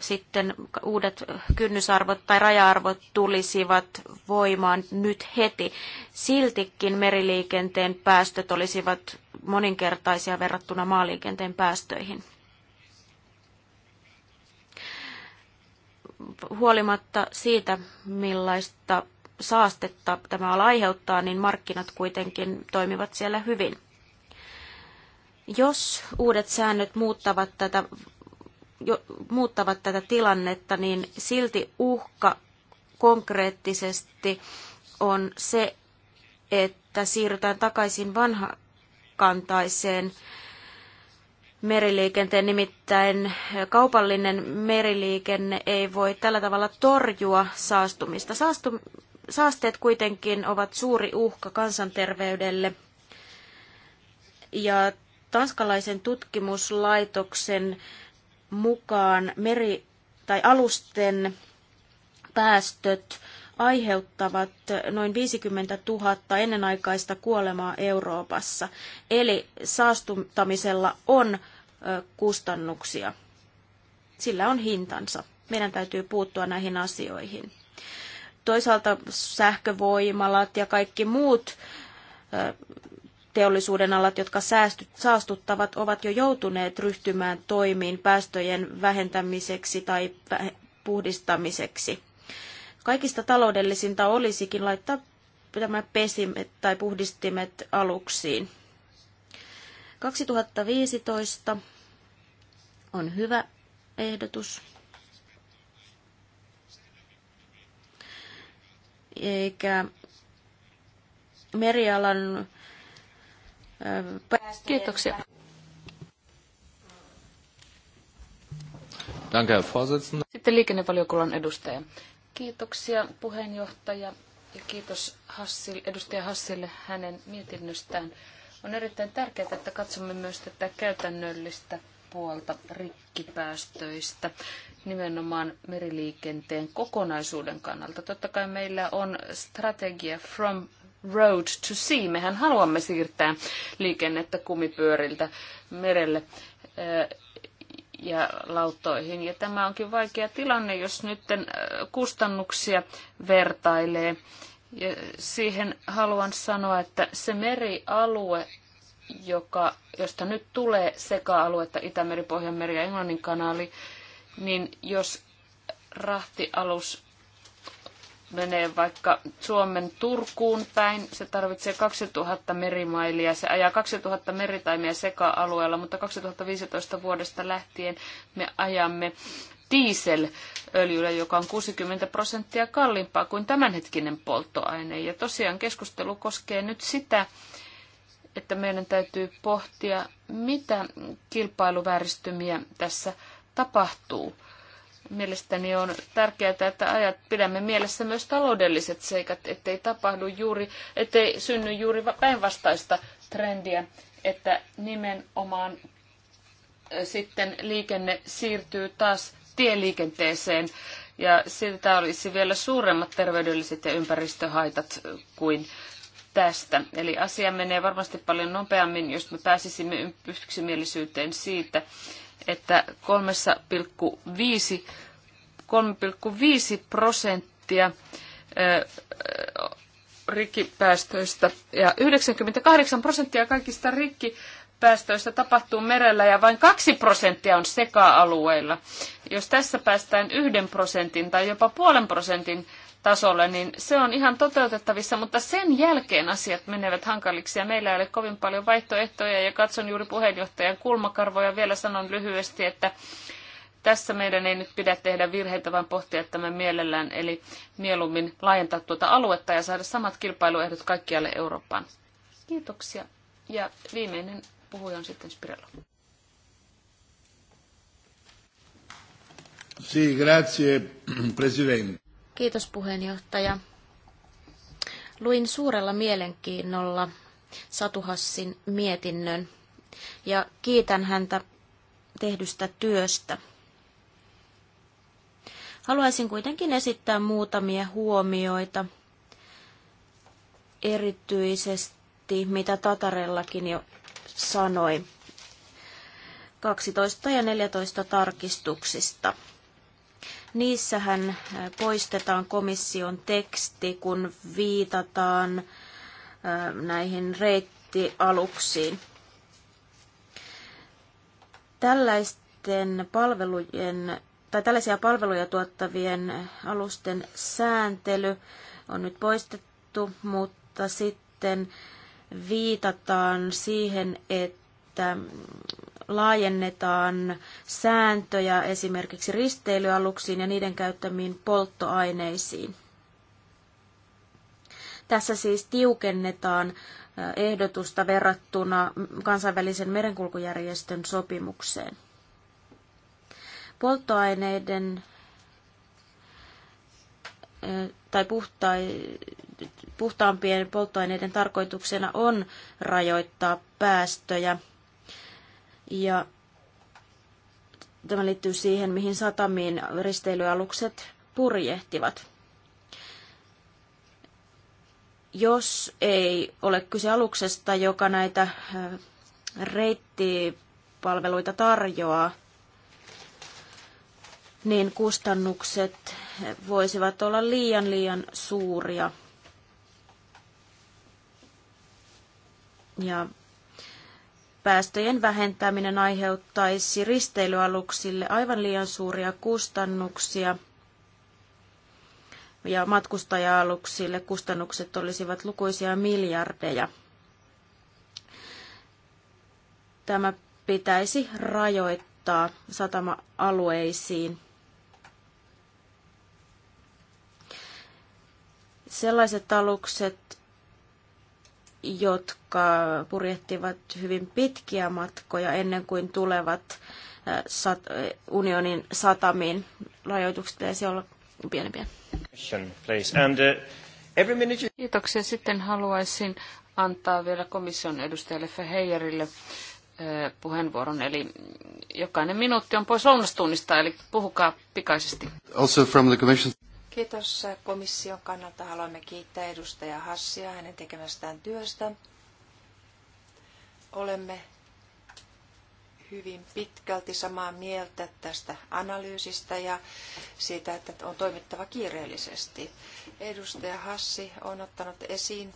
sitten uudet kynnysarvot tai raja-arvot tulisivat voimaan nyt heti, siltikin meriliikenteen päästöt olisivat moninkertaisia verrattuna maaliikenteen päästöihin. huolimatta siitä, millaista saastetta tämä ala aiheuttaa, niin markkinat kuitenkin toimivat siellä hyvin. Jos uudet säännöt muuttavat tätä, jo, muuttavat tätä tilannetta, niin silti uhka konkreettisesti on se, että siirrytään takaisin vanhakantaiseen meriliikenteen, nimittäin kaupallinen meriliikenne ei voi tällä tavalla torjua saastumista. Saastu, saasteet kuitenkin ovat suuri uhka kansanterveydelle ja tanskalaisen tutkimuslaitoksen mukaan meri- tai alusten päästöt aiheuttavat noin 50 000 ennenaikaista kuolemaa Euroopassa. Eli saastuttamisella on kustannuksia. Sillä on hintansa. Meidän täytyy puuttua näihin asioihin. Toisaalta sähkövoimalat ja kaikki muut teollisuuden alat, jotka saastuttavat, ovat jo joutuneet ryhtymään toimiin päästöjen vähentämiseksi tai puhdistamiseksi. Kaikista taloudellisinta olisikin laittaa tämä pesimet tai puhdistimet aluksiin. 2015 on hyvä ehdotus. Eikä merialan Kiitoksia. Danke, Herr Vorsitzender. Sitten liikennevaliokunnan edustaja. Kiitoksia puheenjohtaja ja kiitos Hassil, edustaja Hassille hänen mietinnöstään. On erittäin tärkeää, että katsomme myös tätä käytännöllistä puolta rikkipäästöistä nimenomaan meriliikenteen kokonaisuuden kannalta. Totta kai meillä on strategia from road to sea. Mehän haluamme siirtää liikennettä kumipyöriltä merelle ja lauttoihin. Ja tämä onkin vaikea tilanne, jos nyt äh, kustannuksia vertailee. Ja siihen haluan sanoa, että se merialue, joka, josta nyt tulee seka-aluetta Itämeri, Pohjanmeri ja Englannin kanaali, niin jos rahtialus menee vaikka Suomen Turkuun päin, se tarvitsee 2000 merimailia. Se ajaa 2000 meritaimia seka-alueella, mutta 2015 vuodesta lähtien me ajamme dieselöljyllä, joka on 60 prosenttia kalliimpaa kuin tämänhetkinen polttoaine. Ja tosiaan keskustelu koskee nyt sitä, että meidän täytyy pohtia, mitä kilpailuvääristymiä tässä tapahtuu mielestäni on tärkeää, että ajat pidämme mielessä myös taloudelliset seikat, ettei tapahdu juuri, ettei synny juuri päinvastaista trendiä, että nimenomaan sitten liikenne siirtyy taas tieliikenteeseen ja siltä olisi vielä suuremmat terveydelliset ja ympäristöhaitat kuin tästä. Eli asia menee varmasti paljon nopeammin, jos me pääsisimme yksimielisyyteen siitä, että 3,5 viisi prosenttia rikkipäästöistä ja 98 prosenttia kaikista rikkipäästöistä tapahtuu merellä ja vain 2 prosenttia on seka-alueilla. Jos tässä päästään yhden prosentin tai jopa puolen prosentin tasolle, niin se on ihan toteutettavissa, mutta sen jälkeen asiat menevät hankaliksi ja meillä ei ole kovin paljon vaihtoehtoja ja katson juuri puheenjohtajan kulmakarvoja. Vielä sanon lyhyesti, että tässä meidän ei nyt pidä tehdä virheitä, vaan pohtia tämä mielellään, eli mieluummin laajentaa tuota aluetta ja saada samat kilpailuehdot kaikkialle Eurooppaan. Kiitoksia. Ja viimeinen puhuja on sitten Spirello. Sì, grazie Presidente. Kiitos puheenjohtaja. Luin suurella mielenkiinnolla Satuhassin mietinnön ja kiitän häntä tehdystä työstä. Haluaisin kuitenkin esittää muutamia huomioita, erityisesti mitä Tatarellakin jo sanoi 12 ja 14 tarkistuksista. Niissähän äh, poistetaan komission teksti, kun viitataan äh, näihin reittialuksiin. Tällaisten palvelujen tai tällaisia palveluja tuottavien alusten sääntely on nyt poistettu, mutta sitten viitataan siihen, että laajennetaan sääntöjä esimerkiksi risteilyaluksiin ja niiden käyttämiin polttoaineisiin. Tässä siis tiukennetaan ehdotusta verrattuna kansainvälisen merenkulkujärjestön sopimukseen. Polttoaineiden tai puhtai, puhtaampien polttoaineiden tarkoituksena on rajoittaa päästöjä – ja tämä liittyy siihen, mihin satamiin risteilyalukset purjehtivat. Jos ei ole kyse aluksesta, joka näitä äh, reittipalveluita tarjoaa, niin kustannukset voisivat olla liian liian suuria. Ja päästöjen vähentäminen aiheuttaisi risteilyaluksille aivan liian suuria kustannuksia ja matkustaja-aluksille kustannukset olisivat lukuisia miljardeja. Tämä pitäisi rajoittaa satama-alueisiin. Sellaiset alukset, jotka purjehtivat hyvin pitkiä matkoja ennen kuin tulevat sat, unionin satamiin. Rajoitukset pitäisi olla pienempiä. Uh, Kiitoksia. Sitten haluaisin antaa vielä komission edustajalle Feheijerille puheenvuoron. Eli jokainen minuutti on pois lounastunnista, eli puhukaa pikaisesti. Also from the commission. Kiitos komission kannalta. Haluamme kiittää edustaja Hassia hänen tekemästään työstä. Olemme hyvin pitkälti samaa mieltä tästä analyysistä ja siitä, että on toimittava kiireellisesti. Edustaja Hassi on ottanut esiin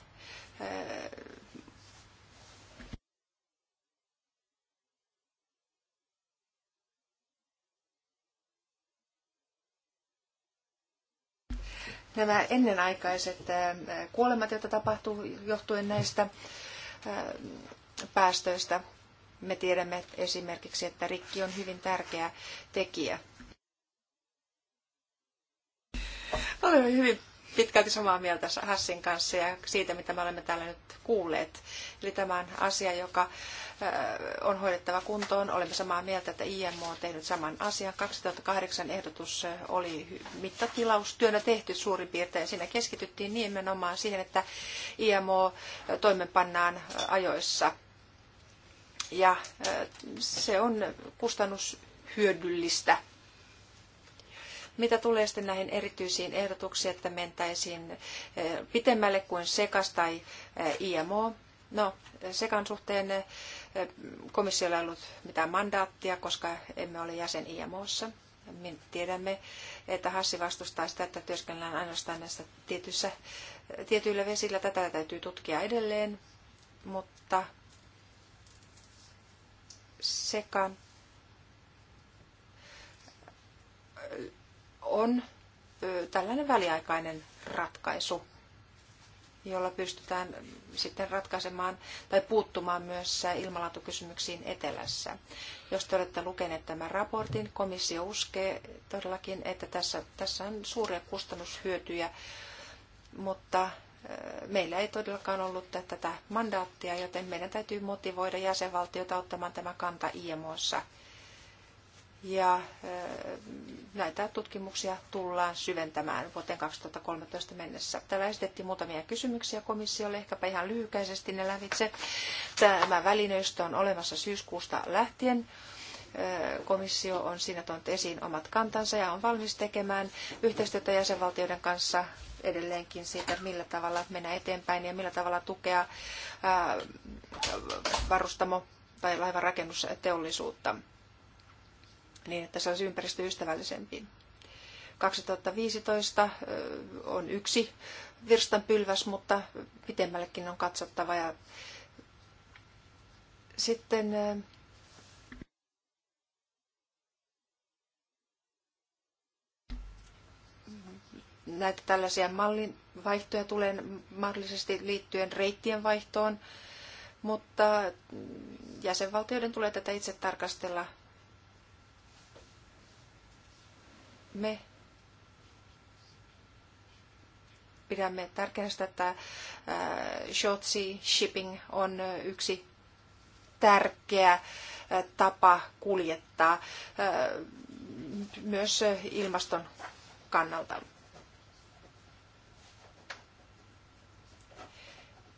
Nämä ennenaikaiset kuolemat, joita tapahtuu johtuen näistä päästöistä, me tiedämme esimerkiksi, että rikki on hyvin tärkeä tekijä. Olemme hyvin pitkälti samaa mieltä Hassin kanssa ja siitä, mitä me olemme täällä nyt kuulleet. Eli tämä on asia, joka äh, on hoidettava kuntoon. Olemme samaa mieltä, että IMO on tehnyt saman asian. 2008 ehdotus äh, oli mittatilaustyönä tehty suurin piirtein. Siinä keskityttiin nimenomaan siihen, että IMO äh, toimenpannaan ajoissa. Ja se on kustannushyödyllistä mitä tulee sitten näihin erityisiin ehdotuksiin, että mentäisiin eh, pitemmälle kuin SEKAS tai eh, IMO, No, sekan suhteen eh, komissiolla ei ollut mitään mandaattia, koska emme ole jäsen IMOssa. Me tiedämme, että Hassi vastustaa sitä, että työskennellään ainoastaan näissä tietyissä, tietyillä vesillä. Tätä täytyy tutkia edelleen, mutta sekan on tällainen väliaikainen ratkaisu, jolla pystytään sitten ratkaisemaan tai puuttumaan myös ilmalaatukysymyksiin etelässä. Jos te olette lukeneet tämän raportin, komissio uskee todellakin, että tässä, tässä on suuria kustannushyötyjä, mutta meillä ei todellakaan ollut tätä mandaattia, joten meidän täytyy motivoida jäsenvaltiota ottamaan tämä kanta IMOssa – ja näitä tutkimuksia tullaan syventämään vuoteen 2013 mennessä. Täällä esitettiin muutamia kysymyksiä komissiolle, ehkäpä ihan lyhykäisesti ne lävitse. Tämä välineistö on olemassa syyskuusta lähtien. Komissio on siinä tuonut esiin omat kantansa ja on valmis tekemään yhteistyötä jäsenvaltioiden kanssa edelleenkin siitä, millä tavalla mennä eteenpäin ja millä tavalla tukea varustamo- tai laivanrakennusteollisuutta niin että se olisi ympäristöystävällisempi. 2015 on yksi virstanpylväs, mutta pitemmällekin on katsottava. Ja sitten näitä tällaisia mallin vaihtoja tulee mahdollisesti liittyen reittien vaihtoon, mutta jäsenvaltioiden tulee tätä itse tarkastella Me pidämme tärkeänä sitä, että äh, short sea shipping on äh, yksi tärkeä äh, tapa kuljettaa myös ilmaston kannalta.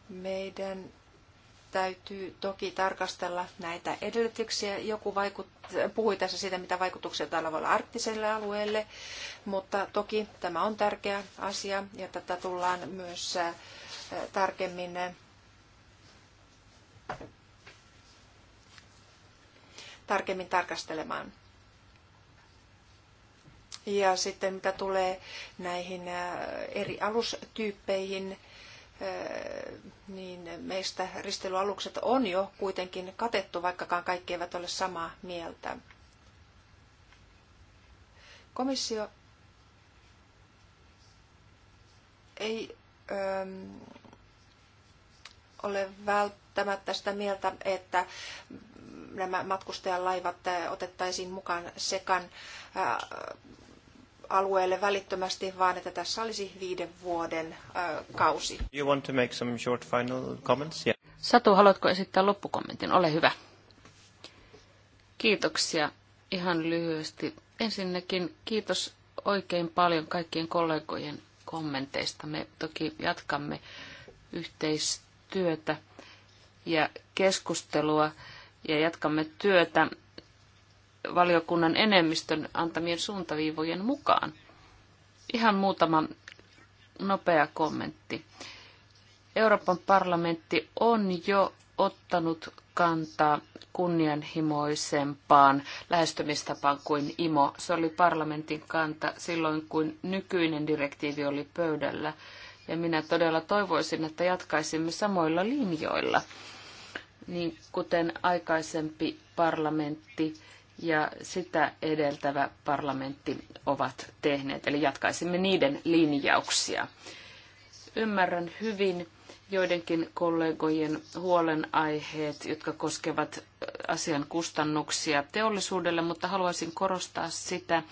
Meidän täytyy toki tarkastella näitä edellytyksiä. Joku vaikut, puhui tässä siitä, mitä vaikutuksia tällä voi olla arktiselle alueelle, mutta toki tämä on tärkeä asia ja tätä tullaan myös tarkemmin tarkemmin tarkastelemaan. Ja sitten mitä tulee näihin eri alustyyppeihin, niin meistä risteilyalukset on jo kuitenkin katettu, vaikkakaan kaikki eivät ole samaa mieltä. Komissio ei öö, ole välttämättä sitä mieltä, että nämä matkustajalaivat otettaisiin mukaan sekan alueelle välittömästi, vaan että tässä olisi viiden vuoden kausi. You want to make some short final comments? Yeah. Satu, haluatko esittää loppukommentin? Ole hyvä. Kiitoksia ihan lyhyesti. Ensinnäkin kiitos oikein paljon kaikkien kollegojen kommenteista. Me toki jatkamme yhteistyötä ja keskustelua ja jatkamme työtä valiokunnan enemmistön antamien suuntaviivojen mukaan. Ihan muutama nopea kommentti. Euroopan parlamentti on jo ottanut kantaa kunnianhimoisempaan lähestymistapaan kuin IMO. Se oli parlamentin kanta silloin, kun nykyinen direktiivi oli pöydällä. Ja minä todella toivoisin, että jatkaisimme samoilla linjoilla. Niin kuten aikaisempi parlamentti ja sitä edeltävä parlamentti ovat tehneet. Eli jatkaisimme niiden linjauksia. Ymmärrän hyvin joidenkin kollegojen huolenaiheet, jotka koskevat asian kustannuksia teollisuudelle, mutta haluaisin korostaa sitä,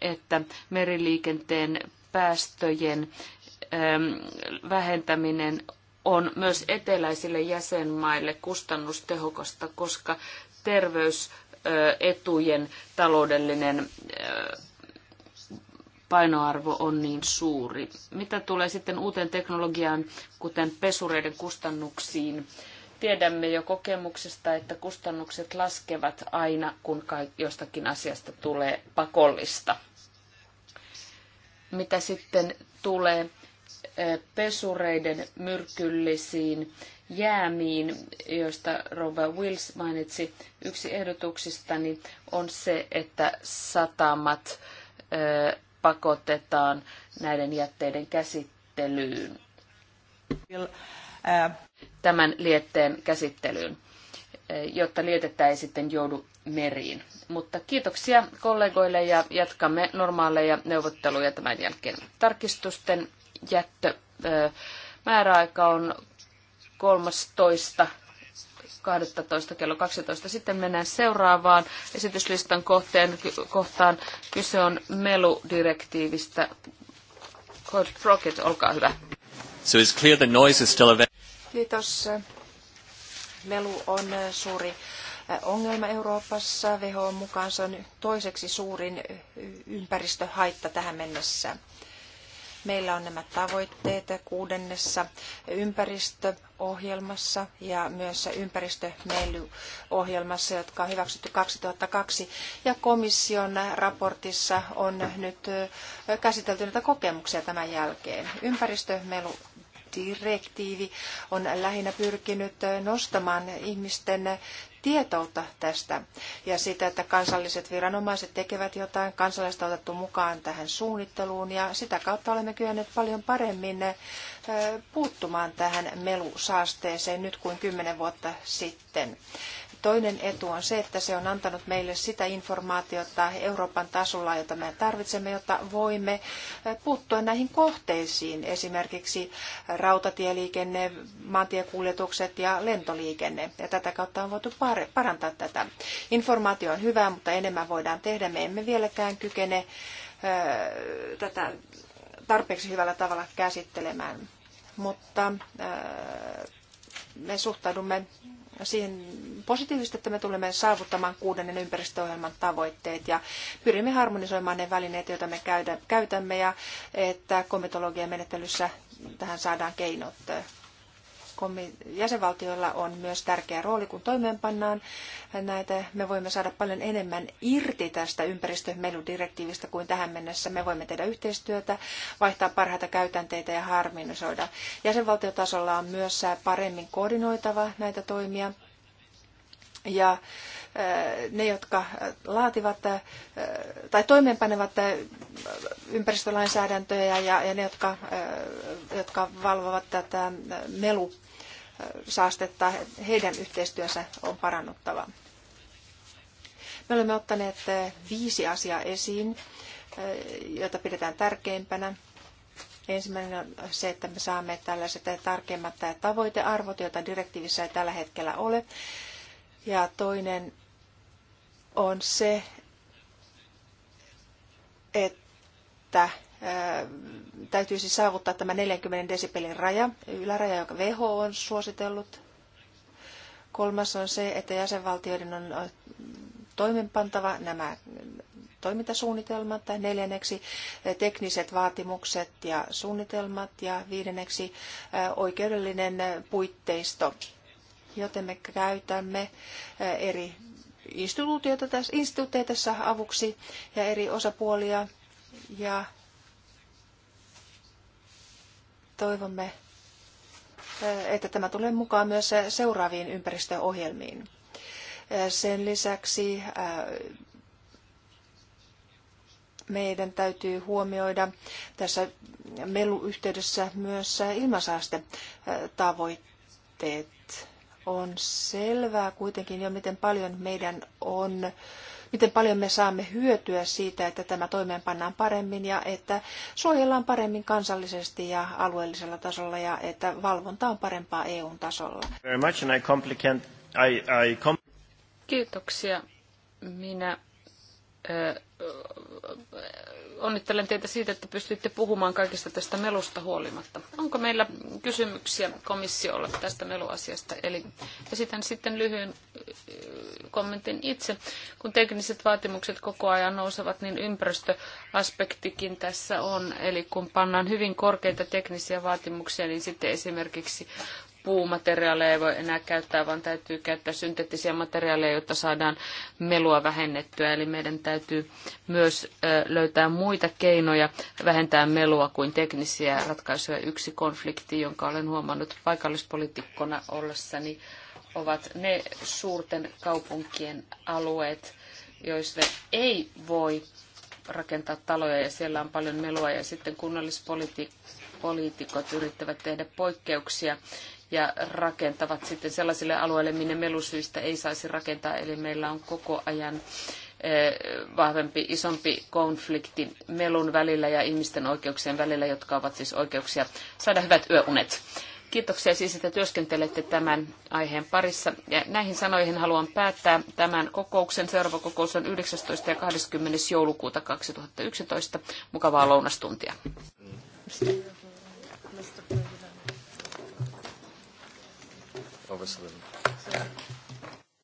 että meriliikenteen päästöjen vähentäminen on myös eteläisille jäsenmaille kustannustehokasta, koska terveys etujen taloudellinen painoarvo on niin suuri. Mitä tulee sitten uuteen teknologiaan, kuten pesureiden kustannuksiin, tiedämme jo kokemuksesta, että kustannukset laskevat aina, kun jostakin asiasta tulee pakollista. Mitä sitten tulee pesureiden myrkyllisiin jäämiin, joista Rova Wills mainitsi. Yksi ehdotuksistani on se, että satamat pakotetaan näiden jätteiden käsittelyyn. Tämän lietteen käsittelyyn, jotta lietettä ei sitten joudu meriin. Mutta kiitoksia kollegoille ja jatkamme normaaleja neuvotteluja tämän jälkeen. Tarkistusten jättö. Määräaika on 13. 12. kello 12. Sitten mennään seuraavaan esityslistan kohteen, kohtaan. Kyse on meludirektiivistä. Code Rocket, olkaa hyvä. So it's clear the noise is still available. Kiitos. Melu on suuri ongelma Euroopassa. WHO mukaan se on toiseksi suurin ympäristöhaitta tähän mennessä. Meillä on nämä tavoitteet kuudennessa ympäristöohjelmassa ja myös ympäristömeilyohjelmassa, jotka on hyväksytty 2002. Ja komission raportissa on nyt käsitelty näitä kokemuksia tämän jälkeen. Ympäristömelu direktiivi on lähinnä pyrkinyt nostamaan ihmisten tietoutta tästä ja sitä, että kansalliset viranomaiset tekevät jotain, kansalaiset on otettu mukaan tähän suunnitteluun ja sitä kautta olemme kyenneet paljon paremmin puuttumaan tähän melusaasteeseen nyt kuin kymmenen vuotta sitten. Toinen etu on se, että se on antanut meille sitä informaatiota Euroopan tasolla, jota me tarvitsemme, jotta voimme eh, puuttua näihin kohteisiin, esimerkiksi rautatieliikenne, maantiekuljetukset ja lentoliikenne. Ja tätä kautta on voitu parantaa tätä. Informaatio on hyvää, mutta enemmän voidaan tehdä. Me emme vieläkään kykene eh, tätä tarpeeksi hyvällä tavalla käsittelemään. Mutta eh, me suhtaudumme siihen positiivisesti, että me tulemme saavuttamaan kuudennen ympäristöohjelman tavoitteet ja pyrimme harmonisoimaan ne välineet, joita me käytämme ja että komitologian menettelyssä tähän saadaan keinot jäsenvaltioilla on myös tärkeä rooli, kun toimeenpannaan näitä. Me voimme saada paljon enemmän irti tästä ympäristömeludirektiivistä kuin tähän mennessä. Me voimme tehdä yhteistyötä, vaihtaa parhaita käytänteitä ja harminisoida. Jäsenvaltiotasolla on myös paremmin koordinoitava näitä toimia. Ja ne, jotka laativat tai toimeenpanevat ympäristölainsäädäntöjä ja, ja ne, jotka, jotka valvovat tätä melu saastetta, heidän yhteistyönsä on parannuttava. Me olemme ottaneet eh, viisi asiaa esiin, eh, joita pidetään tärkeimpänä. Ensimmäinen on se, että me saamme tällaiset tarkemmat tavoitearvot, joita direktiivissä ei tällä hetkellä ole. Ja toinen on se, että täytyisi saavuttaa tämä 40 desibelin raja, yläraja, jonka WHO on suositellut. Kolmas on se, että jäsenvaltioiden on toimenpantava nämä toimintasuunnitelmat, tai neljänneksi tekniset vaatimukset ja suunnitelmat, ja viidenneksi oikeudellinen puitteisto, joten me käytämme eri instituutioita tässä, instituutteja tässä avuksi ja eri osapuolia ja toivomme, että tämä tulee mukaan myös seuraaviin ympäristöohjelmiin. Sen lisäksi meidän täytyy huomioida tässä meluyhteydessä myös ilmansaastetavoitteet. On selvää kuitenkin jo, miten paljon meidän on miten paljon me saamme hyötyä siitä, että tämä toimeenpannaan paremmin ja että suojellaan paremmin kansallisesti ja alueellisella tasolla ja että valvonta on parempaa EUn tasolla. Kiitoksia. Minä onnittelen teitä siitä, että pystytte puhumaan kaikista tästä melusta huolimatta. Onko meillä kysymyksiä komissiolle tästä meluasiasta? Eli esitän sitten lyhyen äh, kommentin itse. Kun tekniset vaatimukset koko ajan nousevat, niin ympäristöaspektikin tässä on. Eli kun pannaan hyvin korkeita teknisiä vaatimuksia, niin sitten esimerkiksi puumateriaaleja ei voi enää käyttää, vaan täytyy käyttää synteettisiä materiaaleja, jotta saadaan melua vähennettyä. Eli meidän täytyy myös löytää muita keinoja vähentää melua kuin teknisiä ratkaisuja. Yksi konflikti, jonka olen huomannut paikallispolitiikkona ollessani, ovat ne suurten kaupunkien alueet, joista ei voi rakentaa taloja ja siellä on paljon melua ja sitten kunnallispolitiikkaa poliitikot yrittävät tehdä poikkeuksia ja rakentavat sitten sellaisille alueille, minne melusyistä ei saisi rakentaa. Eli meillä on koko ajan eh, vahvempi, isompi konflikti melun välillä ja ihmisten oikeuksien välillä, jotka ovat siis oikeuksia saada hyvät yöunet. Kiitoksia siis, että työskentelette tämän aiheen parissa. Ja näihin sanoihin haluan päättää tämän kokouksen. Seuraava kokous on 19. ja 20. joulukuuta 2011. Mukavaa lounastuntia. over